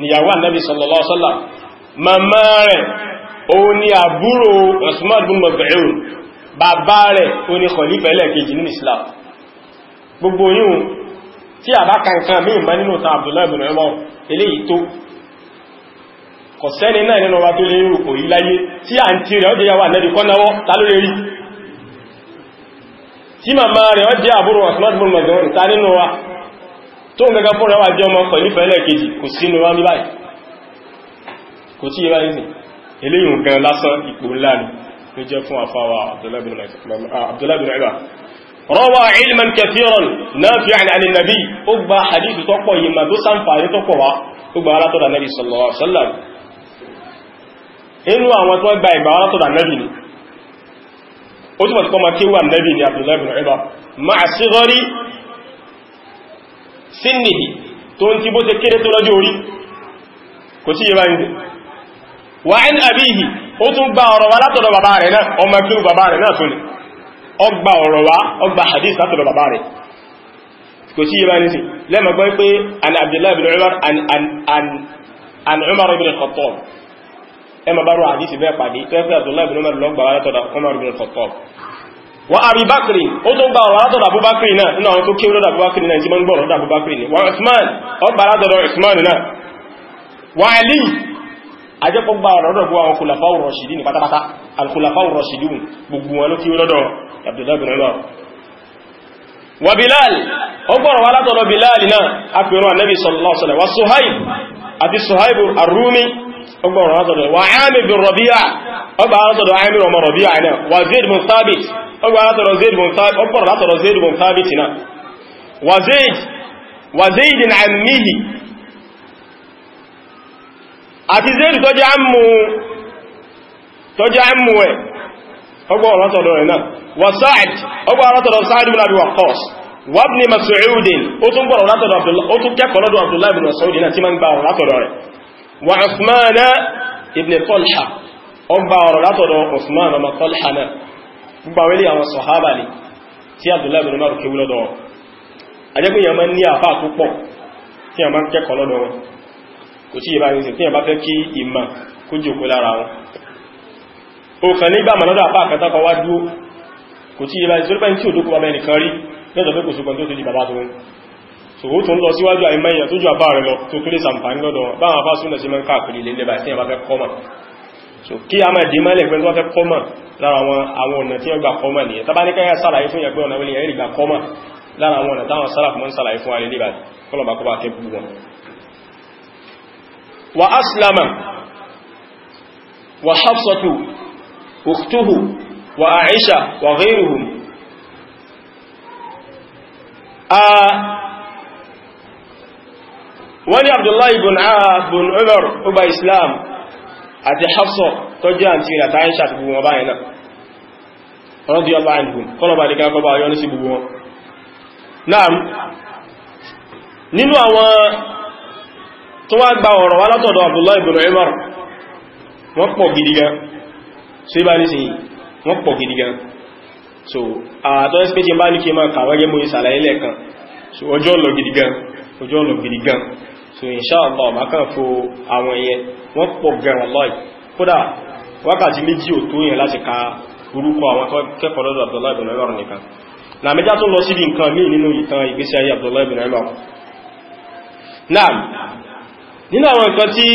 níyàwó ànábì sallallahu alaihi wasallam rẹ̀ oni ni àbúrò Usman bin Maf'un bàbá rẹ̀ òun ni khalifa ẹlẹ́ẹ̀kejì nínú Islam gbogbo yíò tí àbá kankan mí ìmá nínú ta Abdullahi bin Umar eléyìí tó kò sẹ́ni náà nínú wa tó lè láyé tí a ń yàwó ta rí tí màmá rẹ̀ ọdẹ àbúrò bin ta nínú wa tó ń gẹ́gẹ́ jẹ́ ọmọ khalifa kò sínú wa kò tí eléyìn gan lásán ipò ńlá ni ló jẹ́ fún àfáwà Abdullah bin Umar rọwà ilman kathiran nafi'an 'an an-nabi ó gba hadith tọ́pọ̀ yìí ma tó sánfààrí tọ́pọ̀ wá ó gba alátọ́dà nabi sallallahu alaihi wasallam inú àwọn tó gba ìgbà alátọ́dà nabi ni ó túnmọ̀ tí kọ́ ma kíwà wà ní àbíhì ó tún gba ọ̀rọ̀ wá látọ̀dọ̀ bàbá rẹ̀ náà ọmọ kí bàbá rẹ̀ náà tún ní ọgbà ọ̀rọ̀ wá ọgbà hadith látọ̀dọ̀ bàbá rẹ̀ kò sí yíba ní sí lẹ́mọ̀gbọ́ pé an abdullahi bin umar an umar ibn ajẹ́kọ̀gbà ọ̀rọ̀dọ̀ gbọ́ àwọn khulafa'ur rashidin pátápátá al-khulafa'ur rashidun gbogbo wọn ló kí ó lọ́dọ̀ Abdullah bin Umar wa Bilal ọgbọ̀rọ̀ wá látọ̀lọ Bilal náà apẹ̀rọ annabi sallallahu alaihi wasallam wa Suhaib àti Suhaib ar-Rumi ọgbọ̀rọ̀ látọ̀lọ wa Amir bin Rabi'a ọgbà látọ̀lọ Amir ọmọ Rabi'a náà wa Zaid bin Thabit wa Zaid wa Zaid àti zéèrì tó jẹ́ àmú ẹ̀ ọgbọ̀ ọ̀rọ̀tọ̀dọ̀ rẹ̀ náà wà sáàd ọgbọ̀ ọ̀rọ̀tọ̀dọ̀ sáàd ibn abi waqqas wà ibn mas'ud ó tún gbọ́rọ̀ látọ̀dọ̀ ó tún kẹ́kọ̀ọ́ lọ́dọ̀ abdullahi ibn mas'ud náà tí ma ń gba ọ̀rọ̀ látọ̀dọ̀ rẹ̀ wà usman ibn talha ó gba ọ̀rọ̀ látọ̀dọ̀ usman ọmọ kò tí ìbá ìrìnsìn tí ẹ bá fẹ́ kí ìmọ̀ kó jòkó lára wọn o kàn ní gbàmà lọ́dọ̀ àpá àkàtàkọ wá dúó kò tí ìbá ìrìnsìn tí ò dókó bàbá ẹnìkan rí lẹ́jọ́ pé kò sí kan tó ti di bàbá tó ń so ó tó ń lọ síwájú àìmẹ́yàn tó jù àbá rẹ̀ lọ tó tó lè sàǹfàní lọ́dọ̀ báwọn afá súnà sí mọ́ káàkiri lè lẹ́bàá tí a bá fẹ́ kọ́mà so kí a máa dì mọ́lẹ̀ pẹ́ tó fẹ́ kọ́mà lára àwọn ọ̀nà tí wọ́n gbà kọ́mà nìyẹn tàbá ní káyà sàlàyé fún ìyàgbé ọ̀nà wọlé ẹ̀rì gbà kọ́mà lára àwọn ọ̀nà táwọn sàlàfún sàlàyé fún alẹ́ lẹ́bàá kọ́lọ̀bà kọ́bà kẹ́ gbogbo wa aslama wa hafsatu ukhtuhu wa aisha wa ghayruhum a wani abdullahi ibn bin umar uba islam àti hafsa tó jẹ́ àti ìrìn àti aisha àti gbogbo báyìí náà radiyallahu anhum kọlọ̀bà ní káàkọ́ bá yọ́ ní sí gbogbo wọn náà nínú àwọn tó wá gba ọ̀rọ̀ wá látọ̀dọ̀ Abdullahi ibn Umar wọ́n pọ̀ gidi gan so ibá ní sí wọ́n pọ̀ gidi so àtọ́ ẹ́sì péjì bá ní kí máa kàwẹ́ gẹ́mọ́ ìsàlàyé lẹ́ẹ̀kan so ọjọ́ lọ gidi gan so inshallah ma kàn fo àwọn ẹyẹ wọ́n pọ̀ gan wallahi kódà wákàtí méjì ò tó yẹn láti ka orúkọ àwọn kẹ́kọ̀ọ́ lọ́dọ̀ Abdullahi ibn Umar nìkan làmẹ́já tó lọ síbi nǹkan míì nínú ìtàn ìgbésí ayé Abdullahi nínú àwọn nǹkan tí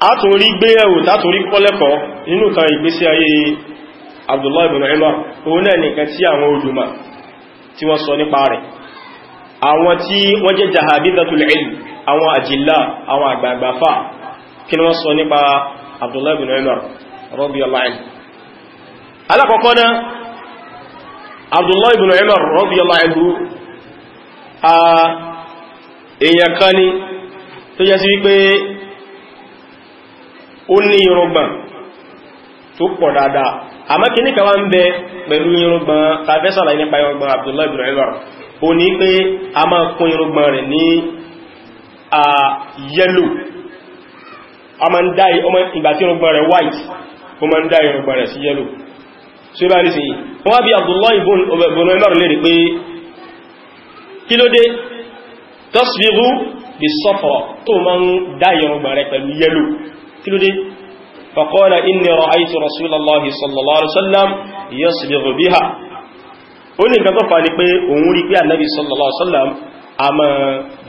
a tún rí gbé ẹ̀wò tátún rí pọ́lẹ́kọ́ nínú kan ìgbésí ayé Abdullahi ibn Umar òun náà nìkan tí àwọn olùmọ̀ tí wọ́n sọ nípa rẹ̀ àwọn tí wọ́n jẹ́ jahadidatul kí ni wọ́n sọ nípa Abdullahi èèyàn kan ní tó yẹ sí wípé ó ní irùngbọ̀n tó pọ̀ dáadáa àmọ́ kí ní kan ń bẹ pẹ̀lú irùngbọ̀n tàbẹ́sàlá Abdullahi ibn Umar ní pé a máa kún irùngbọ̀n rẹ̀ a yellow ọmọ ń dá ìgbà rẹ̀ white Abdullahi tasbiru bí sọ́fọ̀ tó ma ń dá ìrùngbà rẹ̀ pẹ̀lú yẹ́lò kí ló dé faqala inni ra'aytu rasulallahi sallallahu alaihi wasallam yasbiru biha ó ní nǹkan tó fà ní pé òun rí pé ànábì sallallahu alaihi wasallam a ma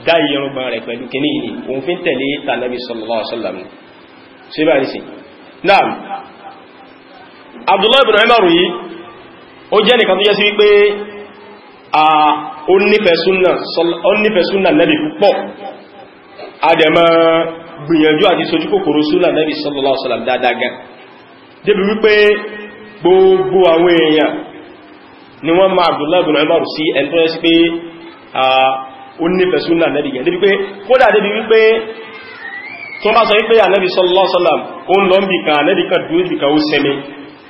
dá ìrùngbà rẹ̀ pẹ̀lú kìíní yìí òun fi ń tẹ̀lé tànábì sallallahu alaihi ó nífẹ̀ẹ́ súnà nẹ́bì púpọ̀ adẹ̀mọ́ gbìyànjú àti sojú kòkòrò súnà nẹ́bì sallallahu alaihi wasallam dáadáa gan débi wípé gbogbo àwọn èèyàn ni wọ́n ma Abdullah ibn Umar sí ẹ̀ntọ́ ẹ́sí pé ó nífẹ̀ẹ́ súnà nẹ́bì gan débi pé kódà débi wípé tó bá sọ wípé sallallahu alaihi wasallam ó ń lọ bìkan ànẹ́bì kan dúró bìkan ó sẹ́mi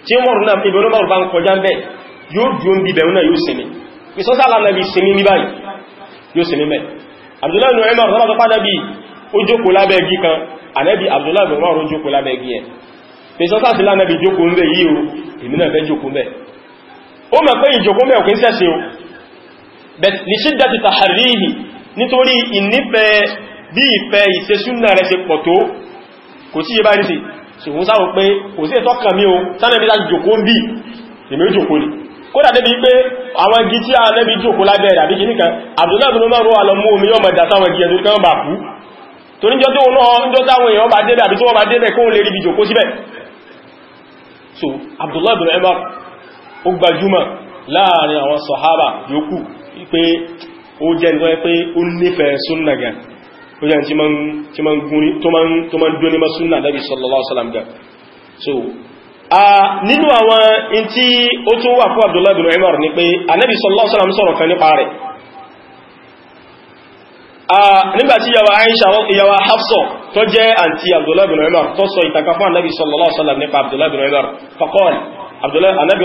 tí wọ́n rún náà ibi olómọ̀rún bá ń kọjá ìsọ́sàlá nàbí sinmi ní báyìí yóò sinmi mẹ́ Abdullahi ibn Umar rọ́nà tó pàdà bí ó jókòó lábẹ́ igi kan ànẹ́bí Abdullahi ibn Umar ó jókòó lábẹ́ igi ẹ̀ ìsọ́sàlá nàbí jókòó ń bẹ̀ yìí o èmi náà fẹ́ jókòó mẹ́ ó mọ̀ pé ìjókòó mẹ́ òkín sẹ́sẹ́ o bẹ̀t ní ṣídà ti tàhàríhì nítorí ìnífẹ́ bí ìfẹ́ ìṣesúnà rẹ̀ ṣe pọ̀ kò tí yẹ bá ní sí ṣùgbọ́n sáwọn pé kò sí ẹ̀tọ́kàn mi o sánẹ́bí láti jókòó ń bí èmi ni kódà débi pé àwọn igi tí a nẹ́bi jòkó lábẹ́rẹ̀ àbí kìíní kan Abdullahi bin Umar wà lọ mú omi yọ́ mọ̀dá sáwọn igi ẹ̀tọ́ kan bà kú tó níjọ́ tó náà jọ táwọn èèyàn bá débẹ̀ àbí tó wọ́n bá débẹ̀ kóhun lè rí bí jòkó síbẹ̀ so Abdullahi bin Umar ó gbajúmọ̀ láàrin àwọn sọ̀hábà yòókù pé ó jẹ́ nǹkan pé ó nífẹ̀ẹ́ súnnà gan ó jẹ́ tí ma ń gún tó ma ń dún ní ma súnnà Nabi sallallahu alaihi wasallam gan so nínú àwọn in tí ó tún wà fún Abdullah bin Umar ni pé Ànábì sallallahu alaihi wasallam sọ̀rọ̀ kan nípa rẹ̀ nígbàtí yàwà Aisha yàwà Hafsa tó jẹ́ àǹtí Abdullah bin Umar tó sọ ìtàkà fún Ànábì sallallahu alaihi wasallam nípa Abdullah bin Umar faqal Abdullah Ànábì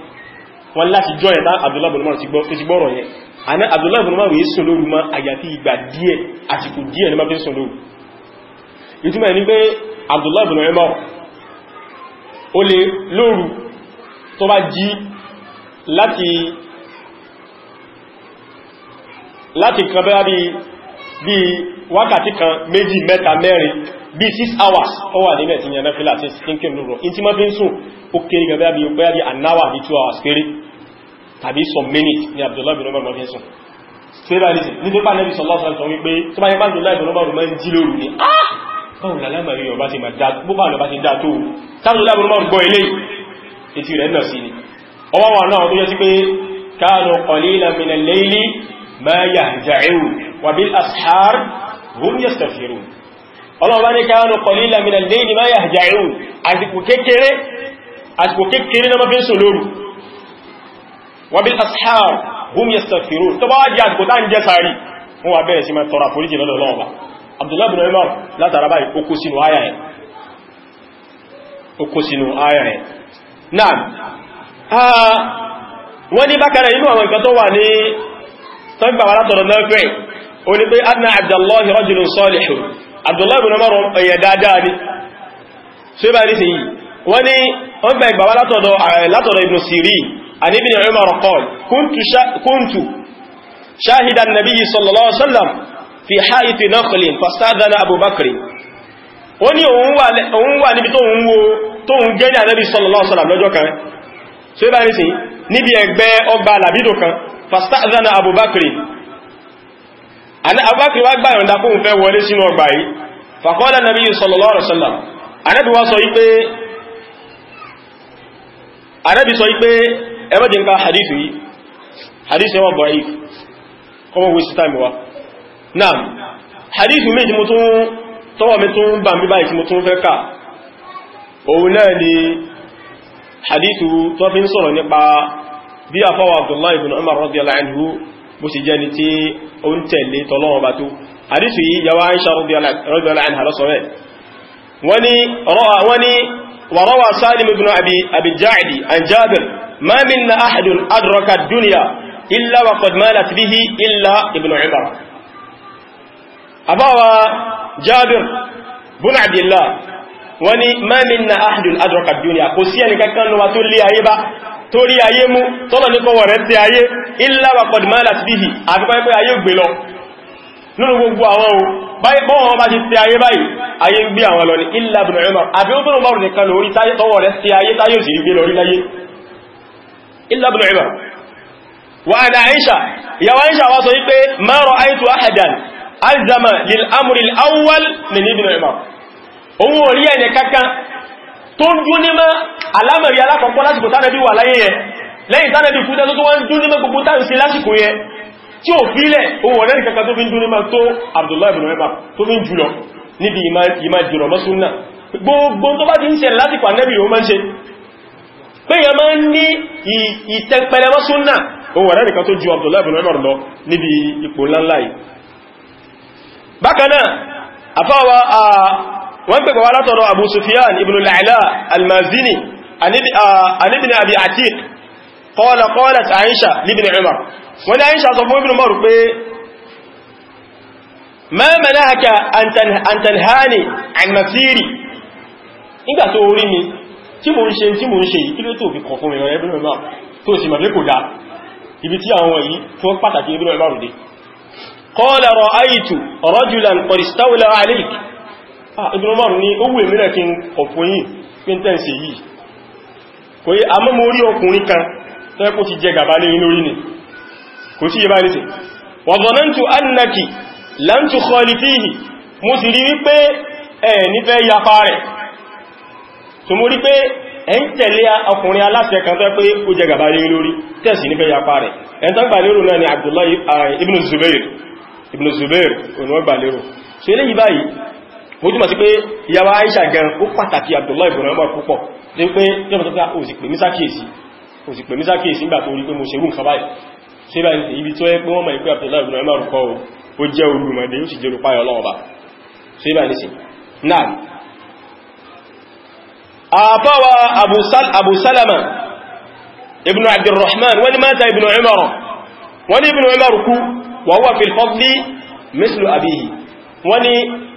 wọ́n láti jọ ẹ̀ta Abdullahi bin Umar ti gbọ́rọ̀ yẹn àná Abdullahi bin Umar yìí sùn lóru ma àyàfi ìgbà díẹ̀ àsìkò díẹ̀ ní ma fi sùn lóru ìtumọ̀ ní pé Abdullahi bin Umar ó lè lóru tó bá jí láti láti kan bẹ́rẹ̀ bí wákàtí kan méjì mẹ́ta mẹ́rin bí 6 hours ó wà níbẹ̀ tí yẹn náfílà tí stinking lóòrùn in tí ma fi ń sùn ó kéré gẹ̀bẹ́ bí bóyá bí an hour 2 hours péré tàbí some minutes ni Abdullahi bin Umar ma fi ń sùn favorism ní pípa nẹ́bí sọlọ́sọ̀rọ̀ sọ wípé tó bá yẹ bá Abdullahi bin Umar ma ń jí lóòrùn ni ah báwọn lálámàrí ọba ti máa dáa bó bá lọ bá ti dáa tó Abdullahi bin Umar gbọ́ ilé ètì rẹ̀ náà sí ni ọwọ́ wà náà tó yẹ sí pé ọlọ́run bá ní káánù kọlílà mìnà lẹ́yìn máa yà jàírù àsìkò kékeré àsìkò kékeré na mafi ń sọ lóru wàbí ashab hum yastaghfiru tó bá wájí àsìkò tá ń jẹ sàárì wọ́n wà bẹ̀rẹ̀ sí máa tọrọ àforíjì lọ́dọ̀ abdullahi bin umar ẹ̀yẹ̀ dáadáa ni ṣe bá ní sèyí wọ́n ni wọ́n gba ìgbà wá látọ̀dọ̀ ibn siri àní ibn umar qala kuntu shahidan nabiyyi sallallahu alaihi wasallam fi haiti nakhlin fastadana abubakar wọ́n ni òun wà níbi tó ń gẹ́ ní ànábì sallallahu alaihi lọ́jọ́ kan ṣe bá ní sèyí níbi ẹgbẹ́ ọgbà làbídò kan fastadana abubakar abubakar wá gbáyàn dá fún fẹ́ wọlé sínú ọgbà yìí fàkọ́lá nàbí sallallahu alaihi wasallam anẹ́bí sọ wípé ẹwọ́dì ń ká hadithu yìí hadithu yẹwọ́ bọ̀ yìí kọmọ waste time wa náà hadithu méjì mo tún tọwọ́ mi tún bá mi báyìí tí mo tún fẹ́ ká òun náà ni hadithu tó fi ń sọ̀rọ̀ nípa bí afọ́wà Abdullahi ibn Umar radiyallahu anhu bó ṣe jẹ́ ni tí ó ń tẹ̀lé tọ́lọ́wọ́ bá tó àdísù yìí yàwá ń ṣàrùbí alàìhàlọ́sọ̀rẹ́ wọ́n ni wàrọwà sáàlì ibn àbìjáàdì an jábir ma minna ahadun adraka duniya illa wa qad malat bihi illa ibn umar abawa jábir bun abdillah wani ma minna ahadun adraka duniya kò sí ẹni kankan wa tó lé ayé torí ayé mú tọ́lọ̀ ní kọwọ̀ rẹ̀ tí ayé illa wa qad malat bihi àti pẹ́ pé ayé gbé lọ nínú gbogbo àwọn ohun bọ́wọ́n bá ti tí ayé báyìí ayé ń gbé àwọn lọ ní illa ibn Umar àbí ó bọ́rùn márùn nìkan lórí tọ́wọ̀ rẹ̀ tí ayé táyé òsì gbé lọ rí láyé illa ibn Umar tó ń dún nímọ́ alámẹ̀rí alákọ̀ọ́kọ́ lásìkò tánàbí wà láyé yẹn lẹ́yìn tánàbí fúta tó tó wọ́n dún nímọ́ gbogbo tánàbí lásìkò yẹn tí ó fílẹ̀ ohun ọ̀rẹ́ nìkankan tó fi ń dún nímọ́ tó Abdullahi ibn Umar tó fi ń jùlọ níbi ìmá jùlọ mọ́ súnnà gbogbo tó bá ti ń ṣe lásìkò anẹ́bì ló máa ń ṣe pé yẹn máa ń ní ìtẹpẹlẹ mọ́ súnnà ohun ọ̀rẹ́ nìkan tó ju Abdullahi ibn Umar lọ níbi ipò ńláńlá yìí bákan náà àfáwà wọ́n gbẹ̀gbẹ̀ wá látọ̀rọ̀ abu sufyan ibn al-ala al-mazini an ibn abi atiq qala qalat aisha libin umar wọ́n ni aisha sọ fún ibn umar pé ma manahaka an tanhani an masiri nígbà tó orí mi tí mo ń ṣe tí mo ń ṣe yìí kí ló tó fi kọ̀ fún mi rẹ̀ umar tó sì Ah, ibn Umar ní ó wù èmi náà kí n ọ̀pọ̀ yìí pín tẹ́ǹsì yìí kò yí àmọ́ mo rí ọkùnrin kan tó ti jẹ gàbá lé lórí ni kò sí yẹbá nìsìn wa dhanantu annaki lam tukhalifihi mo sì rí wípé ẹ̀ nífẹ́ yapa rẹ̀ so mo rí pé ẹ̀ ń tẹ̀lé ọkùnrin aláṣẹ kan tó pé ó jẹ ni Abdullah ah, ibn Zubair ibn Zubair ònà gbà lérò so eléyìí báyìí mojúmọ̀ sí pé ìyàwó Aisha gan ó pàtàkì Abdullah ibn Umar púpọ̀ ní pé yọ́mọ̀ tó pé ó sì pè mí sákèèsì ó sì pè mí sákèèsì nígbà tó rí pé mo ṣerú nǹkan báyìí ṣe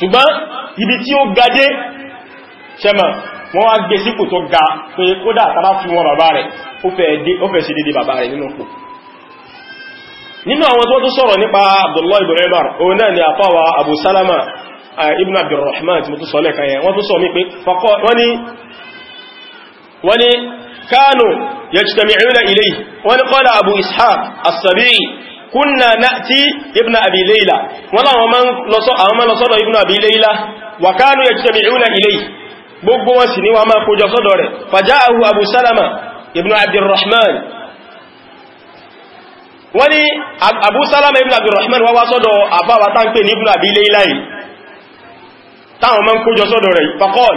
ṣùgbọ́n ibi tí ó gajé ṣẹmọ̀ wọ́n wá gbé sípò tó ga tó yẹ kódà tàbá fún wọn bàbá rẹ̀ ó fẹ́ ṣe dédé bàbá rẹ̀ nínú pò nínú àwọn tó tó sọ̀rọ̀ nípa Abdullahi ibn Umar òun náà ni àfáwà Abu Salama ibn Abdurrahman tí mo tó sọ lẹ́kan yẹn wọ́n tó sọ mí pé fakọ́ wọ́n ni kánù yajtami'una ilayhi Abu Ishaq as-Sabi'i kunna na'ti ibn abi layla wala àwọn man lọ sọ àwọn man lọ sọ do ibn abi layla wa kanu yajtami'una ilayhi gbogbo wọn sì ní wa máa kójọ sọ́dọ̀ rẹ̀ faja'ahu abu salama ibn abdurrahman wọ́n ní abu salama ibn abdurrahman wá wá sọ́dọ̀ àbáwà tán pè ní ibn abi layla yìí táwọn máa kójọ sọ́dọ̀ rẹ̀ faqal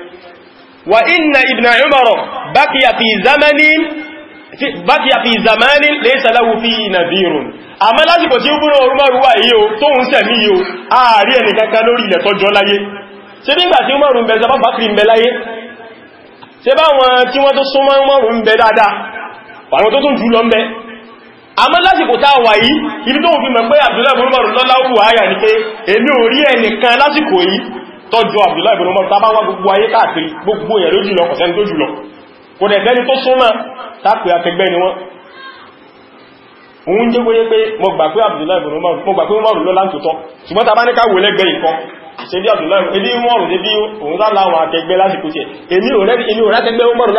وإن ابن عمر بقي في زمن بقي في زمان ليس له فيه نذير àmọ́ lásìkò tí ó búrò orúmọ̀rúwà yíò tó ń sẹ̀mí yíò ààrí ẹni kankan lórí ilẹ̀ tọ́jọ́ láyé ṣe nígbà tí Umaru ń bẹ zaba Bakri ń bẹ láyé ṣe bá wọn tí wọ́n tó súnmọ́ Umaru ń bẹ dáadáa àwọn tó tún jù lọ ń bẹ àmọ́ lásìkò tá wà yìí ibi tó fi mọ̀ pé Abdullahi tọ́jú Abdullahi ibn Umar tàbá wá gbogbo ayé káàkiri gbogbo èèyàn ló jùlọ kọ̀sẹ́ni tó jùlọ kò dẹ̀ sẹ́ni tó súnmọ́ tápé akẹgbẹ́ ni wọ́n òun jẹ́ gbóyé pé mo gbà pé Abdullahi ibn Umar mo gbà pé wọ́n rùn lọ láǹtòtọ́ ṣùgbọ́n tàbá ní káwò lẹ́gbẹ̀ẹ́ ìkan ṣebí Abdullahi ebí wọ́n rùn débí òun lá láwọn akẹgbẹ́ lásìkò tiẹ̀ èmi ò rẹ́ èmi ò rákẹgbẹ́ ó mọ̀rún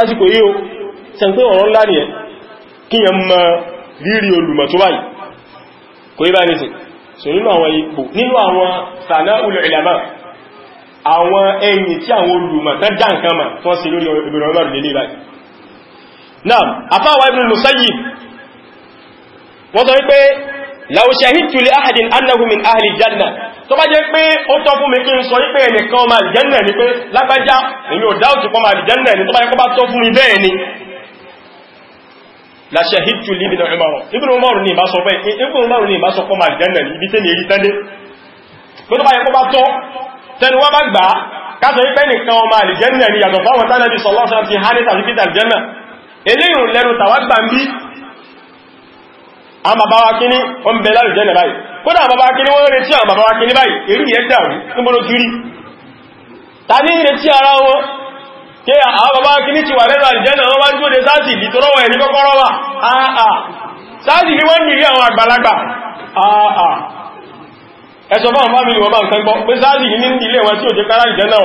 lásìkò àwọn ẹ̀yìn tí àwọn olùmọ̀ tẹ́ dá nǹkan mà tí wọ́n sí lórí Ibn Umar lè nílá náà afáwà Ibn Musayyib wọ́n sọ wípé law shahidtu li ahadin annahu min ahli janna tó bá jẹ́ pé ó tọ́ fún mi kí n sọ wípé ẹnìkan ọmọ àlìjẹ́nà ni pé lágbájá èmi ò dáòtù pọ́ àlìjẹ́nà ni tó bá jẹ́ kó bá tọ́ fún mi bẹ́ẹ̀ ni la shahidtu li Ibn Umar Ibn Umar ni ìbá sọ pé Ibn Umar ni ìbá sọ pọ́ àlìjẹ́nà ni ibi tẹ́ mi èrí tẹ́lé tó bá jẹ́ kó bá tẹnu wá bá gbà kásọ̀ wípé nìkan ọmọ àlìjẹ́nà ni yàtọ̀ fáwọn tánàbí sọlọ́sọ́ ti hánẹ́ sàfikítà àlìjẹ́nà eléyìn lẹ́nu tàwàgbà ń bí a bàbá wa kíní wọ́n bẹ lálìjẹ́nà báyìí kódà bàbá kíní wọ́n retí àwọn bàbá wa kíní báyìí èrí yẹn dàrú níbọn kiri ta ní retí ara wọn kí àwọn bàbá kíní ti wà lẹ́nu àlìjẹ́nà ẹ̀sọ̀ fún àwọn fámílì wọn máa ń kan gbọ́ pé sáàlì ní ilé wọn tí ò jẹ́ kára ìjẹ́ náà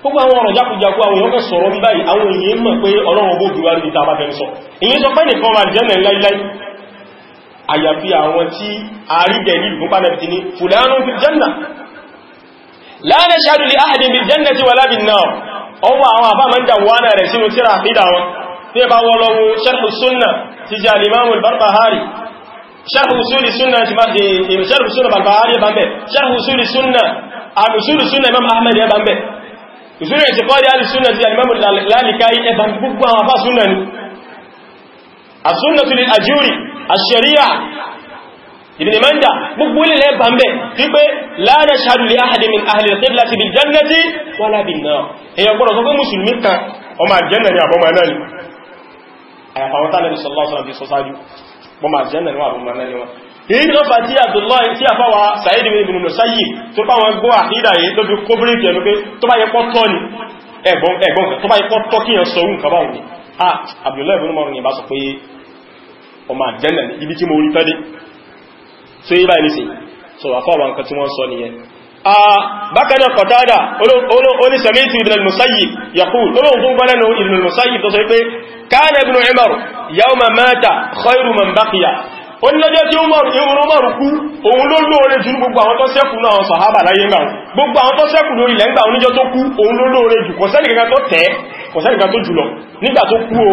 gbogbo àwọn ọ̀rọ̀ jákùjákù àwọn èèyàn fẹ́ sọ̀rọ̀ ń báyìí àwọn èèyàn mọ̀ pé ọlọ́run ogó gbíwá ní ìta bá sọ èyí sọ pé nìkan wà jẹ́nà láíláí àyàfi àwọn tí a rí dẹ̀lì ìlú sharh usul sunnah ti máa ìrìn sharh usul al-Barbahari bá ń bẹ̀ sharh usul sunnah àmì ah, usul sunnah imam ahmed ya bá ń bẹ̀ usul ti kọ́ di alì sunnah ti alimam lalikai ẹbà gbogbo àwọn afá sunnah ni as-sunnatu lil-ajuri ash-sharia ibn manda gbogbo ilẹ̀ bá ń bẹ̀ tí pé la nashhadu li ahadin min ahli al-qiblati bil jannati wala bin èyàn gbọ́dọ̀ sọ pé musulmi kan ọmọ àjẹ́nà ni àbọ́mọ eh, náà mọ́mà jẹ́nà ní wọ́n mọ́mà ní wọ́n èyí ló fà tí Abdullahi tí a fáwà Sa'id ibn Musayyib tó bá wọn gbọ́ àkídà yìí tó fi kóbírí pẹ̀lú pé tó bá yẹ pọ́ tọ́ ni ẹ̀gbọ́n tó bá yẹ pọ́ tọ́ kíyàn sọ ohun kọba òní a Abdullahi ibn Umar ni bá sọ pé ọmọ àjẹ́nà ibi tí mo rí tẹ́lẹ̀ tó yí báyìí sí so àfáwà nǹkan tí wọ́n sọ nìyẹn bákanáà Qatada onísẹ̀mẹ́tì ibn al-Musayyib yaqul olóògùn gbọ́nẹ́nu ibn al-Musayyib tó sọ pé كان ابن عمر يوم مات خير من بقي wọ́n lọ́jọ́ tí ó mọ̀rún ìwọ̀n mọ̀rún kú òun ló lóore jù gbogbo àwọn tó ṣẹ́kù náà àwọn sàhábà láyé gbà gbogbo àwọn tó ṣẹ́kù lórí ilẹ̀ ńgbà oníjọ́ tó kú òun ló lóore jù kò sẹ́ni kankan tó tẹ́ kò sẹ́ni kankan tó jùlọ nígbà tó kú o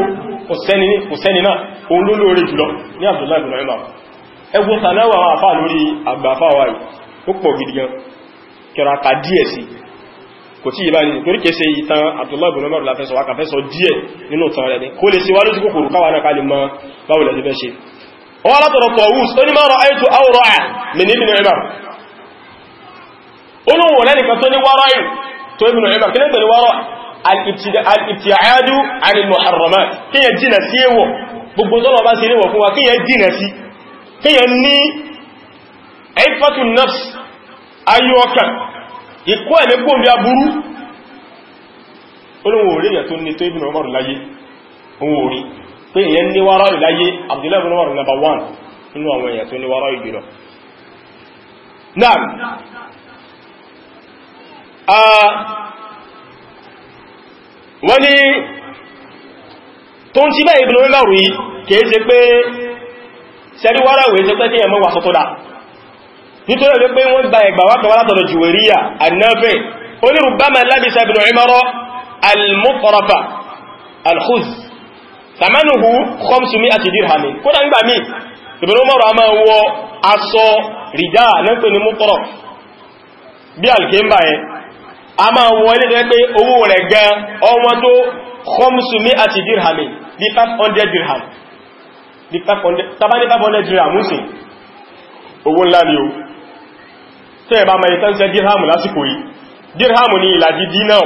kò sẹ́ni náà òun ló lóore jùlọ ní Abdullahi ibn Umar ẹgbọ́ tànáwà àwọn àfáà lórí àgbà àfáà wáyìí ó pọ̀ gidi gan kẹrọ àkà díẹ̀ sí kò tí ìbá ní torí kèsè ìtàn Abdullahi bin Umar láfẹ́sọ̀ wákàfẹ́sọ̀ díẹ̀ nínú tàn rẹ̀ ní kó lè sí wá lójú kòkòrò káwà náà kalì mọ́ báwo lẹ́jẹ́ fẹ́ ṣe ọwọ́ látọ̀rọ̀ Tawus ó ní mọ́rọ̀ àìtò àwòrọ̀ à mẹ́ni Ibn Umar olóhùn lẹ́nì kan tó ní wárọ̀ àì tó Ibn Umar kí ní tẹ̀lé wárọ̀ al-ibti'adu 'ani al-muharramat kí ikú ẹ̀mí kóòmí aburú olóhun orí èyàn tó ní tó ibùn ọmọrù láyé ohun orí pé èyàn ní wárá rí láyé number one nínú àwọn èyàn tó ní wárá rí jùlọ náà wọ́n ni tó ń ti bẹ́ ibùn ọmọrù yìí kèé ṣe pé sẹ́rí wárá wèé ṣe pẹ́ nítorí ọjọ́ pé wọ́n gba ẹgbà wákan látọ̀dọ̀ jùwèríyà annafi onírù bá ma lábísà ibn Umar al-muqrafa al-khuz samanuhu 500 dirhami kódà nígbà mí ibn Umar a máa wọ aṣọ ridá náà pè ní muqraf bí alkemba ẹ a máa wọ ilé tẹ́ pé owó rẹ̀ gan ọmọ tó 500 dirhami bí 500 dirham bí ńlá ni o tẹ́ ẹ̀bá mẹ́rin tán sẹ́ dirhamu lásìkò yìí dirhamu ní ìlàjì dinar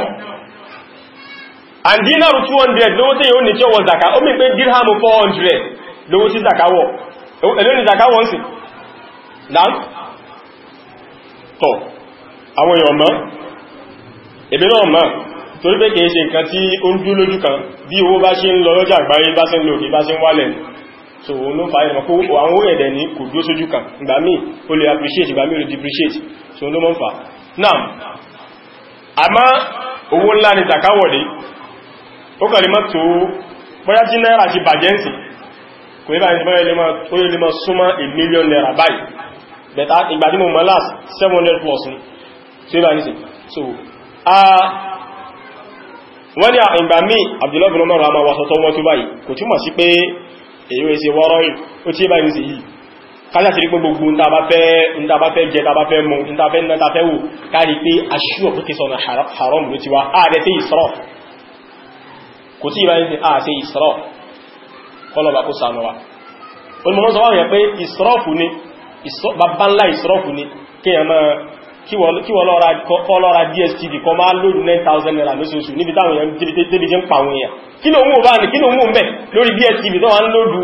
and dinar 200 lówó tí yíó ní tí ó wọ zaka ó mi pé dirhamu 400 lówó tí zaka wọ èló ni zaka wọ́n sí náà tọ́ àwọn èèyàn mọ́ èbí náà mọ́ torí kìí ṣe nǹkan tí ó ń dú kan bí owó bá ṣe ń lọ lọ́jà àgbáyé bá ṣe ń bá ṣe so òun ló fàáyé wọn kó àwọn orí ẹ̀dẹ̀ ní kò dúó sójú kan ìgbà míì ó lè appreciate ìgbà míì ó lè depreciate so ló mọ́ ń fà náà àmá owó ńlá ni tàkáwọ̀dé ó kàrí mọ́ tó bọ́yá tí náírà ti bàjẹ́ ń sì kò ní báyìí bọ́yá ilé mọ́ súnmọ́ a million naira báyìí bẹ̀ta ìgbà tí mo mọ́ last 700 plus ní tí ó bá ní sí so wọ́n ní àìgbà míì Abdullahi bin Umar ma wà sọ́tọ́ wọ́n tó báyìí kò túmọ̀ sí pé èyí wé sí wọ́rọ̀ ó tí bá ìrìsì yìí káṣàtì rí pé gbogbo ń tàbá fẹ́ jẹ tàbá fẹ́ mú ń tàbá náà tàbá wò káàrí pé aṣíwọ̀ tó kí sọ̀nà haram ló ti wá ààrẹ sí ìsọ́rọ̀ kò tí bá ìrìsì kí wọ́n lọ́ra dstv kan máa lóòrù 9,000 naira lóṣooṣù níbi táwọn èèyàn débi jẹ́ ń pa àwọn èèyàn kí ló ń wò báyìí kí ló ń wò mẹ́ lórí dstv tó wà ń lóòrù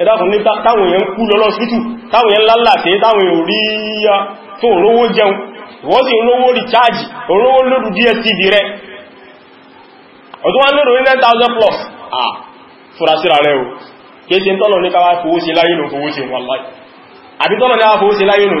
ẹ̀dàkùn ní táwọn èèyàn kú lọ́lọ́ síkú táwọn èèyàn lálàtẹ́ táwọn èèyàn rí tó rówó jẹun wọ́n sì rówó recharge rówó lóòrù dstv rẹ̀ ọdún wọn lóòrù 9,000 plus ah fúra síra rẹ̀ o kéèṣe tọ́lọ̀ ní káwàá fowó sí láyé lò fowó sí wọ́n láì àbí tọ́lọ̀ ní káwàá fowó sí láyé lò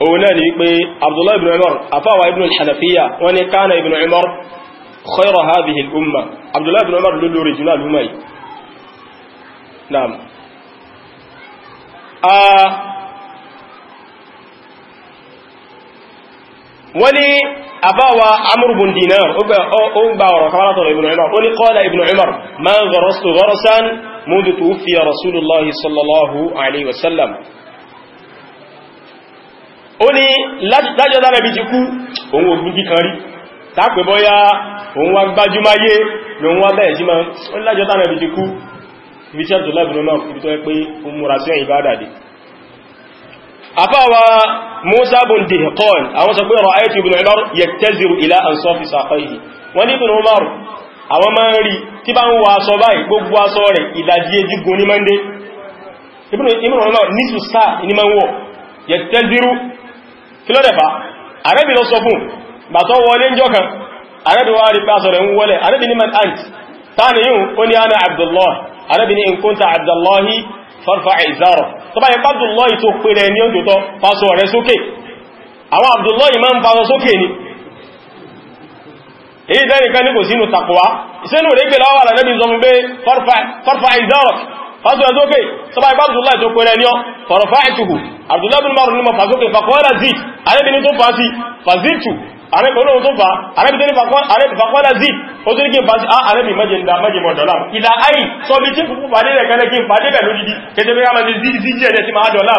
òun náà ni wípé abdullah ibn umar afáwà ibn al-hanafiya wọ́n ni kánà ibn umar khayra hadhihi al-umma abdullah ibn umar ló lórí jùlọ alúmọ̀ yìí naam wọ́n ni àbáwa amúrùbùn dinar ó gbà ọ̀rọ̀ kọwàlátọ̀rọ̀ ibn umar ó ní qala ibn umar ma gharastu mundu tuwfiya rasulullahi sallallahu alaihi wasallam ó ní lájọ́ tánàbí ti kú òun ògùn kíkan rí tàpẹ̀ bọ́yá òun wá gbájúmáyé lòun wá bẹ̀ẹ̀ sí ma ó lájọ́ tánàbí ti kú ibi tí àtò lábìnú náà fi tó ẹ pé ó múra sí ẹ̀yìn ìbádàdì afáwa Musa bin Dihqan àwọn sọ pé ra'aytu ibn Umar yaktaziru ila ansafi saqayhi wọ́n ní ibn Umar àwọn máa ń rí tí bá ń wọ aṣọ báyìí gbogbo aṣọ rẹ̀ ìdajì ejúgun ní mọ́ndé ibn Umar nísùsá ní máa ń wọ̀ yaktaziru kí ló dẹ̀fà àrẹ́bì lọ sọ fún bàtọ́ wọlé ń jọkan àrẹ́bì wá rí pàṣọ rẹ̀ ń wọlé àrẹ́bì ní man ant tánà yíò ó ní ana abdullah àrẹ́bì ní nkúnta abdullahi farfa izaro tó bá yẹ abdullahi tó pèrè ní òjòtọ́ pàṣọ rẹ̀ sókè àwọn abdullahi máa ń pàṣọ sókè ni èyí tẹ́nìkan ní kò sínú takwa sínú rẹ̀ gbẹ̀lọ́wà farfa izaro fásitì ẹ̀sọ́kè sọba ibá Abdullahi tó pẹ̀rẹ̀ ní ọ fọ̀rọ̀fà ẹ̀tùkù Abdullahi bin Marun ní mọ̀ fásókè fàkọ́ọ́lá zid arẹ́bìnrin tó fàá sí fàzítù arẹ́bìnrin tó fàá arẹ́bìnrin fàkọ́ọ́lá zid ó tó ní kí n fàá sí arẹ́bìn ah, mẹ́jẹmọ̀dọ̀lá ìlà ayi sọ bí tí kúkú fàdé rẹ̀ kẹ́lẹ́ kí n fàdé rẹ̀ lódìdí kẹjẹ bí káàmà sí zid jẹ́ ẹ̀dẹ̀ sí máa dọ̀lá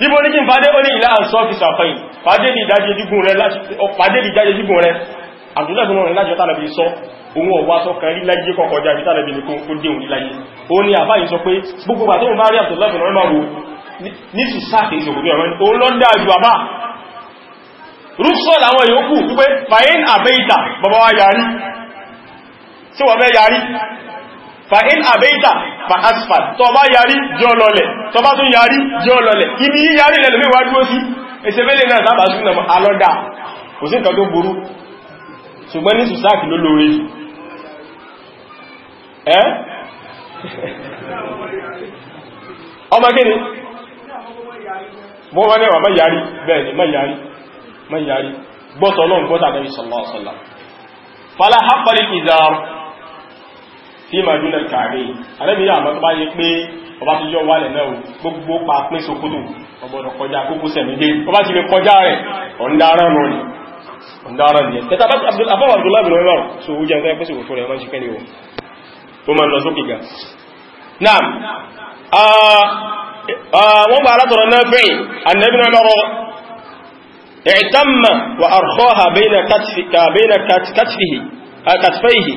níbo ní kí n fàdé ó ní ìlà àǹsọ́ fi sàfẹ́yìn òun ọ̀wá sọ́kàn rí láyé kọkọjá ibi tàbí ní kó dé òun láyé ó ní àbáyé sọ pé gbogbo àtọ́ òun bá rí àtọ́ lọ́pọ̀ lọ́rọ̀ wo ní sì sáàkì ìṣòkòtò ẹ̀rọ ó lọ́ndà ju àbá rúfsọ́ làwọn yòókù wípé fàyín àbẹ́ìta bàbá wa yarí tí wọ́n fẹ́ yarí fàín àbẹ́ìta fa asfal tó bá yarí jọ lọlẹ̀ tó bá tún yarí jọ lọlẹ̀ ibi yí yarí lẹ́lẹ̀mí wá ṣùgbọ́n ní sùsáàkì ló lóore ẹ́ ọmọ gíní wọ́n wá ma ọmọ yàrí bẹ́ẹ̀ni ma yari gbọ́tọ̀ lọ́n gbọ́tà Nabi sallallahu alaihi wasallam fala haqqal izar fi ma duna al-ka'bayn yà yẹ pé ọba ti yọ gbogbo pa pín sokoto ọgbọ̀dọ̀ kọjá kókó sẹ̀mídé ọba ti kọjá ni ni Abdullahi ó ma lọ sókè ga náà ah, ah, wọ́n bá alátọ̀rọ̀ náà fẹ́yìn annabi na lọ́rọ̀ ẹ̀tàmà wa arkọ́ha bẹ́ẹ̀nà katfihi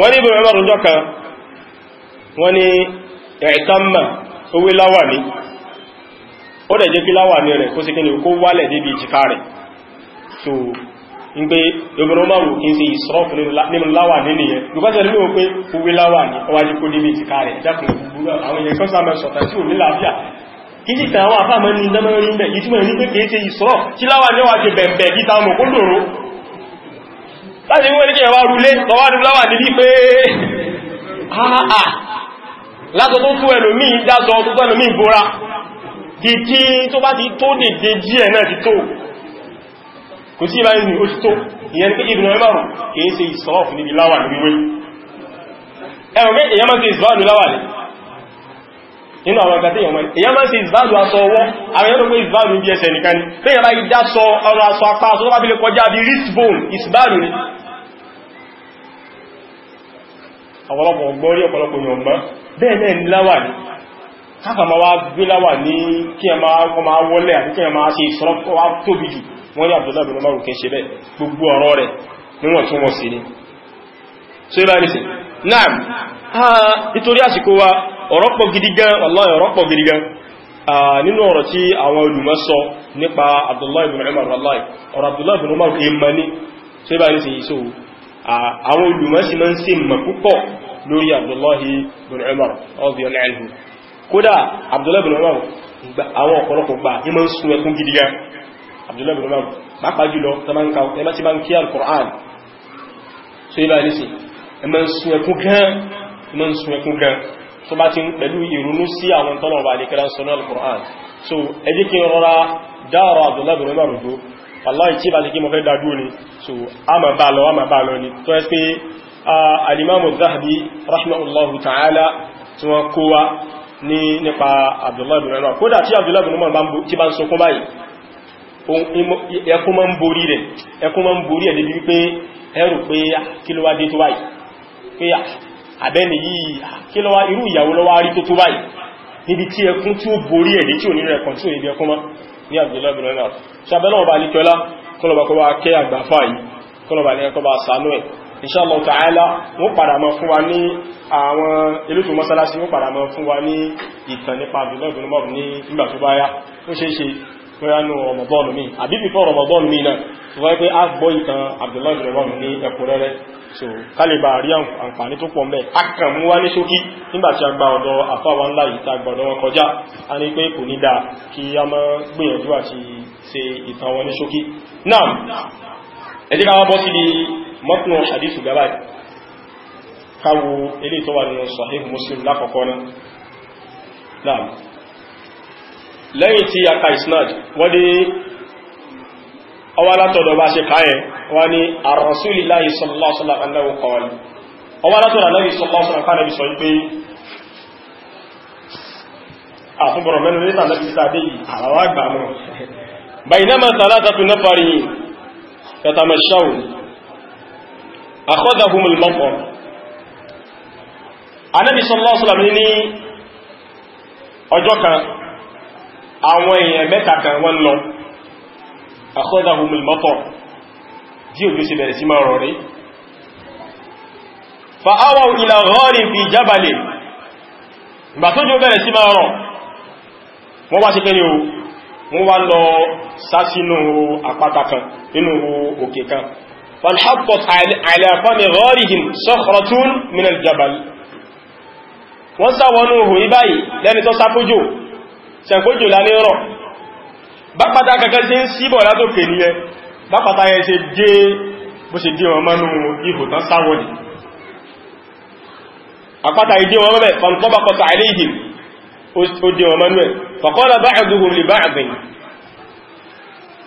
wọ́n ni bí mẹ́mọ́ rùjọ́ kan wọ́n ni ẹ̀tàmà owó láwà ní ó dẹ̀ jẹ́ ń pé obìnrin máa wò kí n ṣe ìṣọ́fù nínú láwà nínú yẹn lùkọ́sẹ̀ nínú pé owó láwà ní ọwájú kó níbi ìtìká rẹ̀ jákùn gbogbo àwọn èèyàn kan sáàmẹ́ sọ̀tà sí òní láàfíà kí sí tàwọn àfáàmọ́ ní ìdámọ́ rí bẹ̀ yìí túnmọ̀ ní pé kìí ṣe ìṣọ́ kò sí ìbáyé ní oṣù tó ìyẹn pé Ibn Umar kìí ṣe ìsọ́ọ̀fù níbi láwà ní wíwé ẹ̀rùn pé èyàn máa ṣe ìsbáàdù láwà ní inú àwọn ìgbàtí èyàn èyàn máa ṣe ìsbáàdù aṣọ ọwọ́ àwọn èyàn pé ni pé èyàn bá yí dáṣọ ọrọ̀ aṣọ apá aṣọ tó bá fi lè kọjá bí wrist bone ni ọ̀pọ̀lọpọ̀ ọgbọ́rí ọ̀pọ̀lọpọ̀ ni láwà káfà ma wá gbéláwà ní kí ẹ máa kọ máa wọlé àti kí ẹ máa ṣe ìṣọ́lọ́pọ̀ wá tóbi jù wọ́n ní Abdullah bin Umar kẹ́ ṣe bẹ́ gbogbo ọ̀rọ̀ rẹ̀ níwọ̀n tún wọ́n sí ni ṣe bá nìsìn náà nítorí àsìkò wa ọ̀rọ̀ pọ̀ gidi gan wallahi ọ̀rọ̀ pọ̀ gidi gan nínú ọ̀rọ̀ tí àwọn olùmọ̀ sọ nípa máa ń ṣe mọ̀ púpọ̀ lórí Abdullah bin Umar radiyallahu anhu kódà Abdullahi bin Umar àwọn ọ̀pọ̀lọpọ̀ gbà ní mọ́ ń sun ẹkún gidi gan Abdullahi bin quran so ibá ní sí ẹmá ń sun ẹkún gan ẹmá ń sun ẹkún gan tó bá quran so ẹ jẹ́ kí n rọra dáọ̀rọ̀ Abdullahi bin Umar dó wallahi tí bá ti kí mo fẹ́ dájú ni so a ma bá lọ a ma bá lọ ni tó ẹ́ pé ah, al-Imam az-Zahabi rahimahullahu ta'ala tí wọ́n kó wa ní nípa Abdullahi bin Umar kódà tí Abdullahi bin Umar tí bá ń sọkún báyìí ẹkún ma ń borí rẹ̀ ẹkún ma ń borí ẹ̀ débi wípé ẹrù pé ah, kí ló wá dé tó báyìí pé àbẹ́ni ah, yìí ah, kí ló wá irú ìyàwó ló wá rí tó tó báyìí níbi tí ẹkún tí ó kọlọ̀bà kọlọ̀bà kẹ́ àgbàfà yìí kọlọ̀bà ní ẹkọ́ bá sànú ẹ̀ inshallah ta'ala wọ́n padà mọ́ fún wa ní àwọn ilútù mọ́sálásí wọ́n padà mọ́ fún wa ní ìtàn nípa àbìlọ́gbìn mọ́ ní ìgbà tó bá yá ó ṣe é ṣe pẹ́yánú ọmọdọ́nù mi àbí before ọmọdọ́nù mi náà tó wáyé pé a gbọ́ ìtàn àbìlọ́gbìn mọ́ ní ẹ̀kúnrẹ́rẹ́ so kálíbà rí àǹfààní tó pọ̀ mẹ́ akàmú mọ́tún hadithu gaba káwo ilé tó wà nínú sahih muslim lákọ̀ọ́kọ́ náà lẹ́yìn tí a ka isnad wọ́n dé ọwá látọ̀dọ̀ bá ṣe káyẹ wọ́n ni ar-rasulillahi sallallahu alaihi wasallam annahu qala ọwá látọ̀dọ̀ Nabi sallallahu alaihi wasallam kánàbí sọ pé àfúnbọ̀rọ̀ mẹ́nu nílẹ̀ akhadhahum al-matar Ànábì sallallahu alaihi wasallam ní ọjọ́ kan àwọn èèyàn mẹ́ta kan wọ́n lọ akhadhahum al-matar bí òjò sì bẹ̀rẹ̀ sí máa rọ̀ rí fa awaw ila gharin fi jabalin ìgbà tó jò bẹ̀rẹ̀ sí máa rọ̀ wọ́n wá sí kẹ́ o wọ́n wá lọ sásínú àpáta kan nínú òkè kan فانحطت على فم غارهم صخرة من الجبل wọ́n sáwọnú ohun ibáyìí lẹ́ni tó sápójò sẹ̀kójò lálé rọ̀ bápátá kẹ́kẹ́ sí ń síbọ̀ látòkè ní ẹ bápátá yẹ ṣe gé bó ṣe gé wọn mọ́nú ihò tán sáwọ̀dì àpáta ìdí wọn mọ́bẹ̀ fọ́nkọ́bàkọ́ta àìlẹ́yìn ó dé wọn mọ́nú ẹ̀ fọ́kọ́lá báyàdùhùn lè báyàdùn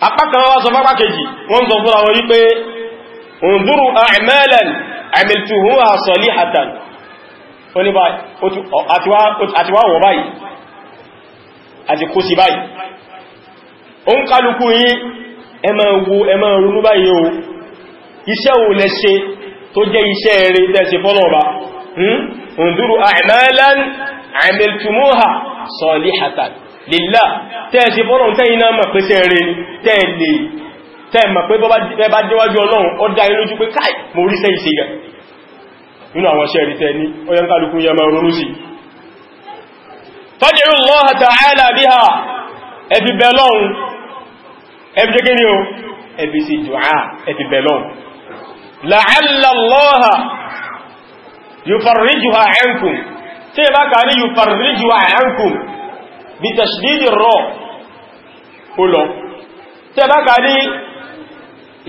apá kan wá sọ fápá kejì wọ́n sọ fúnra wọn wípé انظروا اعمالا عملتها صالحة oni báyìí àti wá wọ̀ báyìí àti kó sí báyìí o ń kálukú yí ẹ máa wo ẹ máa ronú báyìí o iṣẹ́ o lẹ ṣe tó jẹ́ iṣẹ́ eré tẹ́sí fọ́nà ọba عملتموها hmm? صالحة lillah tẹ́ẹ̀sí fọ́nà tẹ́yìn náà mọ̀ pẹ́sẹ̀ tẹ́ẹ̀mà pé bá jẹ́wájú ọlọ́run ó dá yín lójú pé káì mo rí sẹ́ ìṣe yẹ nínú àwọn ṣẹ́ ìrìtẹ́ ní ọyẹ́ kálukú yẹ máa ronú sí fad'u Allah ta'ala biha ẹbí bẹ̀lọ́run ẹbí jẹ́ tẹ́bá kà ní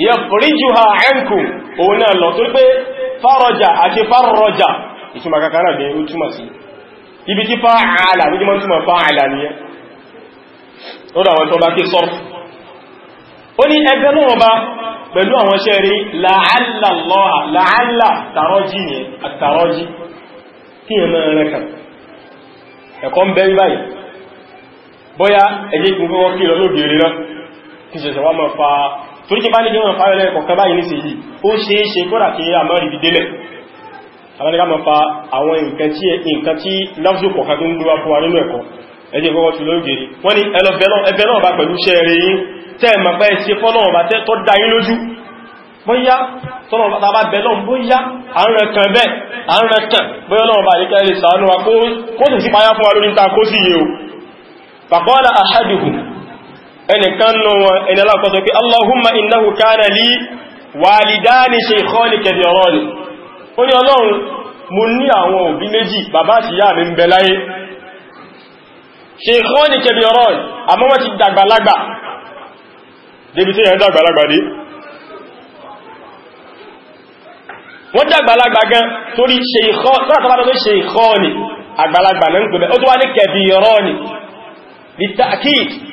yẹ̀fìríjúha ẹnkù òun náà lọ tó pé fárọjà àti fárọjà ìtumà kàkàrà bí ó túmà sí ibi tí fáàlà ní jímọ̀ túmà fáàlà ní ẹ́ ó dà wọn tó bá kí sọ́rọ̀ ó ní ẹgbẹ́ náà bá pẹ̀lú àwọn iṣẹ́ rí láàlá tàrọjí ní àtàrọjí kí torí kí bá ní gẹ́wọ̀n fara lẹ́ẹ̀kọ̀ kan báyìí nísì yìí ó ṣe é ṣe kọ́rà kí a mọ́ ríbi délẹ̀ fa àwọn nǹkan tí nǹkan tí lọ́fíò kọ̀ọ̀kan tó ń gbé wá fún wa nínú ẹ̀kọ́ ẹjẹ́ kọ́kọ́ tí lóògì rí wọ́n ni ẹbẹ̀ náà bá pẹ̀lú iṣẹ́ rẹ̀ yìí tẹ́ ẹ̀mà pẹ́ ṣe fọ́nà bá tẹ́ tọ́ da yín lójú bóyá tọ́nà bá bá bẹ̀ lọ́n bóyá àárẹ̀ bẹ́ àárẹ̀ bóyá náà bá lè kẹ́ lè kó sì sí payá fún wa lórí ta kó sì yìí o fàkọ́lá àṣádùhùn ẹnìkan nù wọn ẹni aláwọ̀kọ́ sọ pé Allahumma innahu kana li walidani shaykhani kabirani ó ní ọlọ́run mo ní àwọn òbí méjì bàbá àti ìyá mi ń bẹ láyé shaykhani kabirani àmọ́ wọ́n ti dàgbàlagbà débi tí yẹn dàgbàlagbà dé wọ́n dàgbàlagbà gan torí shaykhani àgbàlagbà náà ń pè bẹ́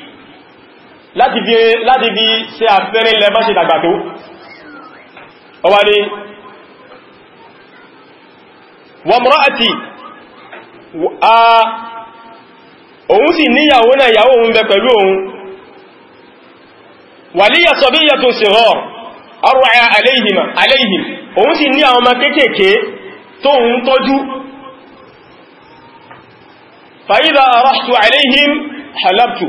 láti bí ṣe àpẹẹrẹ ilẹ̀ má ṣe dàgbà tó ọwá ní wàmúráàtì a òun sì níyàwó náà ìyàwó òun bẹ pẹ̀lú òun wàlíyà sọ̀bíyà tó sì rọ̀ ọrọ̀ aléìhìm òun sì ní àwọn ọmọ kéèkéé tó ń tọ́jú fàídà arọ́tù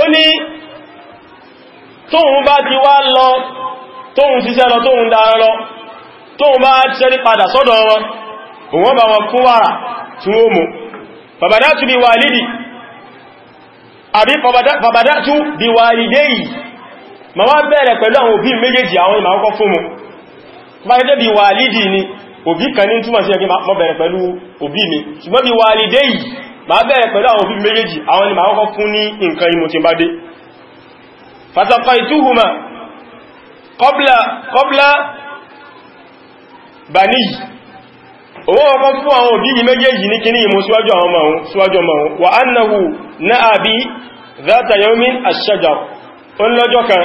ó ní tóhun bá ti wá lọ tóhun ti sẹ́lọ tóhun lọ tóhun bá sẹ́rí padà sọ́dọ̀ wọn òun bá wọn kún wàrà tí wọ́n mú àbí ma wá bẹ̀rẹ̀ pẹ̀lú àwọn òbí méjèèjì àwọn ìmà mu bá jẹ́ bi wàlìdì ni òbí kan ní túnmọ̀ sí ẹgbẹ́ mọ́ pẹ̀lú òbí mi ṣùgbọ́n bí máa bẹ̀rẹ̀ pẹ̀lú àwọn òfin méjèèjì àwọn ni máa kọ́ fún ní nǹkan imò tí bá dé fàtàkà ìtúhùmà kọ́blá bàní owó ọkọ́ fún àwọn òbí yìí méjèèjì ní kíní imò síwájú àwọn ọmọ òun síwájú ọmọ òun wà annahu náà bí zata yawmin ash-shajar òun lọ́jọ́ kan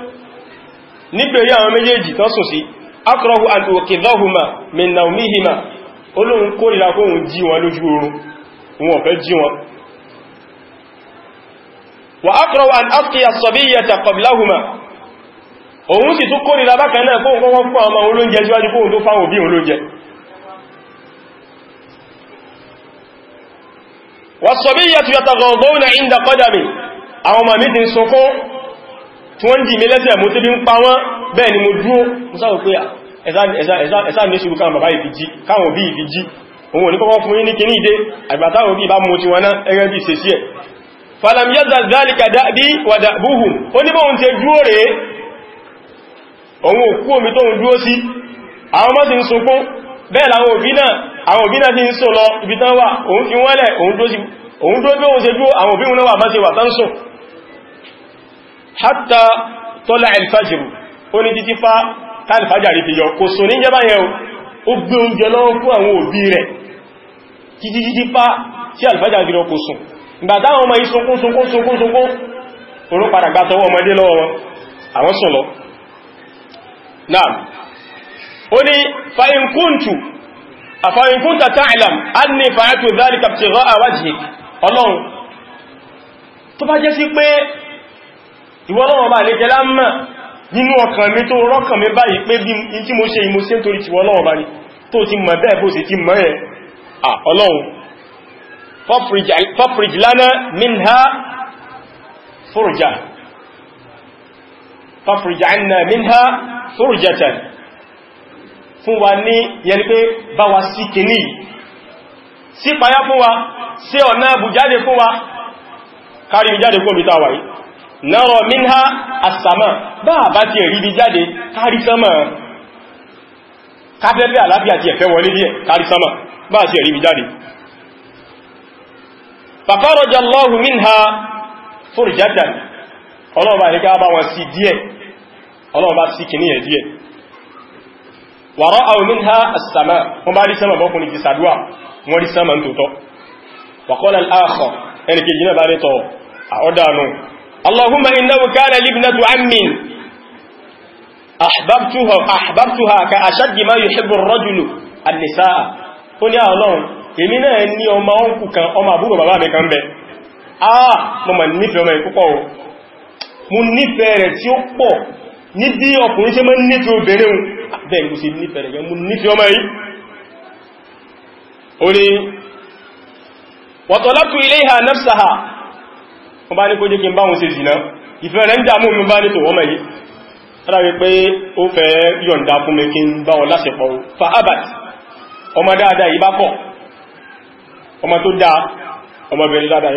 nígbèrí àwọn méjèèjì tán sùn sí akọrọ̀hù àdòkèdọ́hùmà mẹ́nàmíhìmà olóhun kórìlá kóhun jí wọn lójú oorun wọn fẹ́ jí wọn wà akọrọ̀hù àdòkèyà sọ̀bíyàtà kọ̀bìláhùmà òun sì tún kórìlá bákan náà kóhun tí wọ́n dì mí lẹ́sẹ̀ mú tí bí ń pa wọ́n bẹ́ẹ̀ ni mo dúró mo sáwọ̀ pé ah, ẹ̀sá ní ṣubú káwọn bàbá ìfìjí káwọn òbí ìfìjí òun òní kọ́kọ́ fún ní kìíní ìdé àgbàtàwọn òbí bá mú ti wọn náà ẹgẹ́ bí ṣe sí ẹ̀ falam yadda zalika da'bi wa da'buhum ó ní bóhun ti dúró rẹ̀ òun òkú omi tóhun dúró sí àwọn mọ́ sí hatta tọ́lá alfajiru ó ní títí fá alfajari fi yọ kò sọ ní jẹba yẹn ó gbé oúnjẹ lọ́wọ́ fún àwọn òbí rẹ̀ títí títí fá tí alfàjàrí kò sùn ìgbà táwọn ọmọ yìí sunkún ọmọdé lọ́wọ́ wọn lọ ìwọ́lọ́wọ́ bá lè kẹlá mọ̀ nínú ọkàn mi tó rọ́kàn mi báyìí pé bí in tí mo ṣe ìmú sí nítorí tìwọ́lọ́wọ́ bá ní tó ti mọ̀ bẹ́ẹ̀ bó sì ti mọ̀ ẹ̀ ọlọ́run fọ́fríjì lánà minha fúrùjá fọ́fríjì lánà nara minha as-sama bá bá ti rí bí jáde kárí sánmà káfẹ́fẹ́ àlàáfíà ti ẹ̀fẹ́ wọlé díẹ̀ kárí sánmà bá ti rí bí jáde fàkọ́rọ̀jọ Allahu minha furjatan ọlọ́ọ̀bá ní ká bá wọn sí díẹ̀ ọlọ́ọ̀bá sí kìí ẹ̀ díẹ̀ wàrọ́ àwọn minha as-sama wọ́n bá rí sánmà bọ́kùnrin àọ́dánù اللهم إنه كان لابنة عمي أحببتها أحببتها كأشد ما يحب الرجل النساء ó ní àwọn ah, èmi náà ní ọmọ ọkù kan ọmọ àbúrò bàbá mi kan bẹ ah mo mọ̀ nífẹ̀ẹ́ ọmọ ìpúpọ̀ o mo nífẹ̀ẹ́ rẹ̀ tí ó pọ̀ ní bí ọkùnrin ṣe mọ́ nífẹ̀ẹ́ obìnrin bẹ́ẹ̀ mo sì nífẹ̀ẹ́ rẹ̀ mo nífẹ̀ẹ́ ọmọ yìí ó ní wàtọ̀lápù ilayha nafsaha wọ́n bá ní kó jẹ́ kí n bá wọn ṣe zìná ìfẹ́ rẹ̀ ń mi bá ní tó wọ́n mẹ́yí ara rí pé ó fẹ́ fún mi kí n bá fa ọmọ dáadáa yìí bá ọmọ tó dáa ọmọbìnrin dáadáa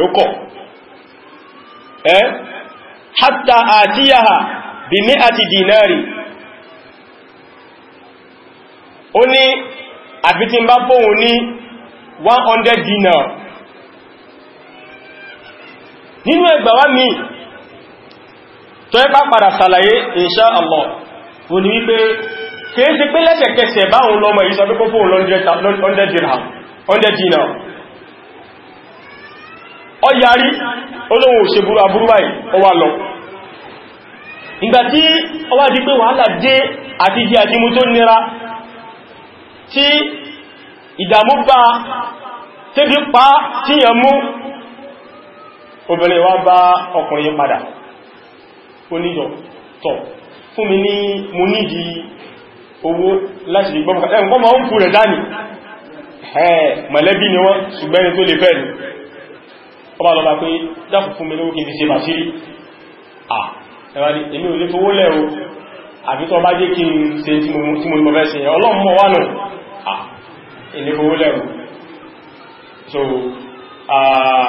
nínú ẹgbàwá mi tó ẹ́pá padà sàlàyé insha Allah wò ní wípé kìí ṣe pé lẹ́sẹ̀kẹsẹ̀ báwọn lọ́mọ yìí sọ pípọ́ fún 100 dirham 100 dinar ọ yarí olóhun òṣèbúrú aburú báyìí ó wá lọ ìgbàtí ó wá di pé wàhálà dé àti jẹ àti tó nira tí ìdàmú bá tébí pa tíyàn mú obìnrin wá bá ọkùnrin padà oníyọ̀ tọ̀ fún mi ní mo nídi owó láti lè gbọ́mọ̀ ẹ̀m kọ́ ma ń kú rẹ̀ dání ẹ̀ mọ̀lẹ́bí ni wọ́n ṣùgbẹ́ni tó lè bẹ́ẹ̀ ọba lọ́ba pé dákù fún mi lówó kí n fi ṣe bàṣírí ah ẹ̀wà ni èmi ò lè fowó lẹ̀ o àbí tó bá jẹ́ kí sí ah èlé fowó so ah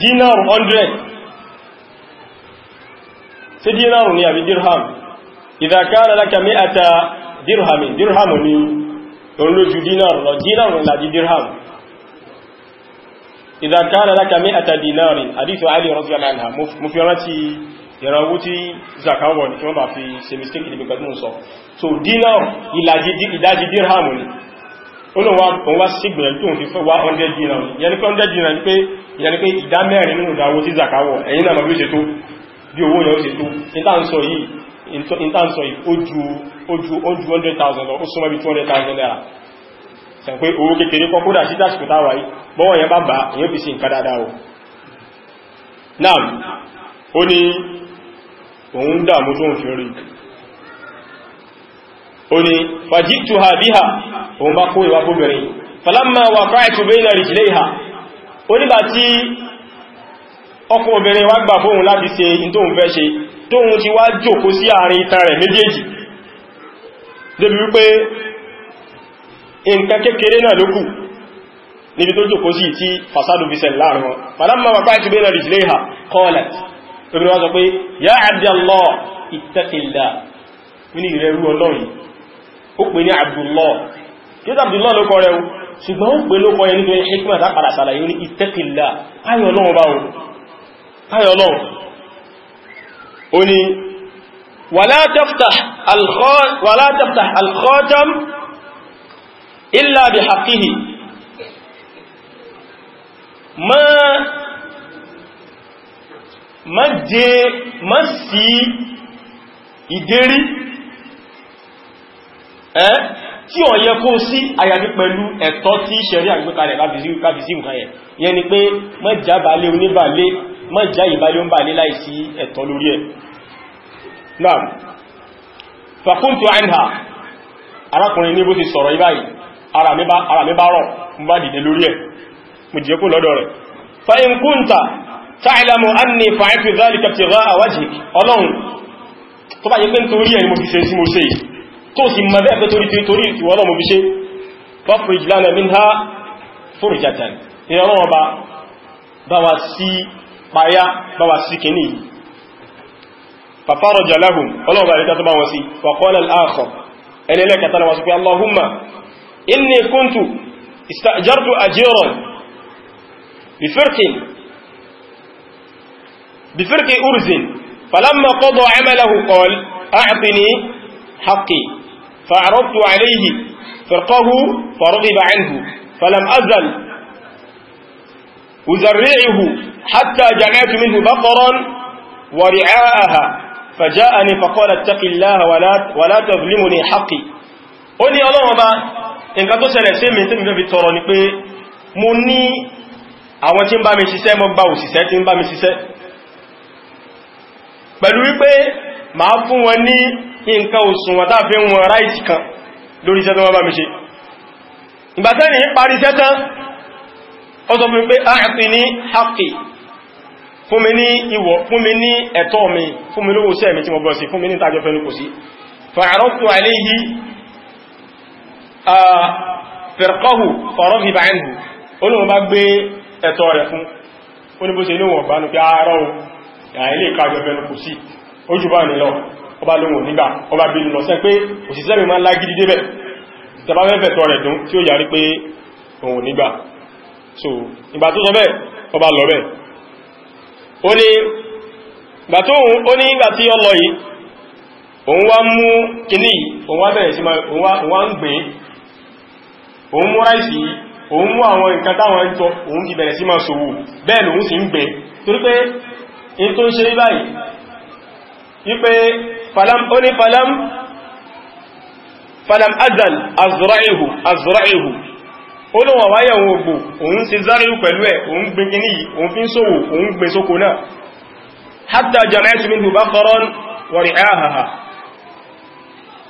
dínàrù hundred, sí dínàrù ní àbí dirham ìdàkára láka mí àta dirhamin dirhamu ní òun lójú dínàrù lọ dínàrù láti dirham ìdàkára láka mí àta dínàrù àdífẹ́ alì rọ́gbẹ̀lá náà mú fi rántí ìrànwó tí zakawọ̀ ní kí wọ́n bá fi se mistake ni so ìdíbẹ̀gbẹ̀ olóòwò wá sígbìyàn tó ń fi fún wá 100 dinar yẹni pé 100 dinar pé yẹni pé ìdá mẹ́rin nínú ìdáwó tí zakawọ̀ ẹ̀yìn náà bí ó ṣe tó bí owó yẹn ó ṣe tó ìtànsọ yìí ojú 100,000 ó súnmọ́ bí 200,000 naira sàn pé owó kékeré kọ́ kódà sí dásìkò táwà yìí bọ́wọ́ yẹn oni fajituha biha òun bá kó ìwà fóbìnrin falamma waqa'tu bayna rijlayha onígbà tí ọkùn obìnrin wá gbà fóhun láti ṣe in tóhun fẹ́ ṣe ti wá jókòó si àárín itan rẹ̀ méjèèjì débi wípé nǹkan na náà lókù níbi tó jókòó si ti fasadu fi ṣẹlẹ̀ láàrin wọn falamma waqa'tu bayna rijlayha qalat obìnrin wá sọ ya abdallah ittaqillah mini ó pè ní Abdullah yóò Abdullah ló kọ rẹ̀ o ṣùgbọ́n ó pè ló kọ yẹn nítorí hikima tá padà sàlàyé ní ìtẹ́kìlá páyọ̀ náà bá o páyọ̀ náà ó ní wala taftah al-khatam illa bihaqqihi ma ìdérí ẹ́ tí ó yẹ kó sí àyàbí pẹ̀lú ẹ̀tọ́ tí ṣẹ̀rí àgbékalẹ̀ kábìsí nǹkan yẹn yẹn ni pé má já balé oníbàlé má já ìbálé oníbàlé láìsí ẹ̀tọ́ lórí ẹ̀ náà fàkúntù àìhà arákùnrin ní bó ti sọ̀rọ̀ ibáyìí ara mi bá rọ̀ mú bá dìde lórí ẹ̀ mú jẹ́ kó lọ́dọ̀ rẹ̀ fa'in kúnta ta'lamu anni fa'itu zalika ibtigha'a wajhik ọlọ́run tó bá yẹ pé nítorí ẹ̀ ni mo fi ṣe sí mo ṣe yìí tó sì mọ̀ bẹ́ẹ̀ pé torí torí ìwọ́n náà mo fi ṣe fọ́fúrìj lánàá minha fúrìjàtàn ìrọ̀rùn ọba bá wa sí payá bá wa sí kìíní yìí ففرج لهم ولو بعد كتب وسي وقال الآخر أن لك تنوسك اللهم إني كنت استأجرت أجيرا بفرق بفرق أرز فلما قضى عمله قال أعطني حقي فعرضت عليه فرقه فرغب عنه فلم أزل أزرعه حتى جمعت منه بقرا ورعاءها فجاءني فقال اتق الله ولا, ولا تظلمني حقي ó ní ọlọ́wọ́ bá nǹkan tó ṣẹlẹ̀ sí mi tí mi fi tọrọ ni pé mo ní àwọn tí ń bá mi ṣiṣẹ́ mo gba òṣìṣẹ́ tí ń bá mi ṣiṣẹ́ pẹ̀lú wípé màá fún wọn ní nǹkan òsùnwọ̀n tàà fi ń wọn ráìtì kan lórí iṣẹ́ tó wọ́n bá mi ṣe ìgbàtẹ́ ni parí iṣẹ́ tán ó sọ fún mi pé áàpì ní haqqi fún mi ní ìwọ̀ fún mi ní ẹ̀tọ́ mi fún mi lówó iṣẹ́ mi tí mo bọ́ sí fún mi ní tàjọ fẹ́ lókò sí fa'arọ́tù alayhi firqahu fọ̀rọ̀fì báyìí ọba lóhun nígbà ọba bínú lọ sẹ́ pé òṣìṣẹ́ mi máa lágídí débẹ̀ tẹba fẹ́fẹ́ tọ́ rẹ̀ dún tí ó yàrí pé òun nígbà so ìgbà tó sọ bẹ́ẹ̀ ọba lọ bẹ́ẹ̀ ó ní ìgbà tó òun ó ní ìgbà tí ó lọ yìí òun wá mú kìíní òun wá bẹ̀rẹ̀ sí òun wá ń gbé wípé ó ní falam falam azal azra'ihu azra'ihu ó ló wà wáyẹ̀ òun ògbò òun sí zarihu pẹ̀lú ẹ̀ òun gbé kíní yìí òun fi ń sówò òun gbé sókò náà hatta jama'tu minhu baqaran wa ri'ahaha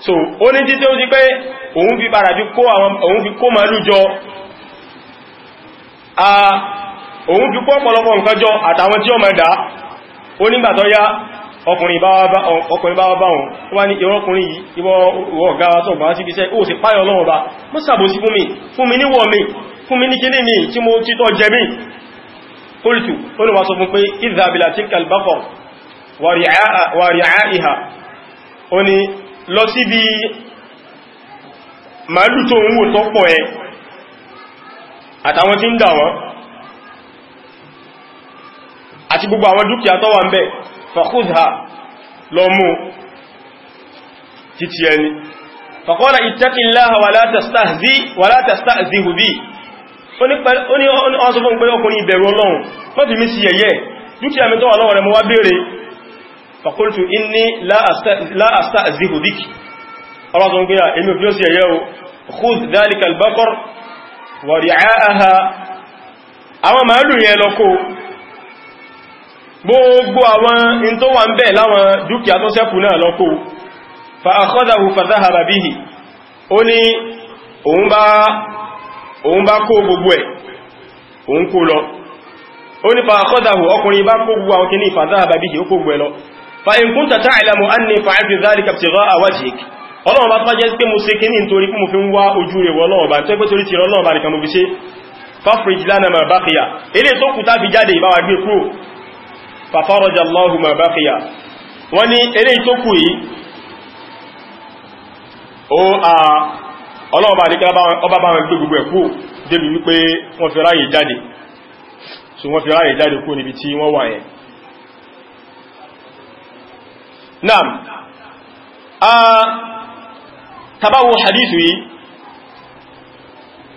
so ó ní títí ó ti pé òun fi padà fi kó àwọn òun fi kó màálù jọ òun fi kó ọ̀pọ̀lọpọ̀ ọkùnrin bá wá bá wọn wá ní ìrọ́kùnrin yìí ìwọ ọ̀gá tó bá sí ibiṣẹ́ ó sì páyọ̀ lọ́wọ́ bá mọ́ sàbòsí fún mi fún mi níwọ̀ mi fún mi ní kíní mi tí mo títọ́ jẹ mi kóltù olùwà sọ fún pé ìzàbìlà tí kalbakọ̀ wà rí àáìhà ó ní lọ sí bí màálù tó ń wò tó pọ̀ ẹ àtàwọn tí ń dà wọ́n àti gbogbo àwọn dúkìá tó wà ń bẹ́ẹ̀ fàkúzà lọ mú títí ẹni fàkọ́lá ìtẹ́kìláha wà látàstàzí hùbí ó ní ọ́sọ fún pẹ́lú ọkùnrin ìbẹ̀rù ọlọ́run mọ́bí mi sí yẹ̀yẹ́ dúkìá mi tó wà lọ́wọ́ rẹ̀ mọ́ wá bèèrè fàkúltù inni láàstàzí hùbí ọlọ́sọ ń gbìyà èmi ò fi ó sí yẹ̀yẹ́ o khudh dhalika al-baqar wa ri'aaha àwọn màálù yẹn lọ́kọ́ gbogbo àwọn in tó wà ń bẹ̀ láwọn dúkìá tó sẹ́kù náà lọ́kó fa akhadahu fa dhahaba bihi ó ní òun bá kó gbogbo ẹ̀ òun kó lọ ó ní fa akhadahu ọkùnrin bá kó gbogbo àwọn kìíní fa dhahaba bihi ó kó gbogbo ẹ̀ lọ fa in kunta ta'lamu anni fa'altu dhalika ibtigha'a wajhik ọlọ́run bá tọ́jẹ́ pé mo ṣe kí ní nítorí pé mo fi ń wá ojú rẹ̀ wọ́lọ́run bá fàfárọjà Allahu ma baqiya wọ́n ní eré tó kù yìí o a ọlọ́ọ̀bà àríkà ọba bá wọn gbé gbogbo ẹ̀kú débi wípé wọ́n fi ráyè jáde so wọ́n fi ráyè jáde kú níbi tí wọ́n wà yẹn naam a tabawo hadithu yìí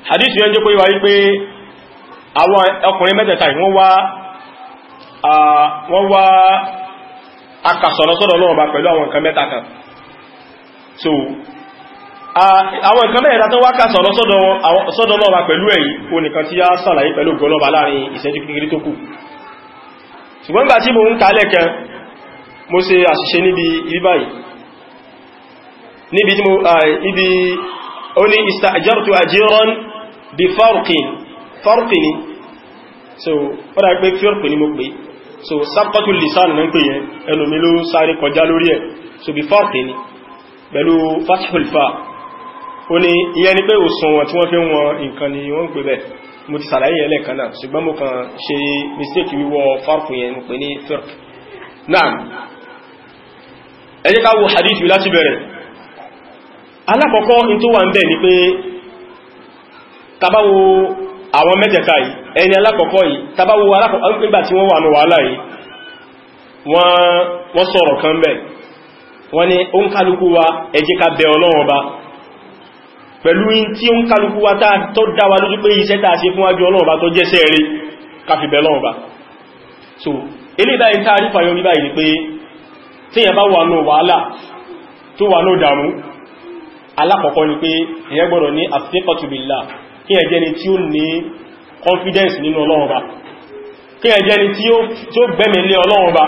hadithu yẹn jẹ́ pé wà wípé àwọn ọkùnrin mẹ́tẹ̀ẹ̀ta wọ́n wá Ah, wọ́n wá akàsọ̀lọ́sọ́dọ̀ náà bá pẹ̀lú àwọn nǹkan mẹ́ta kan so àwọn nǹkan mẹ́ta tó wá kàsọ̀lọ́sọ́dọ̀ náà bá pẹ̀lú èyí o nìkan tí a sàlàyé pẹ̀lú gọlọ́bà láàrin ìṣẹ́jú kékeré tó kù ṣùgbọ́n gbà tí mo ń kalẹ̀ kan mo ṣe àṣìṣe níbi ibi báyìí níbi tí mo ibi ó ní ìsàjọ́rùtù àjírọ́n so ó dá pé kí ọ̀pẹ ní mo pé so sápọ́tù lisan ní pé yẹn ẹlòmí ló sáré kọjá lórí ẹ̀ so bí fọ́ọ̀tẹ̀ ni pẹ̀lú fatihulfa ó ní ìyẹn ni pé òṣùwọ̀n tí wọ́n fi wọn nǹkan ni wọ́n pè bẹ́ẹ̀ mo ti sàlàyé ẹlẹ́ẹ̀kan náà ṣùgbọ́n mo kàn ṣe mistake wíwọ fárkù yẹn mo pè ní firk àwọn mẹ́tẹ̀ẹ̀ta yìí ẹni alákọ̀ọ́kọ́ yìí tàbáwò nígbà tí wọ́n wà ní wàhálà yìí wọ́n sọ̀rọ̀ kan bẹ̀ wọ́n ní ó ń kálukú wa ẹ jẹ́ ká bẹ Ọlọ́run Ọba pẹ̀lú tí ó ń kálukú wa tó dá lójú pé iṣẹ́ tàà ṣe fún wájú Ọlọ́run so ilé báyìí tá a rí fàyọ bí báyìí pé tíyàn bá wà ní wàhálà tó wà ní ìdàmú kí ẹ jẹ́ ni tí ó ní confidence nínú ọlọ́run kí ẹ ni tí ó gbẹ́mẹ̀ lé ọlọ́run ba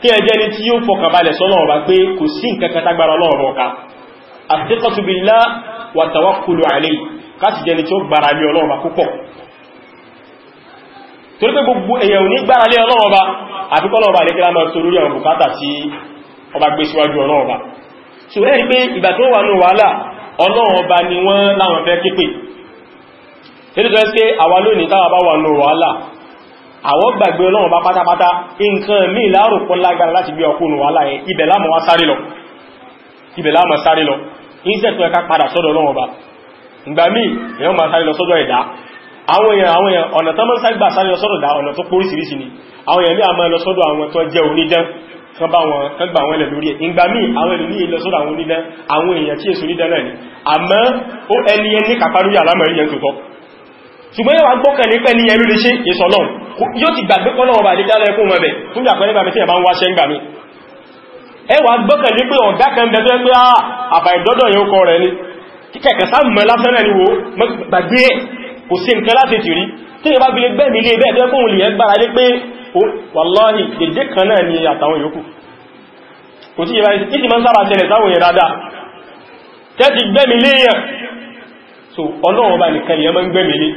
kí ẹ jẹ́ ni tí ó fọkànbalẹ̀ sọ́lọ́run ba pé kò sí nǹkan kan tágbára ọlọ́run ọ̀ka athiqatu billah wa tawakkulu alayhi káti jẹ́ ni tí ó gbára lé ọlọ́run ba púpọ̀ torí pé gbogbo èèyàn ní gbára lé ọlọ́run ọba àfikọ́ ọlọ́run ọba lẹ́kẹ́lá máa tó lórí àwọn bùkátà ìgbà tó wà ní wàhálà ọlọ́run ni wọ́n láwọn fẹ́ képe nítorí pé àwa lónìí táwa bá wà lóòrò wàhálà àwọn gbàgbé ọlọ́run bá pátápátá nǹkan míì láàrùpọ̀ lágbára láti gbé ọkùnrin wàhálà yẹn ibẹ̀ láàmú wá sáré lọ ibẹ̀ láàmú sáré lọ ìṣẹ́tọ̀ ẹka padà sọ́dọ̀ ọlọ́run ọba ìgbà míì èèyàn máa sáré lọ sọ́dọ̀ ẹ̀dá àwọn èèyàn àwọn èèyàn ni àwọn èèyàn ní àmọ́ lọ sọ́dọ̀ àwọn tó jẹ́ onídán kan bá wọn kan gbà wọn lẹ̀ lórí ẹ̀ ìgbà míì àwọn èèyàn ní lọ sọ́dọ̀ àwọn onídán àwọn ni àmọ́ ó ẹni ẹni kàpá ṣùgbọ́n yóò wá gbọ́kàn ní pẹ́ ní ẹlú lè ṣe ìṣọ́lọ́n yóò ti gbàgbé pọ́nà ọba àdíjá lẹ́kún mẹ́bẹ̀ fún ìyàpẹ́ nígbà mẹ́tí ẹ̀bá ń wáṣẹ́ ń gbà mí ẹ wá gbọ́kàn ní pé ọ̀gá kan bẹ tó pé ah, ni wo gbàgbé kò sí nǹkan láti ti rí tí ìbá bi ni àtàwọn yòókù kò sí ìbá ìsìnkú ma ń sábà ṣẹlẹ̀ sáwọn èèyàn dáadáa tẹ́ ti gbẹ́mí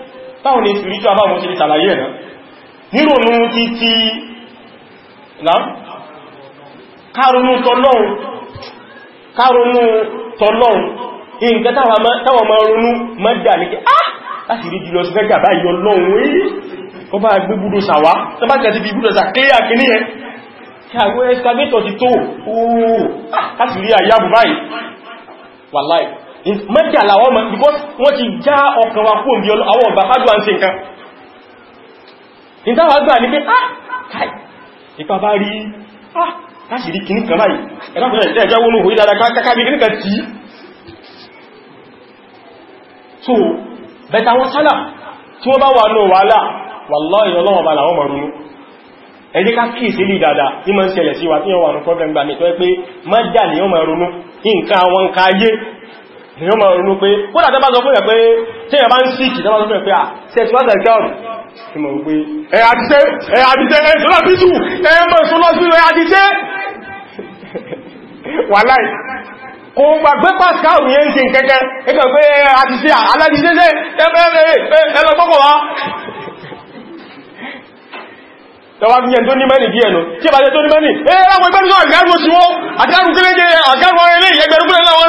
báwọn ni spiritual báwọn ti lè ẹ̀nà nírònú ti ti náà tọ́lọ́un kárùnú táwọn ma ronú mọ́dà ní kí á ah! láti rí jùlọ sí fẹ́gà báyìí ọlọ́run èyí kọ bá gbé sàwá tó bá tẹ́tí bí búdó sà ẹ kí àwọn ti tó ooo ah! láti rí àyàbù báyìí wàláì mẹ́jà làwọn mọ̀ because wọ́n ti já ọkàn wa fún òmìnira àwọn ọ̀gbà fájúwà ń ṣe nǹkan ìtawà gbà ní pé ah ipa bá rí ah láti rí kìní kan báyìí ẹ̀lápùsẹ̀ ìjẹ́ ìjẹ́ wọ́n mú ìdára kákàbí kìní kan tí so bẹta wọn sálà tí wọ́n bá wà náà wàhálà wàláhì ọlọ́wọ̀n bá làwọn mọ̀rún ẹjẹ́ ká kí ìsílì dada tí ma ń ṣẹlẹ̀ sí wa tí wọ́n wà ní problem gbà ní tó ẹ pé mọ́jà ni wọ́n mọ̀ ronú nǹkan àwọn nǹkan ayé ni ó máa ronú pé kódà tẹ́ bá sọ fún ẹ̀ pé tí ẹ̀ bá ń síkì tẹ́ bá sọ fún ẹ̀ pé à sẹ́tì wá tẹ̀kẹ́ọ̀nù tí mọ̀ wípé ẹ̀ àdìsẹ́ ẹ̀ àdìsẹ́ ẹ̀ sọ́lá bíjù ẹ̀ mọ̀ sọ́lá sí ẹ̀ àdìsẹ́ wàláì kò gbàgbé pascal yẹn ṣe kẹ́kẹ́ ẹgbẹ̀ pé àdìsẹ́ aládìsẹ́ ẹlọgbọ́gbọ̀ wá tọwà bí ẹn tó ní mẹ́rin bí ẹnu tí a bá jẹ́ tó ní mẹ́rin ẹ̀ẹ́rẹ́ àwọn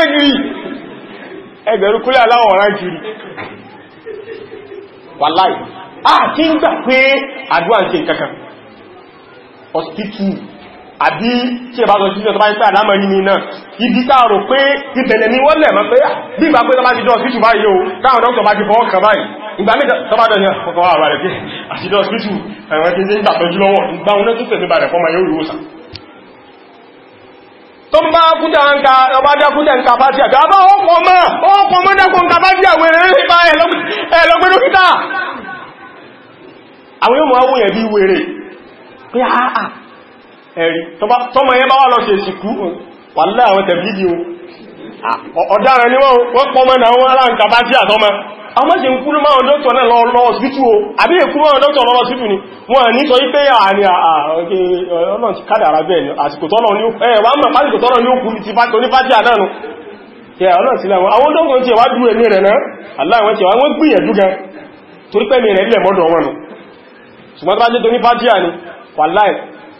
ẹgbẹ́ ẹgbẹ̀rún kúlẹ̀ aláwọ̀ ọ̀rán kiri ah àti ń gbà pé àdúwà ń ṣe kankan ọ̀spítù àbí tí ẹ bá sọ jíjọ tó bá ń pẹ́ àdámọ̀ ní náà ibi táàrò pé ìbẹ̀lẹ̀ ni wọ́n lẹ̀ pé ah, bí ìgbà pé tọ́bá ti jọ ọ̀spítù báyìí bá ti báyìí ìgbà tó ń bá kúta ǹkà ọba dákúta ǹkà bá ti àjọ àbá ọkọ̀ mọ́ ọkọ̀ mọ́ dákú ǹkà bá ti àwọn ẹ̀rẹ́pa ẹ̀lọ́gbẹ́ dókítà àwọn yóò mọ̀ àwọn èèyàn bí wèrè pé àà ah, ah, ah. ẹ̀rí tọ́mọ yẹn bá wà lọ ṣe ìsìnkú wà láàrín àwọn tẹ̀bídì ọ̀daràn ni wọ́n pọ́mọ́ náà wọ́n aláǹkà bá sí àtọ́mọ́ àwọn ṣe ń kú máa ń dọ́kítọ̀ náà lọ ọ̀sìbítù o àbí èkú máa ń dọ́kítọ̀ lọ ọ̀sìbítù ni wọ́n ní sọ wípé àárín ọlọ́n ti kádà arábẹ́ ni àsìkò tọ́lọ ní ẹ̀wà mọ̀ pásìkò tọ́lọ ní òkú ti bá tóní fájá náà nù ọlọ́n sí láwọn àwọn dọ́kùn ti ẹ̀wà dúró ẹ̀mí rẹ̀ náà aláwọn ti ẹ̀wà wọ́n gbìyànjú gan torípẹ́ mi rẹ̀ lẹ̀ mọ́dọ̀ wọn nù ṣùgbọ́n tó bá jẹ́ tóní fájá ni wàláì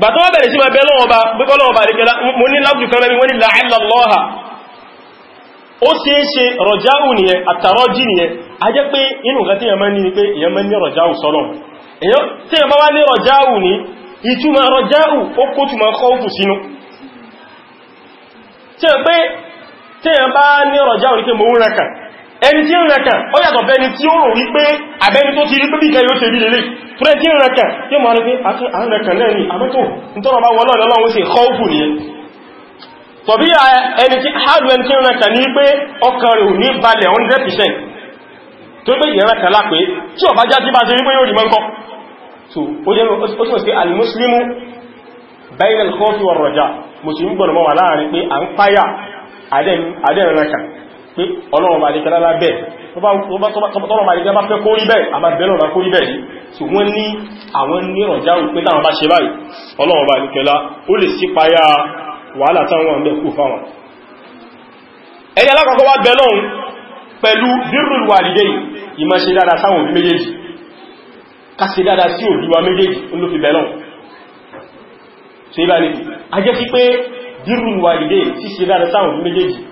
bàtọ́ wọ́n bẹ̀rẹ̀ sí ma bẹ́ lọ́wọ́ bá pípọ́ lọ́wọ́ bá ríkẹ́lá mo ní lábùjù kan mẹ́rin wọ́n ni láàrínlọ́ha ó ṣe é ṣe rọ̀jáù nìyẹn àtàrọ́jì nìyẹn a jẹ́ pé inú nǹkan tí ẹni tí ń rẹ̀kàn ó yàtọ̀ bẹni tí ó rò wípé àbẹni tó ti rí pé bí ìkẹ́ yóò ṣe rí lélẹ̀ fúnẹ̀ tí ń rẹ̀kàn yóò máa rí pé àárẹ̀kàn náà ni àbẹ́tò nítọ́nà bá wọ́n lọ́nà lọ́wọ́ sí kọ́ọ̀fù nìyẹn tọ̀bí ẹni tí hálù ẹni tí ń rẹ̀kàn ní pé ọkàn rẹ̀ ò ní balẹ̀ 100% tó pé ìrẹ̀kàn lápé tí ọba já sí bá ṣe rí yóò rí mọ́kọ́ so ó jẹ́ ó túnmọ̀ sí al-muslimu bayna al raja mo ti ń gbọ́nà mọ́ wà láàrin pé à pé ọlọ́run àríkẹ́lá lábẹ́ tọ́lọ́run àríkẹ́lá bá fẹ́ kó rí bẹ́ẹ̀ àmà bẹ́lọ̀ bá kó rí bẹ́ẹ̀ ní tí wọ́n ní àwọn nírànjáwò pé táwọn bá ṣe báyìí ọlọ́run àríkẹ́lá ó lè sí payá wàhálà táwọn ọmọ ẹkù fáwọn ẹni alákọ̀ọ́kọ́ wá bẹ́lọ́un pẹ̀lú birrul walidayn ìmọ̀ ṣe dáadáa sáwọn òbí méjèèjì ká ṣe dáadáa sí òbí wa méjèèjì ló fi bẹ́lọ́un ṣe bá ní a jẹ́ sí pé birrul walidayn sí ṣe dáadáa sáwọn òbí méjèèjì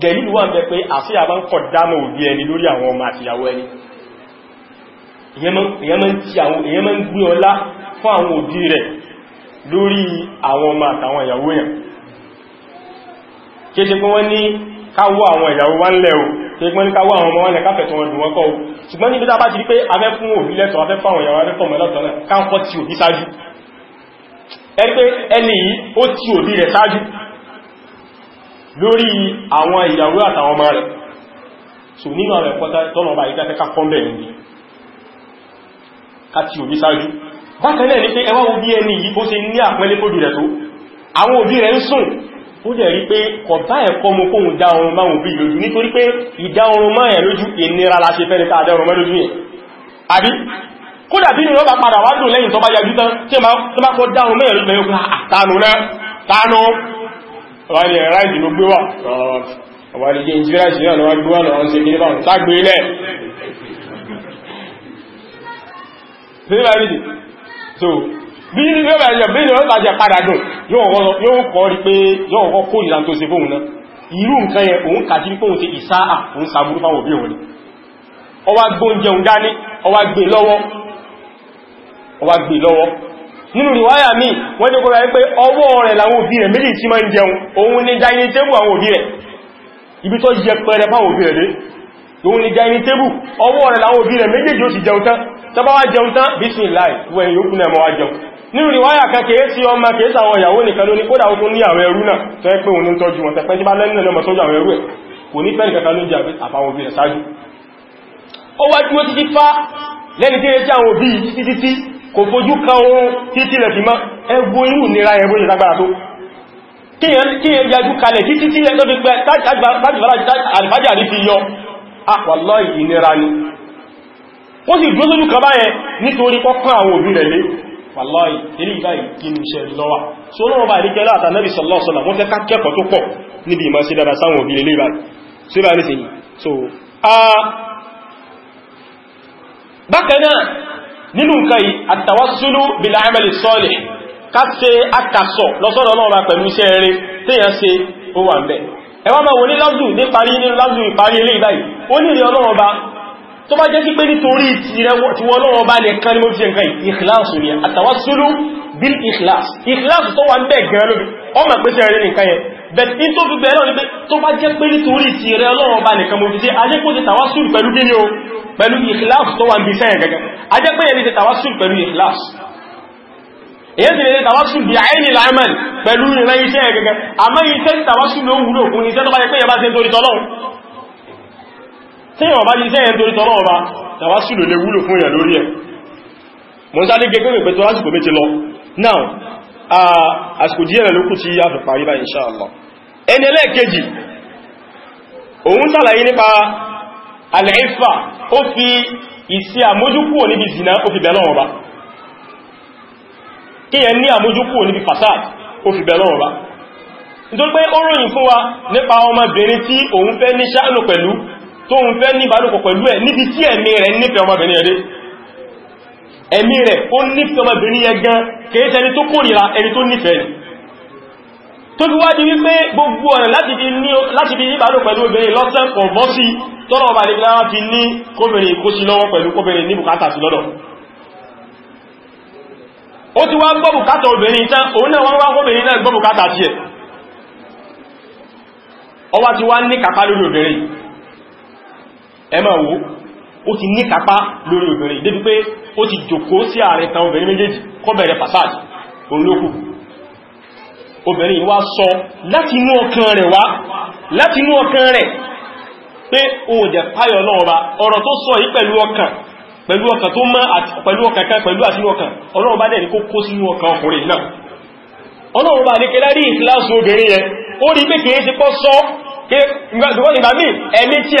dẹ̀lú wà ń bẹ pé àṣí àbá ń kọ̀ dámọ̀ òbí ẹni lórí àwọn ọmọ àtìyàwó ẹni èyàn mọ́ ń gbé ọlá fún àwọn òbí rẹ̀ lórí àwọn ọmọ àtàwọn ìyàwó yẹn kéde pé wọ́n ní káwọ́ àwọn ìyàwó wá ń lẹ̀ o kéde pé wọ́n ní káwọ́ àwọn ọmọ wọn lórí àwọn ìyàwó àtàwọn ọmọ rẹ̀ so nínú àwọn ẹ̀kọ́ tọ́nà ọba ìdáfẹ́ ká kọ́ńbẹ̀ níbi káti òbí sáájú bákanẹ̀ ní pé ẹwà òbí ẹni yìí bó ṣe ní àpẹẹlẹ́ kó dùrẹ̀ tó àwọn òbí rẹ̀ ń sùn ó dẹ̀ rí pé kọ̀ bá ẹ̀kọ́ mú kóhun dá oorun máa òbí lójú nítorí pé ìdá oorun máa ẹ̀ lójú ìnira la ṣe fẹ́ni tàà dá oorun máa lójú yẹn àbí kódà bí nìyàn bá padà wá lẹ́yìn tó bá yájú tán tí ó bá kọ́ dá oorun máa lójú wọ́n ni ẹ̀rá ìdìbò gbé wà ọ̀wàlìdí inspiration náà wọ́n gbé wà lọ́wọ́n se ilé báwọn tágbé ilẹ̀ bí ní bẹ́ẹ̀ bẹ́ẹ̀ bí ní ọ̀tà jẹ padà dùn yóò kọ́ rí pé yóò kọ́ kó ìlànà tó ṣe fóun náà irú nǹkan yẹn òun kàtí ní pòun ṣe ìsáà òun sàbúrú fáwọn òbí òun ni ọwá gbóúnjẹun dání ọwá gbé lọ́wọ́ nínú ríwáyà mi wọ́n ní kọ́ra wípé ọwọ́ rẹ̀ làwọn òbí rẹ̀ méjì tí máa ń jẹun òun ni dáyé tébù àwọn òbí rẹ̀ ibi tó yẹ pẹ̀rẹ̀ fáwọn òbí rẹ̀ dé òun ni dáyé tébù ọwọ́ rẹ̀ làwọn òbí rẹ̀ méjèèjì ó ti jẹun tán tọba wá jẹun tán bismillah wọ èyí òkú náà mọ́ wá jẹun nínú ríwáyà kan kèé sí ọmọ kèé sàwọn ìyàwó nìkan ló ní kódà ó tún ní àwọn ẹrú náà tó ẹ pé òun kò fojú kan oòrùn títí lẹ̀ fi mọ́ ẹgbó irú nira ẹgbó ìlágbára tó kí ẹ yájú kalẹ̀ títí tí lẹ́ lọ́fi pẹ́ alìfájà rí fi yọ àpàlọ́ ah, ìnira ni wọ́n sì dúró sójú kan báyẹn nítorí kọ́kọ́ àwọn òbí rẹ̀ lé wàláì ilé ìbáyìí kí ní iṣẹ́ lọ́wà so lọ́wọ́ bá ìríkẹ́ láta nẹ́bì sọ̀lọ́sọ̀lá wọ́n fẹ́ ká kẹ́kọ̀ọ́ tó pọ̀ níbi ìmọ̀ sí dára sáwọn òbí ilé ìbáyìí sí bá ní sí so ah, bákanáà nínú nǹkan yìí àtàwásúlù bil amali salih ká ṣe akàsọ̀ lọ́sọ́dọ̀ náà bá pẹ̀lú iṣẹ́ eré téèyàn ṣe ó wà ń bẹ̀ ẹwà máa wò ní lọ́dù ní parí ní lọ́dù ìparí ilé ìbáyìí ó ní ìrìn ọlọ́run ọba ni àtàwásúlù bil ìkìláàsù ìkìláàsù tó wà ń bẹ̀ gan lóbi but in tó gbogbo ẹ̀lọ́ ni pé tó bá jẹ́ pé nítorí ti rẹ ọlọ́run ọba nìkan mo fi ṣe ajẹ́pò ti tàwásùl pẹ̀lú gíní o pẹ̀lú ikhlas tó wà ń bí sẹ́yìn gẹ́gẹ́ ajẹ́pẹ́ yẹn ti tàwásùl pẹ̀lú ikhlas èyẹ́ ti lè tàwásùl bí àìní láìmẹ́n pẹ̀lú ìran iṣẹ́ gẹ́gẹ́ àmọ́ iṣẹ́ tàwásùl ló wúlò fún iṣẹ́ tó bá jẹ́ pé yẹn bá ṣe ń torí tọ́lọ́run tí yẹn bá iṣẹ́ yẹn torí tọ́lọ́run ọba tàwásùl lè wúlò fún yẹn lórí ẹ̀ mo ń sáré gẹ́gẹ́ pẹ̀tọ́ lásìkò méje lọ now àsìkò díẹ̀ lókù tí a fi parí bá insha Allah ẹni ẹlẹ́ẹ̀kejì òun sàlàyé nípa al-iffa ó fi ìsí àmójúkúò níbi zina ó fi bẹ̀lọ́wọ̀ bá kíyàn ní àmójúkúò níbi fasad ó fi bẹ̀lọ́wọ̀ bá nítorí pé ó ròyìn fún wa nípa ọmọbìnrin tí òun fẹ́ ní sáàlù pẹ̀lú tó òun fẹ́ ní ìbálòpọ̀ pẹ̀lú ẹ̀ níbi tí ẹ̀mí rẹ̀ nífẹ̀ẹ́ ọmọbìnrin ẹ̀rẹ́ ẹ̀mí rẹ̀ ó nífẹ̀ẹ́ ọmọbìnrin yẹn gan kèéṣe ẹni tó kórìíra ẹni tó nífẹ̀ẹ́ ni tó fi wá di wípé gbogbo ọ̀nà láti fi níbàlò pẹ̀lú obìnrin lọ́sẹ̀ pọ̀ bọ́ sí tọ́rọ ọba ní lára fi ní kóbìnrin kó sí lọ́wọ́ pẹ̀lú kóbìnrin ní bùkátà sí lọ́dọ̀ ó ti wá gbọ́ bùkátà obìnrin tán òun náà ó ti ní kápá lórí obìnrin débi pé ó ti jókòó sí ààrẹ tan obìnrin méjèèjì olókù obìnrin wá sọ láti inú ọkàn rẹ̀ wá láti inú ọkàn rẹ̀ pé o jẹ páyọ̀ náà ọba ọ̀rọ̀ tó sọ yí pẹ̀lú ọkàn pẹ̀lú ọkàn tó mọ́ pẹ̀lú ọkàn kan pẹ̀lú ọkàn ọlọ́run bá dẹ̀ ní kó kó sínú ọkàn ọkùnrin náà ọlọ́run bá ní rí ìfìláṣù obìnrin yẹn ó rí pé kìí ti kọ́ sọ kí tí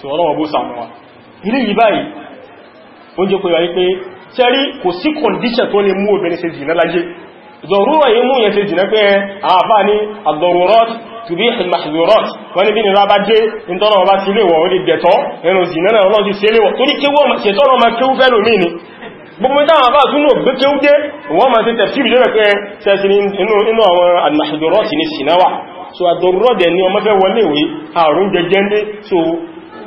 tí ọlọ́wọ́ bó sàmúwa ilé yìí báyìí ó jẹ́ pé wáyé pé tẹ́rí kò sí kọndíṣẹ̀ tó lè mú obìnrin ṣe jìnà láyé dọ̀rúwà yìí mú yẹn ṣe jìnà pé àfà ní ad-darurat tubih al-mahdhurat wọ́n ní bí ní rábá dé ìtọ́nà ọba ti léwọ̀ ó lè dẹ̀tọ́ ẹnu jìnà náà ọlọ́ ti ṣeléwọ̀ torí kéwọ́ ṣètọ́nà ọmọ kéwú fẹ́ lómi ni gbogbo táwọn àbá tún náà gbé kéwú dé wọ́n ma ṣe tẹ̀fí ìjọ́ pé ṣẹ́sì nínú àwọn ni ọmọ fẹ́ wọlé ìwé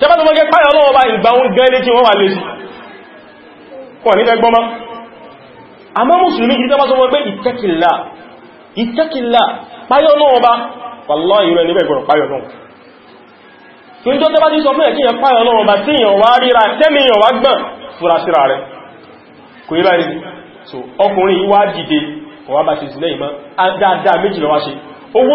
tẹ́bàtí wọ́n jẹ́ páyà ọlọ́wọ́ bá ìgbà oún gẹ́lé kí wọ́n wà lè sí kọ̀ ní ẹgbọ́n má a mọ́ mùsùlùmí kìí tẹ́bàtí wọ́n pé ìtẹ́kìlá ìtẹ́kìlá páyà ọlọ́wọ́ bá wàlọ́ ìrọ̀ ẹni bẹ̀gbọ̀n páyà ọlọ́wọ́ tí ń jọ tẹ́bàtí sọ fún ẹ̀kíyàn páyà ọlọ́wọ́ gbọ́n so ọkùnrin yìí wá dìde wọ́n bá ti sílẹ̀ ìmọ̀ dáadáa méjì lọ wá ṣe owó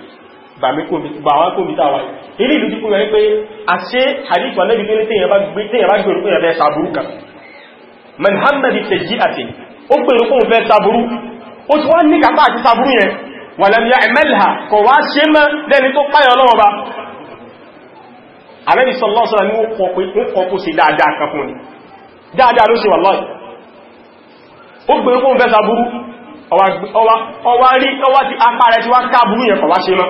gbàwákòmí tàwà ilé ìlú dípò rẹ̀ pé a ṣe hadith wà lẹ́bí pé tẹ́yẹ̀ bá gbèrò pé ẹ̀fẹ́ sàbúrú kan manhammadi tẹ̀jí àti ó gbèrò pé ẹ̀fẹ́ sàbúrú ó ti wá ní kàpá àti sàbúrú yẹn wà lẹ́mìyà ẹ̀mẹ́lìhà kọ̀ wá ṣe mẹ́ lẹ́ni tó páyọ̀ lọ́wọ́ ba alẹ́bí sọlọ́sọ́lá ní ó sí dáadáa kan fún dáadáa ló ṣe wà lọ́yìn ó gbèrò pé ẹ̀fẹ́ sàbúrú ọwá rí ọwá ti apá rẹ̀ ti wá káàbúrú yẹn kọ̀ wá ṣe mọ́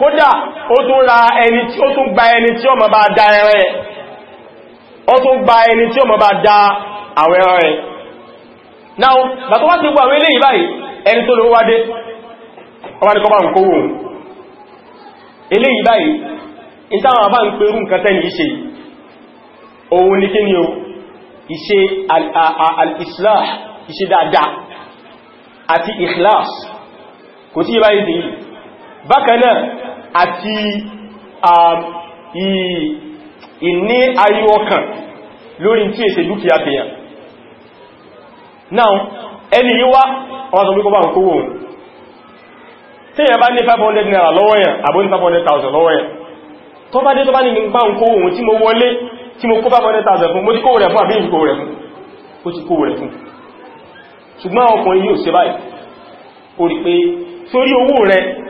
kódà ó tún ra ẹni tí ó tún gba ẹni tí ó ma bá da ẹran ẹ̀ ó tún gba ẹni tí ó ma bá da àwọn ẹran ẹ̀ náà bàtọ́ wá ti gbọ́ àwọn eléyìí báyìí ẹni tó lówó wádé ń kówó eléyìí ní kí ni al-islah ìṣe dáadáa àti ikhlas kò tí yẹ bákanáà àti um, ìní ayé ọkàn lórí tí èsè dúkìá fèyàn náà ẹni yí wá ọwọ́n sọ pípọ́ bá ń kówó ohun tí èyàn bá ní 500 naira lọ́wọ́ yẹn àbó ní 500,000 lọ́wọ́ yẹn tó bá dé tó bá ní gbá ń kówó ohun tí mo wọlé tí mo kó 500,000 fún mo ti kówó rẹ̀ fún àbí ìkówó rẹ̀ fún ó ti kówó rẹ̀ fún ṣùgbọ́n ọkùnrin yóò ṣe báyìí ó rí pé sórí owó rẹ̀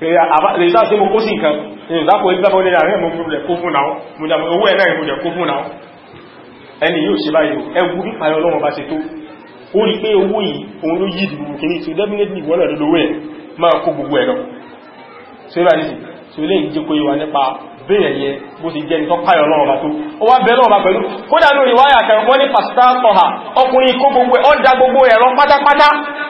lèta sí mo kó sí nǹkan ìzápò ìgbàfọ́ ní ààrẹ mo fúnlẹ̀ kó fún náà mo jàmọ̀ owó ẹ̀nà ìmúlẹ̀ kó fún náà ẹni yóò ṣe báyìí ẹwú nípa ọlọ́wọ́n bá ṣe tó ó rí pé owó yìí òun ló yí ìdìbò kìíní tó definitely wọ́n lọ́dọ̀ lówó ẹ̀ máa kó gbogbo ẹ̀rọ so ìbá nìsí so ilé ìjẹ́ kó yíwa nípa bẹ́ẹ̀ yẹ bó ti jẹ́ nítọ́ páyọ̀ lọ́wọ́ bá tó ó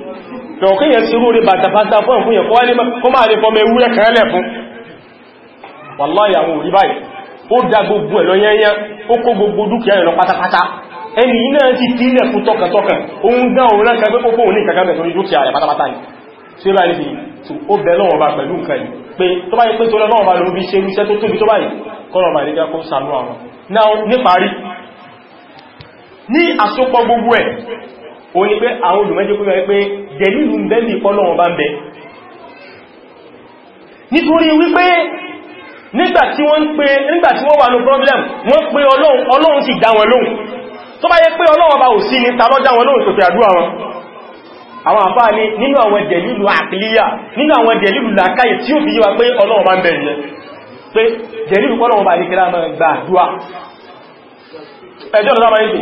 ẹ̀wọ̀n kí yẹn sírú orí bàtàbàtà fún ẹ̀fún yẹn kọ́ máa lè fọmọ ewúrẹ́ kan lẹ̀ fún wàláyà àwọn òrí báyìí ó dá gbogbo ẹ̀lọ yẹnyẹn ó kó gbogbo dúkìá ẹ̀lọ pátápátá ẹni iná ti tílẹ̀ fún tọkàntọkàn ohun dá òun rán kẹgbẹ́ pópó òun ní ìkàkà bẹ̀ torí dúkìá rẹ̀ pátápátá ni tí ó bá ní fi ó bẹ̀ lọ́wọ́ bá pẹ̀lú nǹkan yìí pé tó bá yẹ pé tó lọ́wọ́ bá lórí o ní pé àwọn olùmẹ́jẹ́ kó rẹ̀ pé dẹ̀lìlù ń bẹ́lì pọ́lọ̀wọ̀n bá ń bẹ nítorí wípé nígbàtí wọ́n wà ní problem wọ́n pé ọlọ́run ti dá wọn lóhùn tó bá yẹ pé ọlọ́run bá ò sí ní ta lọ́dá wọn lóhùn tó fi àdúrà wọn àwọn àfáà ní nínú àwọn dẹ̀lìlù àkìlíyà nínú àwọn dẹ̀lìlù làkáyè tí ó fi yíwa pé ọlọ́run bá ń bẹ ìyẹn pé dẹ̀lìlù pọ́lọ̀wọ̀n bá ní kí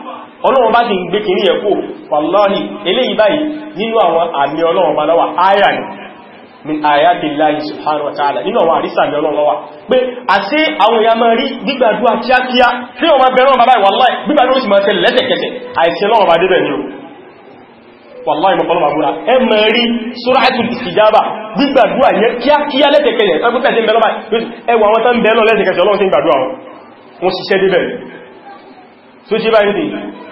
ọlọ́run bá ti ń gbé kìíní ẹ̀kú wàláhì eléyìí báyìí nínú àwọn àmì ọlọ́run bá lọ́wà àyà ni min àyàtì láì subhanahu wa ta'ala nínú àwọn àrísà àmì ọlọ́run lọ́wà pé àti àwọn èèyàn máa rí gbígbàdúrà kíákíá tí wọ́n máa bẹ̀rẹ̀ bàbá wàláhì gbígbàdúrà sì máa tẹ̀lẹ̀ lẹ́sẹ̀kẹsẹ̀ àìsí ọlọ́run bá débẹ̀ ni o wàláhì mọ̀ fọlọ́mà búra ẹ máa rí suratul istijaba gbígbàdúrà yẹn kíákíá lẹ́sẹ̀kẹsẹ̀ ẹgbẹ́ tẹ̀sí bẹ̀rẹ̀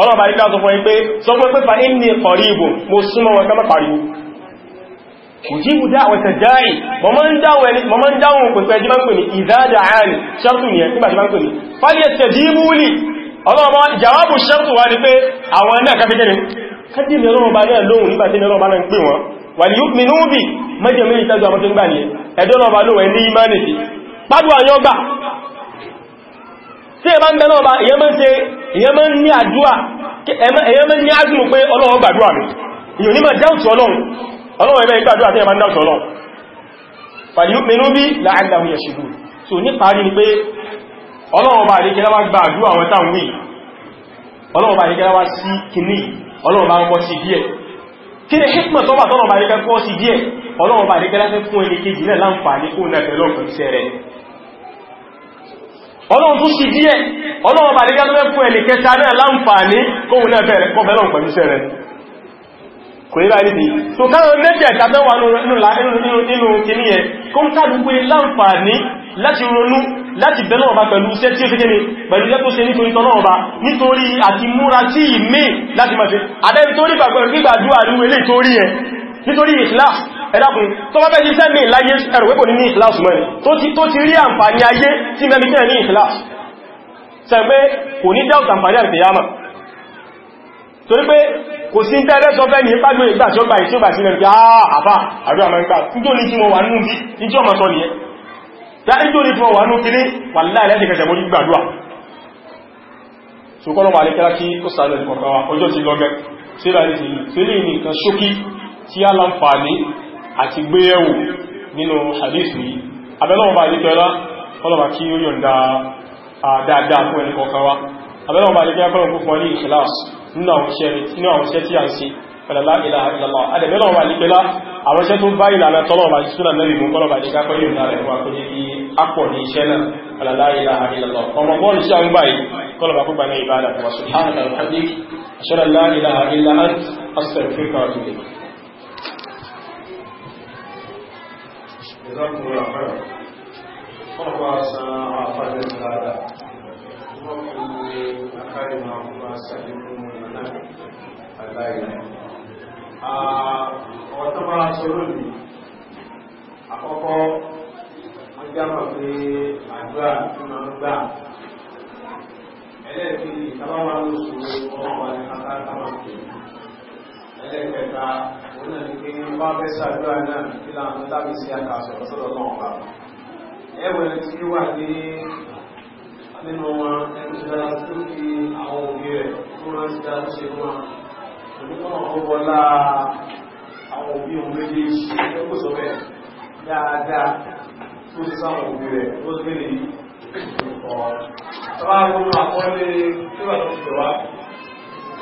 ọlọ́bàá ikẹ́ sọ fún ẹ pé sọ pé pẹ́fà inni qaribun mo súnmọ́ wọn kama pariwo òjíbù dáwọ̀ tẹ̀dáì mọ́ mọ́ ń dáwọn pẹ̀pẹ̀ jí bá ń pè ní ìdádà àárín ṣẹ́rùtù ni ẹ̀ nígbà jí bá ń pè ní fàyẹ̀ tẹ̀jíbù lì ọlọ́ọ̀bá ìjàwábù ṣẹ́rùtù wá ní pé àwọn náà káfíkẹ́ni kájí mẹ́rọ̀ọ̀bá náà lóhun nígbà tí mẹ́rọ̀ọ̀bá náà ń pè wọ́n wà ní yúkmínú bí mẹ́jẹ̀ tí ẹ bá ń bẹ́lọ́ọ̀bá èyàn mọ́ ṣe èyàn mọ́ ní àdúwà èyàn mọ́ ní ágùnù pé ọlọ́wọ́ gbàdúwà mi èyàn ní máa dáùtù ọlọ́run ọlọ́run ẹ̀mẹ́ ìgbàdúwà tí ẹ bá ń dáùtù ọlọ́run pàdíyúpinú bí láàrín yẹ̀ṣùgbù so ní parí ni pé ọlọ́run bá àríkẹ́lá wá gba àdúwà wọn táwọn wí ọlọ́run bá àríkẹ́lá wá sí kìíní ọlọ́run bá wọ́n sí díẹ̀ kí ni hikmọ̀ tó bá tọ́lọ̀ bá àríkẹ́ kọ́ sí ọlọ́run tó sì díẹ̀ ọlọ́run bà lè gá tó mẹ́kún ẹni kẹta náà láǹfààní kóhun náà bẹ̀rẹ̀ kọ́ bẹ̀rẹ̀ pẹ̀lú iṣẹ́ rẹ̀ kò ní báyìí nìí so káwọn mẹ́jẹ̀ ìtàbẹ́wà nínú kìíní ẹ̀ kó ń kàdùkú láǹfààní láti ronú láti bẹ̀rẹ̀ ọba pẹ̀lú iṣẹ́ tí ó fi kéde pẹ̀lú iṣẹ́ tó ṣe nítorí tọ́nà ọba nítorí àti múra tí ì mí láti máa fi àdẹ́bí tó rí gbàgbọ́ ìgbàdúwà ní ilé ìtorí ẹ̀ nítorí ìkìláàsì ẹ̀dàkùn tó bá bẹ́ẹ̀ jíṣẹ́ mi láyé ẹ̀rùwẹ́kò ní ìkìláàsì mẹ́rin tó ti rí àǹfààní ayé tí mẹ́bí tẹ́ ní ìkìláàsì sẹ́gbẹ́ kò ní dáùtà àǹfààní àrìkìyàmà torí pé kò sí tẹ́rẹ́ sọ fẹ́ ní pàdó ìgbà tí ó ah, gbà ìṣígbà sílẹ̀ pé àbá àríwá mẹ́ta tó ní tí mo wà nínú bí i tí ọmọ sọ nìyẹn láti tó ní tí mo wà nínú kiri wà láìlẹ́sì kẹsẹ̀ mọ́ ní gbàdúwà ṣùkọ́lọ́wà alẹ́kẹ́lá kí ó sàárẹ̀ ìpọ̀kọ́wà ọjọ́ ti lọ́gẹ́ sílẹ̀ ní nǹkan ṣókí tí a láǹfààní àti gbéyẹ̀wò nínú hadith yìí abẹ́lọ́wọ́ bá ìdíkẹ́lá ọlọ́bà kí ó yọ̀nda dáadáa fún ẹni kọ̀ọ̀kan wa abẹ́lọ́wọ́ bá ìdíkẹ́lá fún ọkùn fún ní ìṣẹ́lás nínú àwọn iṣẹ́ tí a ń ṣe pẹ̀lẹ̀lá ìlàhà ìlàlá adẹ̀mẹ́lọ́wọ́ bá ìdíkẹ́lá àwọn iṣẹ́ tó bá ìlànà tọ́lọ́wọ́ bá ìṣúná lẹ́bí mú kọ́lọ́bà ìdíkẹ́ pẹ̀lú ìlànà rẹ̀ wà pẹ̀lú àpọ̀ ní iṣẹ́ náà pẹ̀lẹ̀lá ìlàhà ìlàlá ọmọ bọ́ọ̀lù sí àwọn báyìí kọ́lọ́bà kó gbà ní ìzọ́kùnrin àpẹẹrẹ wọ́n bá san àwọn àpàdé ìlàdà wọ́n kò ní àkárí máa fún bá sàlékún ìrìnà àláìrẹ̀ àwọn tó bá sọ́rọ̀ ní àkọ́kọ́ wọ́n jámọ̀ ọmọ wà ní máa pè ẹlẹ́kẹta òun náà ni pé bá fẹ́ ṣàdúrà náà kí láàrín lábí sí àkàṣọ sọ́dọ̀ náà bá ẹwẹ̀ tí ó wà ní nínú wọn ẹni tó dára tó fi àwọn òbí rẹ̀ tó rán sí dára tó ṣe wọn òníkọ́ ọ̀pọ̀ wọlá àwọn òbí òun méjèèjì ẹgbẹ́ sọ bẹ́ẹ̀ dáadáa tó ti sáwọn òbí rẹ̀ tó ti gbé lè yí ọ̀pọ̀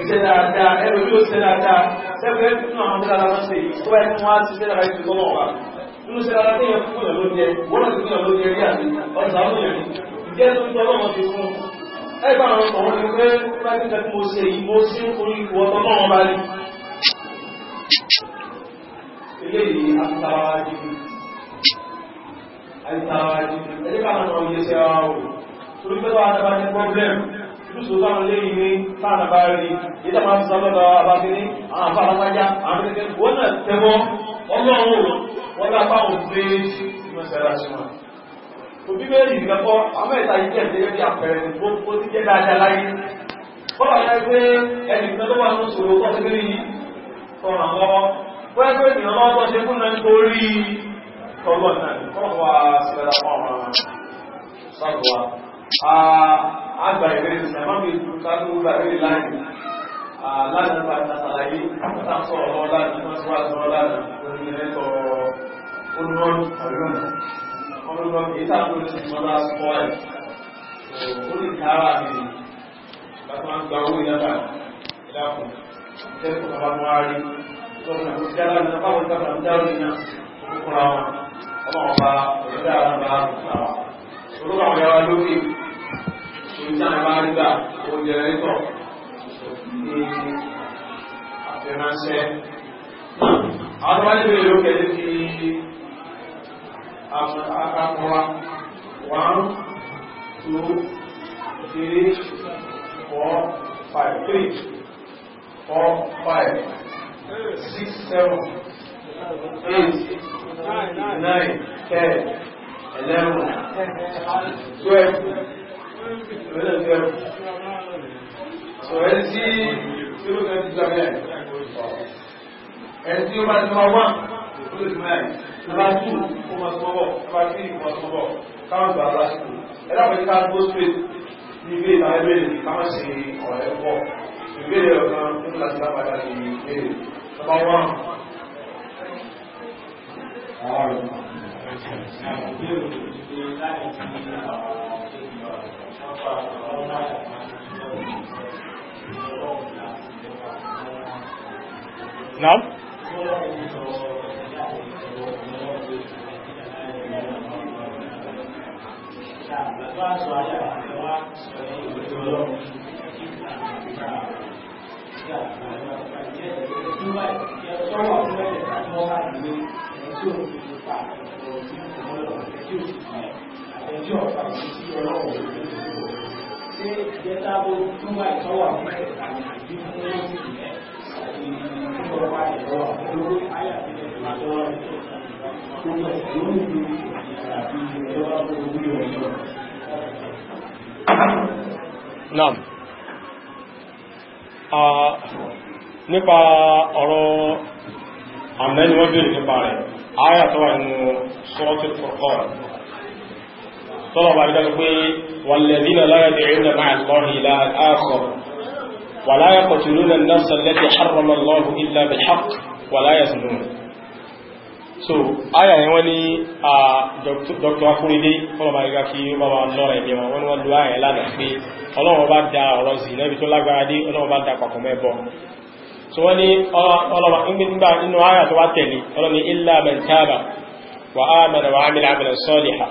iṣẹ́ dáadáa ẹ̀rọ yóò ṣe dáadáa sẹ́fẹ́ nínú àwọn ọmọdé aláwọ̀ ṣe yìí tó ẹni wọ́n á ti ṣe dáadáa ìṣẹ́ lọ́wọ́ wa nínú ṣe dáadáa ní ẹ̀kú yàn ló jẹ wọ́n ti fún yàn ló jẹ rí àti ọ̀sà àwọn yàn ní ìjẹ́ tó ń tọ́ lọ́wọ́ ti fún ẹgbẹ́ àwọn ọmọ wọn ni pé láti tẹ́kí mo ṣe yìí mo sí orí ìwọ ọmọ wọn bá rí eléyìí àtàwájú àtàwájú ẹgbẹ́ àwọn ọmọ yẹn ṣe ara wò torí pé pọ́blẹ́mù lùsùn táwọn lè ní sáàdà bá rí ìdá máa fi sábọ́dọ̀ àbábíní àwọn afá alápájá àwọn ẹgbẹ́ wọ́n náà tẹ́wọ́ ọlọ́run wọn lápá òun pé mọ́sálásí wọn òbí bẹ́ẹ̀rì ìgbẹ́kọ́ amẹ́ta yìí jẹ́ ìdẹ́gẹ́ bí àpẹẹrẹ tó ti jẹ́ dáadáa láyé bọ́lá yẹ pé ẹnìkan tó wà ní sòrò tó ti rí tọ̀ràn lọ́wọ́ wọ́n yẹ pé ìrànlọ́wọ́ tó ṣe fún náà torí tọ́lọ́ náà kọ́ wá sílẹ̀ lápá ọ̀rọ̀ sáàbùwà àgbà ìbéèrè ìsìnkú bí ìtùkánú gbàrí láàrin láàrin pàtàkì àlàyé látàkọ́ ọ̀rọ̀ láàrin wọ́n ti wá sí ọ̀rọ̀ láàrin orí ẹ̀tọ́ olúwọ́n ọ̀rọ̀ ọlọ́rọ̀ èyí tàbí orí ti mọ́lá sọ ẹ̀ ó lè kára mi láti máa ń gba owó ìyábà ìdákùn tẹ́kùn bàbá mú àárí lọ́nà tó ti dára nípa wọn tàbí àmì dára nínú ọkùnrin àwọn ọmọ ọba ọ̀rẹ́dà àwọn bá àwọn olóòwò àwọn yàrá lórí ìjà bá gbà ó jẹ rẹ́tọ̀ ní àfẹ́ránṣẹ́. Àwọn tó bá níbi sọ̀rọ̀ ẹni tí yóò fẹ́ ti gbà mẹ́rin ẹni tí ó bá ti máa wá ó lè máa yìí lọ́la tù ó máa sọ bọ̀ lọ́la tí ó máa sọ bọ̀ káwọn gbà lásìkò ẹ̀dá pẹ̀lú ká gbó sílẹ̀ ní ilé ìta ẹgbẹ́ ìlú ká má ṣe ọ̀rẹ́ pọ̀ ìbéèrè ọ̀kan ń láti lápadà ní ìbéèrè lọ́ba wá. Àwọn ọ̀rọ̀ Naam. Thank you ẹ̀tí ọ̀pá ìsí ọlọ́run ṣe ìjẹta bó wà ìtọ́wà fún ẹ̀ka àti Nípa ọ̀rọ̀ àmẹ́ni wọ́n béèrè nípa rẹ̀, ààyà tó wà nínú sọ́ọ́tì tọ́lọ̀ bá dájú pé wàlẹ̀dínà láyàdẹ̀ ìrìnà máa lọ́rì ìlàhàn áàkọ̀ wà láyà kọtùlúnà náà sallẹ́tẹ̀ harraman lọ́rù ìlà bí haq wà láyà sùdùn so aya yẹn wani a dr akuride tọ́lọ̀ bá gá kí bàbá lọ́rẹ̀ ẹ̀dẹ̀ wọn wọ́n lu aya lánàá pé ọlọ́wọ́ bá so wọ́n ni ọlọ́wọ́ nígbà nínú aya tó wá tẹ̀lé ọlọ́ni illa man taba wa amana wa amila amalan salihan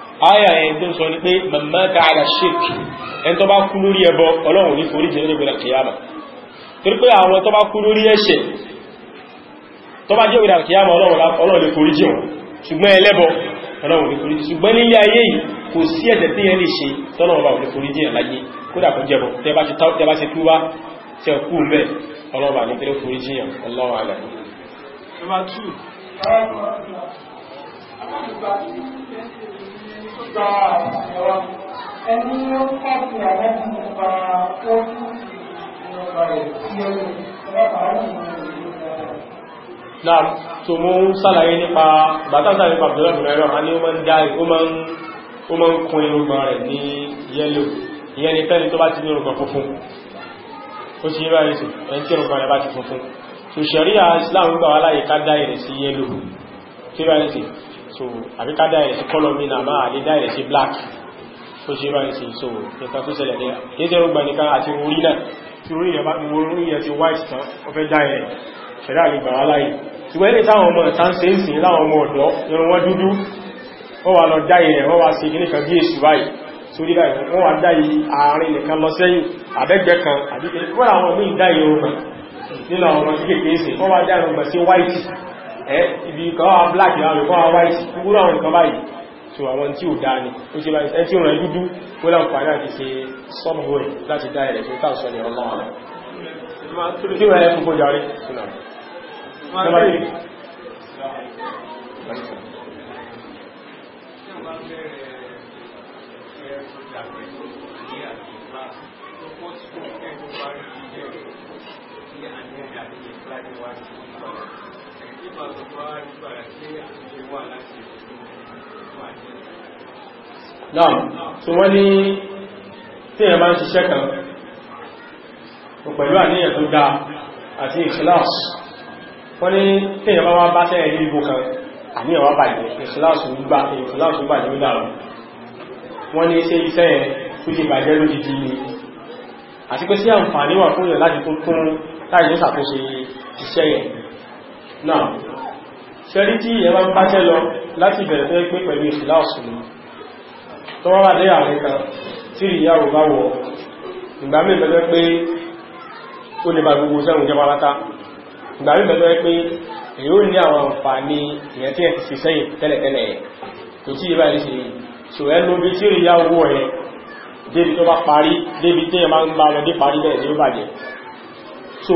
àyà yẹn tó ń sọ ní pé mamata ala shirk ẹni tó bá kú lórí ẹbọ ọlọ́run ní forí jẹ́ lórí kìyàmà torí pé àwọn tó bá kú lórí ẹ̀ṣẹ̀ tó bá jẹ́ lórí kìyàmà ọlọ́run lè forí jẹ́ wọn ṣùgbọ́n ẹlẹ́bọ ọlọ́run lè forí jẹ́ ṣùgbọ́n nílé ayé yìí kò sí ẹ̀ṣẹ̀ tí yẹn lè ṣe tọ́lọ́run bá lè forí jẹ́ láyé kódà kó jẹ́bọ tẹ́ bá ṣe túwá tẹ́ gba ẹ̀rọ ẹni ó káàkiri àdájú nípa ó kú nípa rẹ̀ tí ó lè ọlọ́pàá ní náà tó mú sálàyé nípa bàtàtà nípa bẹ̀rẹ̀ mẹ́rọ a ní ó máa ń dá ó máa ń kún irúgbà rẹ̀ ní yẹ́lò ìyẹn ni pẹ́ni tó bá ti ní orúkọ funfun ó sì yíra ìsìn ẹni tí orúkọ rẹ̀ bá ti funfun so ṣẹ̀ríà Islam gbà wá láyé ká dá ìrẹ̀ sí yẹ́lò so àbí ká dáyẹ̀ sí kọ́lọ̀ mi náà bá àdé dáyẹ̀ sí black tó ṣe bá ní sí so nǹkan tó ṣẹlẹ̀ níyà kí ṣe rúgbà nìkan àti orí náà tí orí yẹn bá ti orí yẹn ti white tán ó fẹ́ dáyẹ̀ ṣẹ̀dá àgbègbè àwọn aláyè ìwé ní táwọn ọmọ ìtàn ṣe ń sìn láwọn ọmọ ọ̀dọ́ irun wọn dúdú wọ́n wà lọ dáyẹ̀ wọ́n wà sí nìkan bí èṣù báyìí torí báyìí wọ́n wà dáyìí àárín nìkan lọ sẹ́yìn àbẹ́gbẹ́ kan àbí wọ́n àwọn míì dáyìí orun kéèkéé sí wọ́n wà dáyìí orun sí white ẹ́ ibi kan wà black ìwọ̀n àwọn ìwọ̀n white gbogbo àwọn nǹkan báyìí so àwọn tí ò dáa ni ó ṣe báyìí ẹ tí ò rẹ̀ dúdú ó láǹfààní àti ṣe sọ́mọ̀ ẹ̀ láti dá ẹ̀rẹ̀ tó tàà sọ ní ọmọ rẹ̀ kí wọ́n ẹ̀ púpọ̀ Thank you náà so wọ́n ní tí ẹ̀ máa ń ṣiṣẹ́ kan pẹ̀lú àníyàn tó dáa àti ìṣìláàsì wọ́n ní tí ẹ̀ máa wá bá tẹ́ ẹ̀rí ìbò kan àníyàn wá bàjẹ́ ìṣìláàsì gbà ìṣìláàsì gbà ní ó dáa wọ́n ní iṣẹ́ iṣẹ́ ẹ̀ tó ti bàjẹ́ lójijì ni àti pé sí àǹfààní wà fún ìyàn láti tó tún láì ní ṣàtúnṣe iṣẹ́ yẹn náà ṣẹ́rí tí ẹ bá ń pàṣẹ lọ láti bẹ̀rẹ̀ fẹ́ pé pẹ̀lú ìfìlá ọ̀sùn tó wọ́n wà lẹ́yà rẹ̀ kan tí ìyàwó bá wọ ìgbàmí bẹ̀rẹ̀ pé ó lè bá gbogbo sẹ́hùn jẹ́ pátá ìgbàmí bẹ̀rẹ̀ pé èyí ó ní àwọn àǹfààní ìyẹn tí ẹ ti sẹ́yìn tẹ́lẹ̀tẹ́lẹ̀ kò tí ìbá ìṣe ṣò ẹ lóbi tí ìyàwó ẹ débi tó bá parí débi tí so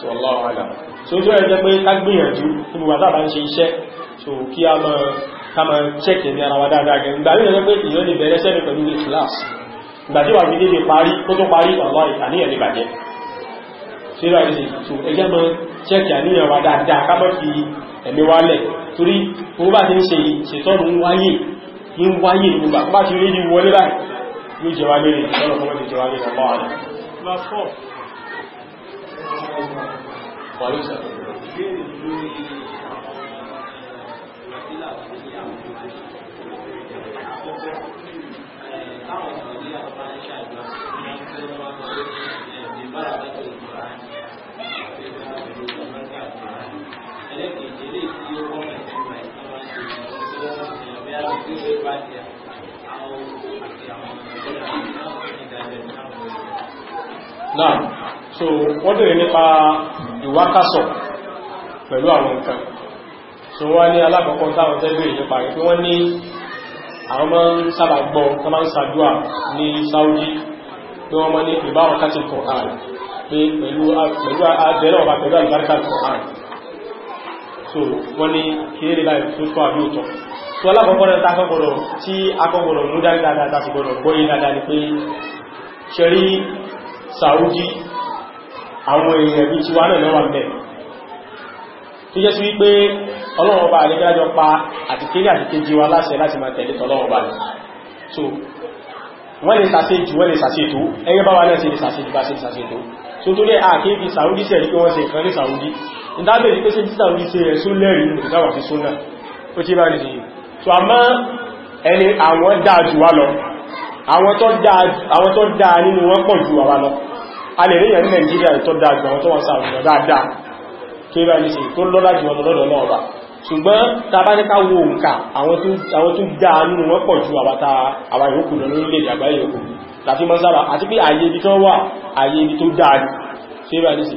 so Allah wàhálà so ojú ẹ̀jẹ̀ pé ká gbìyànjú ní gbogbo àtàbà ń so kí a mọ̀ ká mọ̀ check ní ara wa dáadáa gẹ̀ ìgbà yóò jẹ́ pé ìyọ́ lè bẹ̀rẹ̀ sẹ́ni pẹ̀lú ikhlas ìgbà tí wà nílé so ẹjẹ́ mọ̀ check àníyàn wa dáadáa ká mọ̀ fi ẹ̀mí wa lẹ̀ torí owó bá ti ń ṣe ṣètọ́nù ń wáyé ń wáyé ìgbà bá ti Wàlú sọ. Náà, so wọ́n bèèrè nípa ìwákàsọ̀ pẹ̀lú àwọn nǹkan so wọ́n ní alákọ̀ọ́kọ́ táwọn tẹ́lú ìjọpa rẹ̀ pé wọ́n ní àwọn mọ́ sábà gbọ́ tó máa ń sàdúwà ní Saudi pé wọ́n mọ́ ní ìbáwọn káti Quran pé pẹ̀lú àbẹ̀rẹ̀ ọba pẹ̀lú àlùbáríkà Quran so wọ́n ní kéré láì tó tó àbí òtọ̀ so alákọ̀ọ́kọ́ náà tákọ̀gbọ̀rọ̀ tí akọ̀gbọ̀rọ̀ mú dáadáa tàbí gbọ̀rọ̀ gbọ́yé dáadáa ni pé ṣẹ̀rí Saudi àwọn èèyàn bí ti wá náà náà mẹ́ tó jẹ́ sí wípé ọlọ́run ọba àrídájọ́ pa àti kéré àti kéjì wa láṣẹ láti máa tẹ̀lé tọ́lọ́run ọba so wọ́n lè sàṣe jù wọ́n lè sàṣe tó ẹgbẹ́ bá wà náà sí lè sàṣe jù bá sí sàṣe tó so tó lé àkéèkì sàúdí sẹ̀rí pé wọ́n ṣe nǹkan ní sàúdí ìdábẹ̀ ní pé sí tí sàúdí ṣe rẹ̀ sún lẹ́rìí nínú ìdáwà fi súnà ó ti bá so àmọ́ ẹni àwọn dáa jù wá lọ àwọn tó dáa nínú a lè ríyàn ní Nàìjíríà tó dáa jù àwọn tó wọ́n sáàrùn dáadáa kí bá ní sí tó lọ́lá jù wọn lọ́dọ̀ náà bá ṣùgbọ́n tàbá ní ká wo nǹka àwọn tó dáa nínú wọn pọ̀ ju àwa yòókù lọ lórílẹ̀ èdè àgbáyé yòókù láti mọ́ sára àti pé àyè ibi tó wà àyè ibi tó dáa ni ṣe bá ní sí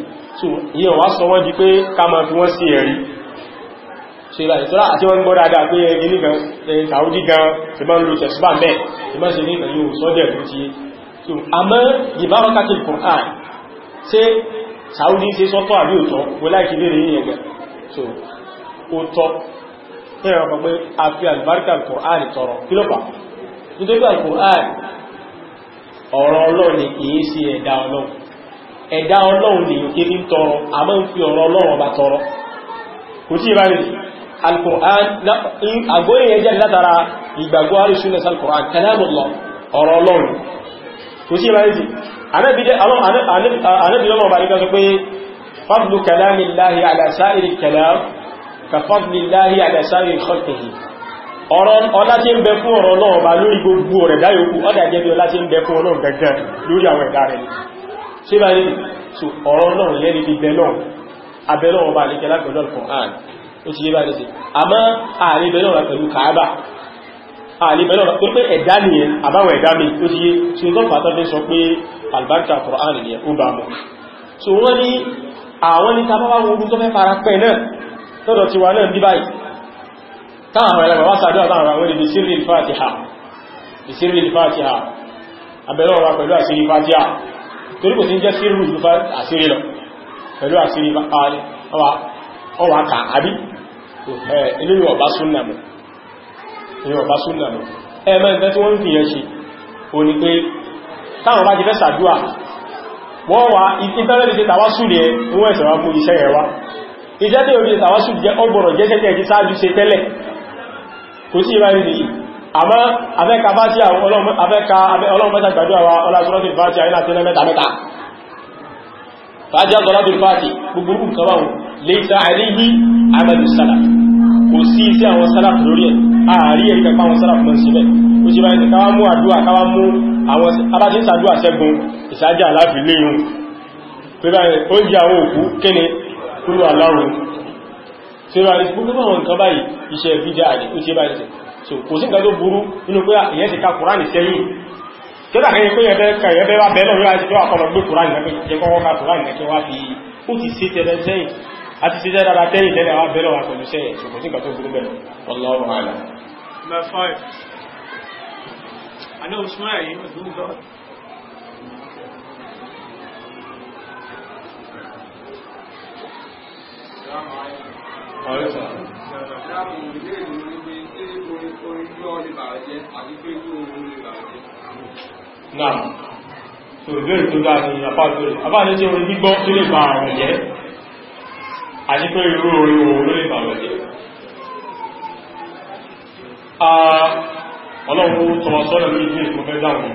so so àmọ́ ìbárakatil Qur'an ṣe Saudi ṣe sọ́tọ́ àbí òtọ́ wọ́n láìkí lè rí ẹgbẹ̀ so ó tọ́ tẹ́rẹ ọmọ pé a fi àlùbáríkà Qur'an tọrọ kí ló fà nítorí Qur'an ọ̀rọ̀ Ọlọ́run ni kìí sí ẹ̀dá Ọlọ́run ẹ̀dá Ọlọ́run ni yóò kéré tọrọ àmọ́ ń fi ọ̀rọ̀ Ọlọ́run ọba tọrọ kò tí ì báyìí Al-Qur'an àgbóyìn ẹjẹ́ látara ìgbàgbọ́ àrísúnlẹ̀ Al-Qur'an kalamullah ọ̀rọ̀ Ọlọ́run kò sí ìbáyìí anábìlọ́mọ̀ bá nígbà sọ pé fadlu kalamillahi ala sa'iril kalam ka fadlillahi ala sa'iril khalqihi ọ̀rọ̀ ọlá tí ń bẹ fún ọ̀rọ̀ náà bá lórí gbogbo rẹ̀ dáyòkú ọdá jẹ́ bí ọlá tí ń bẹ fún ọlọ́run gẹ̀gẹ̀ lórí àwọn ẹ̀dá rẹ̀ ṣe bá yìí so ọ̀rọ̀ àlebẹ̀lọ́ tó pé ẹ̀dá nìyẹn àbáwọn ẹ̀dá mi tó ti yé tí ó tọ́pàá tó fi sọ pé albarka Kùránì nìyẹn ó bá mọ̀ so wọ́n ní àwọn ní tàbáwá ogun tó fẹ́ fara pẹ́ náà tọ́dọ̀ ti wà náà bí báyìí táwọn ẹ̀lẹ́gbẹ̀ wá sàdọ́ àtàwọn àwọn èdè sírí ìfàtíhà ìsírí ìfàtíhà abẹ́lọ́ wa pẹ̀lú àṣírí ìfàtíhà torí kò sí jẹ́ sírí àṣírí lọ pẹ̀lú àṣírí ọwà kà àbí ilé ọba súnnà mọ̀ ìyẹn ọ̀bá súnà lọ ẹ̀mọ́ ìfẹ́ tí wọ́n ń fìyàn ṣe o ní pé táwọn bá ti fẹ́ sàdúà wọ́n wá ìtẹ́lẹ̀ ti tàwá súnlẹ̀ wọ́n ẹ̀sẹ̀ wá mú iṣẹ́ rẹ̀ wá ìjẹ́ tí orí tàwá súnlẹ̀ jẹ́ ọgbọ̀rọ̀ jẹ́ṣẹ́ṣẹ́ ti sáájú ṣe tẹ́lẹ̀ kò sí ìbá ìrìn yìí àmọ́ afẹ́ka bá tí àwọn ọlọ́mọ́ta gbàdúrà wa ọlásọ́lọ́tì bá ti àyílá tẹ́lẹ̀ mẹ́ta mẹ́ta fàájá sọ́lọ́tì bá ti gbogbo nǹkan báwọn lè sa àìrí yí àmàlù sálà kò sí iṣẹ́ àwọn sálà lórí ẹ̀ ààrí ẹ̀rí pẹ̀pá àwọn sáràfù mọ́ sílẹ̀ ó ṣe báyìí káwá mú àdúrà káwá mú àwọn abájí ìsàdúrà sẹ́gun ìsájà láti léyìn pé báyìí oúnjẹ àwọn òkú kéne kúrò aláwọ̀ ṣe báyìí gbogbo àwọn nǹkan báyìí iṣẹ́ fídíà àti ó ṣe báyìí so kò sí nǹkan tó burú nínú pé ìyẹn ti ka kùránì sẹ́yìn kẹ́lá kẹ́yẹ pé ẹ̀bẹ́ kẹ́yẹ bẹ́ẹ̀ bá bẹ́ẹ̀ lọ́rọ̀ àti pé àkọlọ̀ gbé kùránì lẹ́kẹ́ kọ́kọ́ ka kùránì lẹ́kẹ́ wá fi ó ti ṣe tẹ́lẹ̀ sẹ́yìn a ti dára tẹ́lẹ̀ tẹ́lẹ̀ àwọn abẹ́rẹ́ wa pẹ̀lú iṣẹ́ ṣùgbọ́n tí nǹkan tó bẹ̀rẹ̀ ọlọ́run àlà. Number five. I know Usman yìí was God. Náà, tòrò ìbéèrè tó dáa ni àpá ìbéèrè. Àbá ní ṣe orin gbígbọ́ sílé ìbá àwọn ẹ̀jẹ̀ àti pé irú orin òun ló lè bàbẹ̀ jẹ́ ọlọ́run tọwọ́ sọ́rọ̀ ní ìdí ìfún mẹ́ta wọn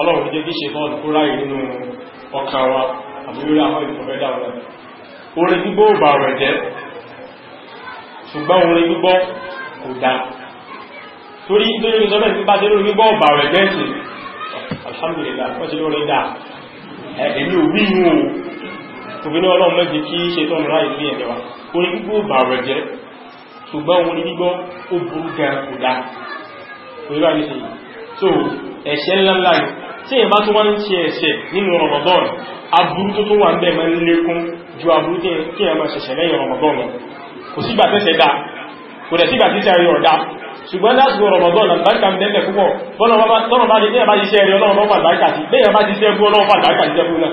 ọlọ́run jẹ́ kí ṣe tọ́ọ̀dù kó ráyè nínú ọkà wa àti lórí àwọn ìfún mẹ́ta wọn orin gbígbọ́ ò bà rẹ̀ jẹ́ ṣùgbọ́n orin gbígbọ́ kò dá torí lórí ìsọ́bẹ̀ tí bá jẹ́ lórí gbígbọ́ ò bà rẹ̀ jẹ́ sí alhamdulillah wọ́n ti lórí dá ẹ̀mí òwú ìwọ̀n ìbínú ọlọ́run mẹ́jì kí ṣe tọ́nù láì ní ẹ̀mẹ́wà orí gbígbó bàrẹ̀ jẹ́ ṣùgbọ́n orí gbígbọ́ ó burú gan kò dá orí bá nìṣe so ẹ̀ṣẹ̀ ńláńlá yìí tí èyàn bá tó wá ń ṣe ẹ̀ṣẹ̀ nínú Ramadan aburú tó tó wà ń bẹ̀ máa ń lékún ju aburú tí èyàn máa ṣẹ̀ṣẹ̀ lẹ́yìn Ramadan kò sígbà tẹ́ṣẹ̀ dá kò dẹ̀ sígbà títẹ̀ rí ọ̀dá ṣùgbọ́n láti Ramadan àbáríkà mẹ́fẹ̀ púpọ̀ bọ́lọ̀ bá ti tẹ́yà bá ti ṣẹ́ rí ọlọ́run bá pàdánìkà sí bẹ́yà bá ti ṣẹ́ bú ọlọ́run pàdánìkà sí jẹ́ fún náà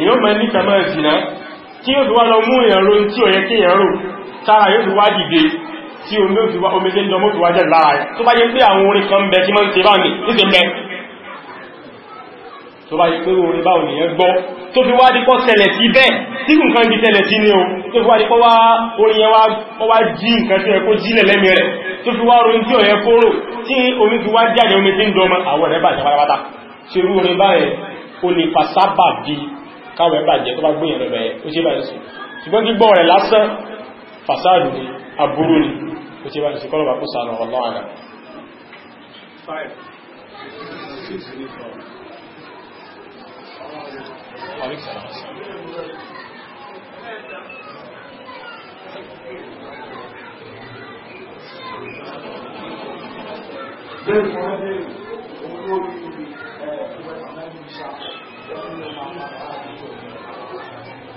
èyàn mọ̀ ní kàmọ́ ìsìnà tí yóò fi wá lọ mú ìyànrò tí ó yẹ kí ìyànrò tára yóò fi wá dìde tí omi tí ń dọmọ́ fi wá jẹ́ lára ẹ̀ tó bá yẹ pé àwọn orin kan bẹ tí mọ́ ń ṣe bá mi títí mẹ́ tó bá yẹ pé orin bá ònìyàn gbọ́ tó fi wá dípọ́ tẹ̀lẹ̀ sí bẹ́ẹ̀ tí kù nǹkan di tẹ̀lẹ̀ sí ni o tó fi wá dípọ́ wá orin yẹn wá jí nǹkan tí ó yẹ kó jílẹ̀ lẹ́mi rẹ̀ tó fi wá orin tí ó yẹ kóró tí omi fi wá jáde omi tí ń dọmọ àwọn ẹ̀rẹ́ bàjẹ́ pátápátá ṣe irú orin báyẹn ó lè fa bíi káwẹ̀ bàjẹ́ tó bá gbìyàn lọ bẹ̀yẹ ó ṣe báyìí sí ṣùgbọ́n gbígbọ́ rẹ̀ lásán fàsáàdù ni aburú ni ó ṣe báyìí sí kọ́lọ̀bà kó sàánà ọ̀lọ́ àgbà Bẹ́ẹ̀ni wọ́n ní orí orí ẹ̀ẹ́dẹ́gbẹ̀ta mẹ́rin ìṣàkóso ẹ̀ẹ́dẹ́gbẹ̀ta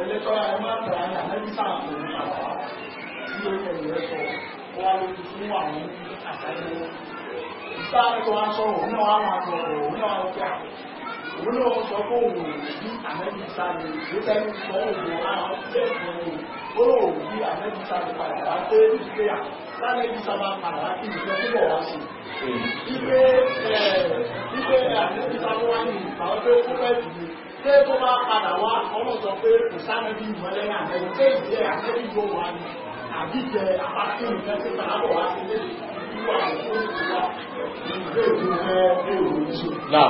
ẹlẹ́tọ́ra ẹ máa tà ní àmẹ́ríkà àpò ní àbá tí ó kẹ̀lú ẹ sọ wá lójú fún àwọn àtàlẹ́wọ́. ìsáàlù tó wá sọ òun náà wá máa sọ òun náà wá kíá òun náà sọ pé òun ò bí àmẹ́ríkà lè ló tẹ́lú sọ òun àwọn tẹ́lẹ̀ fún òun ó lò bí àmẹ́ríkà lè padà wá pé ìgbé à lálẹ́bíṣà máa padà wá kí nìkan tó bọ̀ wá sí i. ìgbé ẹ̀ẹ́dẹ́gbẹ̀rẹ̀ àmẹ́ríkà ló wá ní ìgbà ọdún ó fẹ́ dìde ṣé tó bá padà wá ọlọ́run sọ pé kò sáré bí ìwọlé àbẹ̀wò ṣé ìjẹ àbẹ̀wò yóò wá ní àbí jẹ apáṣẹ nǹkan tí sàábọ̀ wá sí lé ìwà tó ń wá ìgbé ìlú rẹ bí òun ṣe. Náà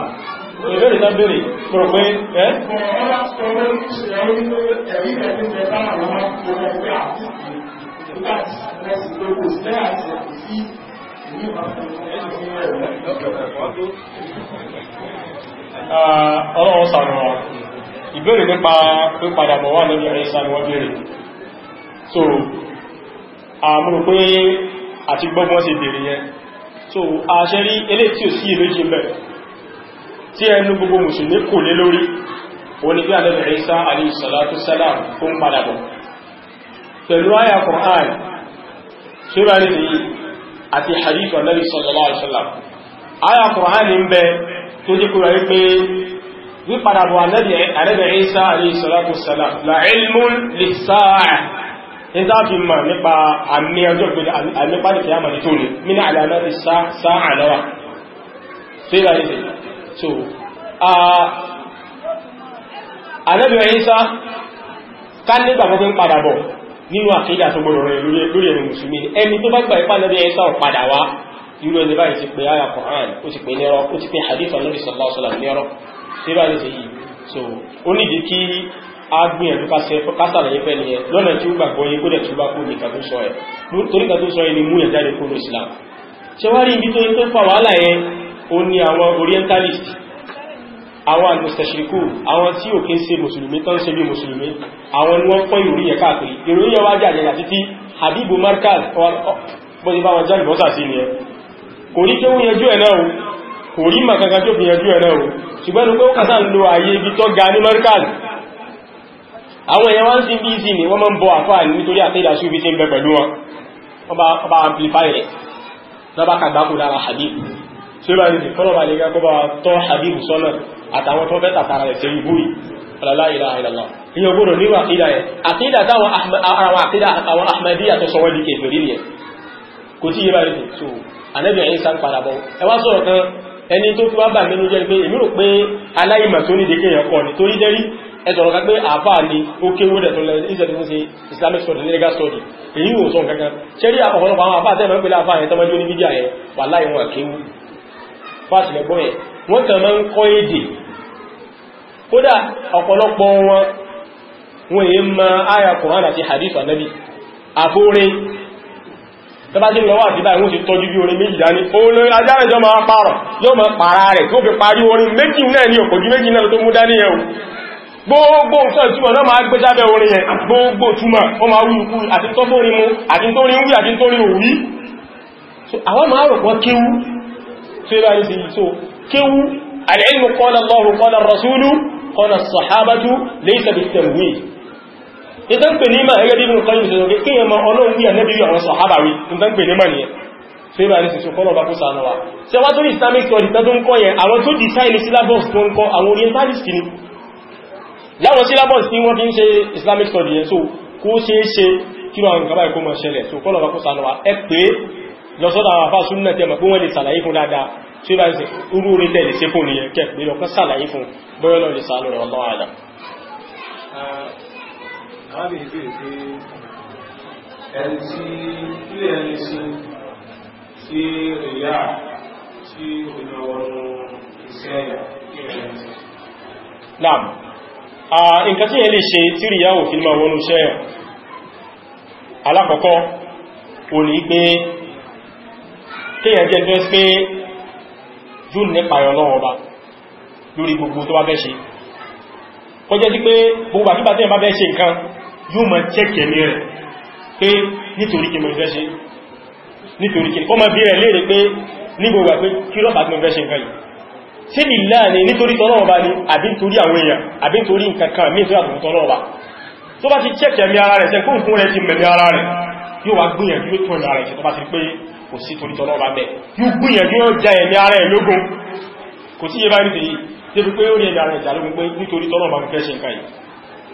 ìbéèrè náà béèrè pọ̀rọ̀ pé ẹ́. Ọ̀rọ̀ sọ pé ṣe ń lo ẹ̀rí ẹ̀rí rẹ̀ bá àwọn ọmọ ẹgbẹ́ àtìkù nígbà tí wọ́n sì pé kò sí àti àti sí ìlú ìbáfẹ́ ẹ̀rí rẹ̀. Ah, ọlọ́wọ́ sàrọ̀ ìbéèrè nípa pípadàbọ̀ wà lórí ẹ̀ẹ́sà ni wọ́n béèrè so àmúrò pé àti gbọ́gbọ́n sí béèrè yẹn so àṣẹ rí elé tí ò sí ìméjì mẹ́ tí ẹnu gbogbo mùsùlùmí kò lé lórí òun ni bí àlẹ́bẹ̀ ẹ̀ẹ́sà alayhi àyà kùránì ń bẹ tó jẹ́ kúrò wípé wípadà bọ̀ àrẹ́bẹ̀ Ìsá alayhi salatu wassalam la ilmun lis-sa'a ìdá fi mọ̀ nípa àmì ọjọ́ ìgbẹ̀lẹ̀ àmìpá ní kìyàmà ní tó ní mínú àlànà ti sáà lọ́wà tí ìlà ìdè so àrẹ́bẹ̀ Ìsá ká nígbà mọ́ ń padà bọ̀ nínú àkídà tó gbọ́dọ̀ rẹ̀ lórí ẹni mùsùlùmí ẹni tó bá gbà ipá lẹ́bẹ̀ Ìsá ò padà wá irú ẹni báyìí ti pè àyà Qur'an ó ti pè nírọ́ ó ti pè hadith Ànábì sallallahu alaihi wasallam nírọ́ tí bá ní ṣe yìí so ó nìdí kí a gbìyànjú kásàlàyé fẹ́ nìyẹn lọ́nà tí ó gbàgbọ́ yẹ kó dẹ̀ tí ó bá kó nìkan tó sọ ẹ̀ torí kan sọ yẹ ni mú ẹ̀jáde kó ní Islam ṣe wá rí ibi tó ń tó fa wàhálà yẹn ó ní àwọn orientalist àwọn àgbẹ̀sẹ̀ṣìríkù àwọn tí ò kí ń ṣe mùsùlùmí tán ṣe bí mùsùlùmí àwọn ni wọ́n pọ́ ìròyìn yẹ káàkiri ìròyìn yẹ wájú àjẹjà títí Habibu Markaz bọ́sí bá jáde bọ́sà sí ni kò rí kéwú yanjú ẹ̀ náà kò rí màkàkà tí ó fi yanjú ẹ̀ náà ṣùgbọ́n ní pé ó kàtà ń lo ààyè ibi tó ga ní markaz àwọn èèyàn wá ń sin bíi ni wọ́n máa ń bọ àfáà nítorí àtẹ́dà sí ibi tí ń bẹ pẹ̀lú wọn ọba amplify rẹ̀ lọ́bá kàgbákò lára hadith tí ó bá ní kọ́nà bá lè gá kọ́bá tọ́ hadith sọ́nà àtàwọn tó bẹ́ta tààrà rẹ̀ tẹ́rì búrì la ilaha illallah ìyẹn gbọ́dọ̀ nínú àkídà yẹn àkídà táwọn àwọn kò tí yé bá rí ànábì Ìsá padà bọ̀ ẹ wá sọ̀rọ̀ kan ẹni tó fi wá bà mí nínú jẹ́ pé èmi rò pé aláìmọ̀ tó ní dékè yẹn kọ́ ni torí dẹ́rí ẹ sọ̀rọ̀ ká pé àfáà ni ó kéwó dẹ̀ tó lẹ ìṣẹ́ tó ń ṣe islamic study legal study èyí ò sọ nǹkan kan ṣé rí ọ̀pọ̀lọpọ̀ àwọn àfáà tẹ́lẹ̀ pẹ̀lú àfáà yẹn tó máa jó ní mídíà yẹn wà láì wọn kéwú fásìlẹ̀ gbọ́ yẹn wọ́n kàn máa ń kọ́ èdè kódà ọ̀pọ̀lọpọ̀ wọn wọ́n èyí tọba jẹ́ ìrọwà àti báyìí wọ́n ti tọ́jú bí orin méjì dání olórí ajárẹjọ́ ma pààrọ̀ yóò ma pààrà rẹ̀ tó fi parí orin méjì náà ní òkòjú méjì náà tó mú dání yẹn gbogbo nǹkan ìtumọ̀ náà máa gbé jábẹ́ orin yẹn gbogbo túmọ̀ ó máa wí ikú àti tọ́bórí mu àti tórí wí àti ìtànpè ní ma ẹgẹ́ bíbùn kọ́yìn ìṣẹ́ òkè kíyàn ma ọlọ́run bí ànẹ́bí àwọn sọ̀hábà rí ìtànpè ní ma nìyẹn tí bá ní sí ṣùkọ́lọ̀ bá kó sànà wa ṣe wá tó ní islamic study tó ń kọ́ yẹn àwọn tó design syllabus tó ń kọ́ àwọn orientalist ni láwọn syllabus tí wọ́n fi ń ṣe islamic study yẹn so kó ṣe é ṣe kí wọ́n nǹkan báyìí kó mọ̀ ṣẹlẹ̀ so kọ́lọ̀ bá kó sànà wa ẹ pé lọ́sọ́dọ̀ àwọn afá súnnà tẹ́mọ̀ pé wọ́n lè ṣàlàyé fún dáadáa tí bá ń ṣe irú orí tẹ́lẹ̀ ṣe fún nìyẹn kẹ́ pé lọ́kọ́ ṣàlàyé fún bọ́yọ́lọ́ lè sàlọ́rọ̀ ọlọ́wọ́ àdá arábìnrin bèèrè pé ẹni tí ilé ẹni sí tí ríyà tí ìrìnàwọ̀n iṣẹ́ ẹ̀yà náà nǹkan tí yẹn lè ṣe tí ríyà ò fi máa wọnú iṣẹ́ alákọ̀ọ́kọ́ ò ní pé kéèyàn jẹ́ tó ẹ́ pé jùn nípa ẹ̀rọ náà ọba lórí gbogbo tó bá fẹ́ ṣe kọjẹ́ sí pé gbogbo àkíbà tí ẹ̀ bá fẹ́ ṣe nǹkan yóò máa chẹ́kẹ̀ mi rẹ̀ pé nítorí kí mo fẹ́ ṣe nítorí kí ó máa bí rẹ̀ léèrè pé ní gbogbo pé kí lọ́pà tí mo fẹ́ ṣe nǹkan yìí sí ni láàrin nítorí tọ́lọ́wọ́ bá ní àbí nítorí àwọn èèyàn àbí nítorí nǹkan kan mí tó àbùkù tọ́lọ́wọ́ bá tó bá ti chẹ́kẹ̀ mi ara rẹ̀ sẹ́ kó nǹkan rẹ̀ ti mẹ̀mí ara rẹ̀ yóò wá gbìyànjú yóò tún ara rẹ̀ sí tó bá ti pé kò sí torí tọ́lọ́wọ́ bá bẹ̀ yóò gbìyànjú yóò ja ẹ̀mí ara ẹ̀ lógún ṣe nǹkan yìí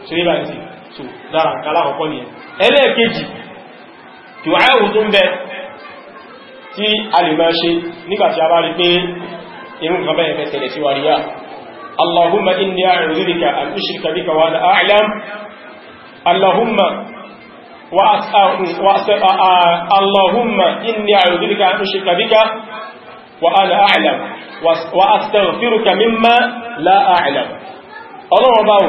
ṣe yẹ so lára nǹkan alákọ̀ọ́kọ́ ni ẹlẹ́ẹ̀kejì tí wà áwù tó ń bẹ tí a lè máa ṣe nígbàtí a bá rí pé irun kan bẹ́ẹ̀ fẹ́sẹ̀lẹ̀ sí wàríyà allahumma inni a'udhu bika an wa ana a'lam allahumma wa allahumma inni a'udhu bika an wa ana a'lam wa astaghfiruka mimma la a'lam ọlọ́run báwo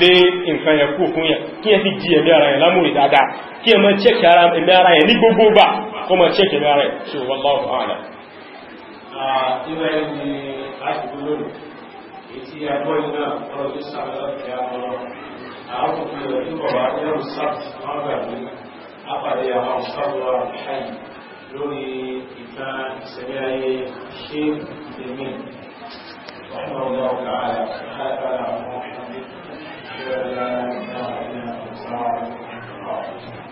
lé nǹkan yẹn kú fún yẹn kí yẹn fi di ẹ̀mí ara yẹn lámúrì dáadáa kí yẹn mọ́ chẹ́kì ẹ̀mí ara yẹn ní gbogbo gbà kó mọ́ chẹ́kì ẹ̀mí ara yẹn tí ó wọ́n lọ́wọ́ ààrẹ ìwẹ̀ ni àṣìkò lónìí ètí àgbọ́ iná ọ̀rọ̀ tó sàmìlọ́ ìyá ọ̀rọ̀ àwọn òkúrò ìkọ̀ wà ní ọ̀rọ̀ sáàtì wọ́n gbà ní àpàdé àwọn sáàbọ̀ àṣàyì lórí ìta ìṣẹ̀lẹ̀ ayé ṣe ìdèmí ọ̀pọ̀ ọ̀gá ọ̀gá ààrẹ Good night,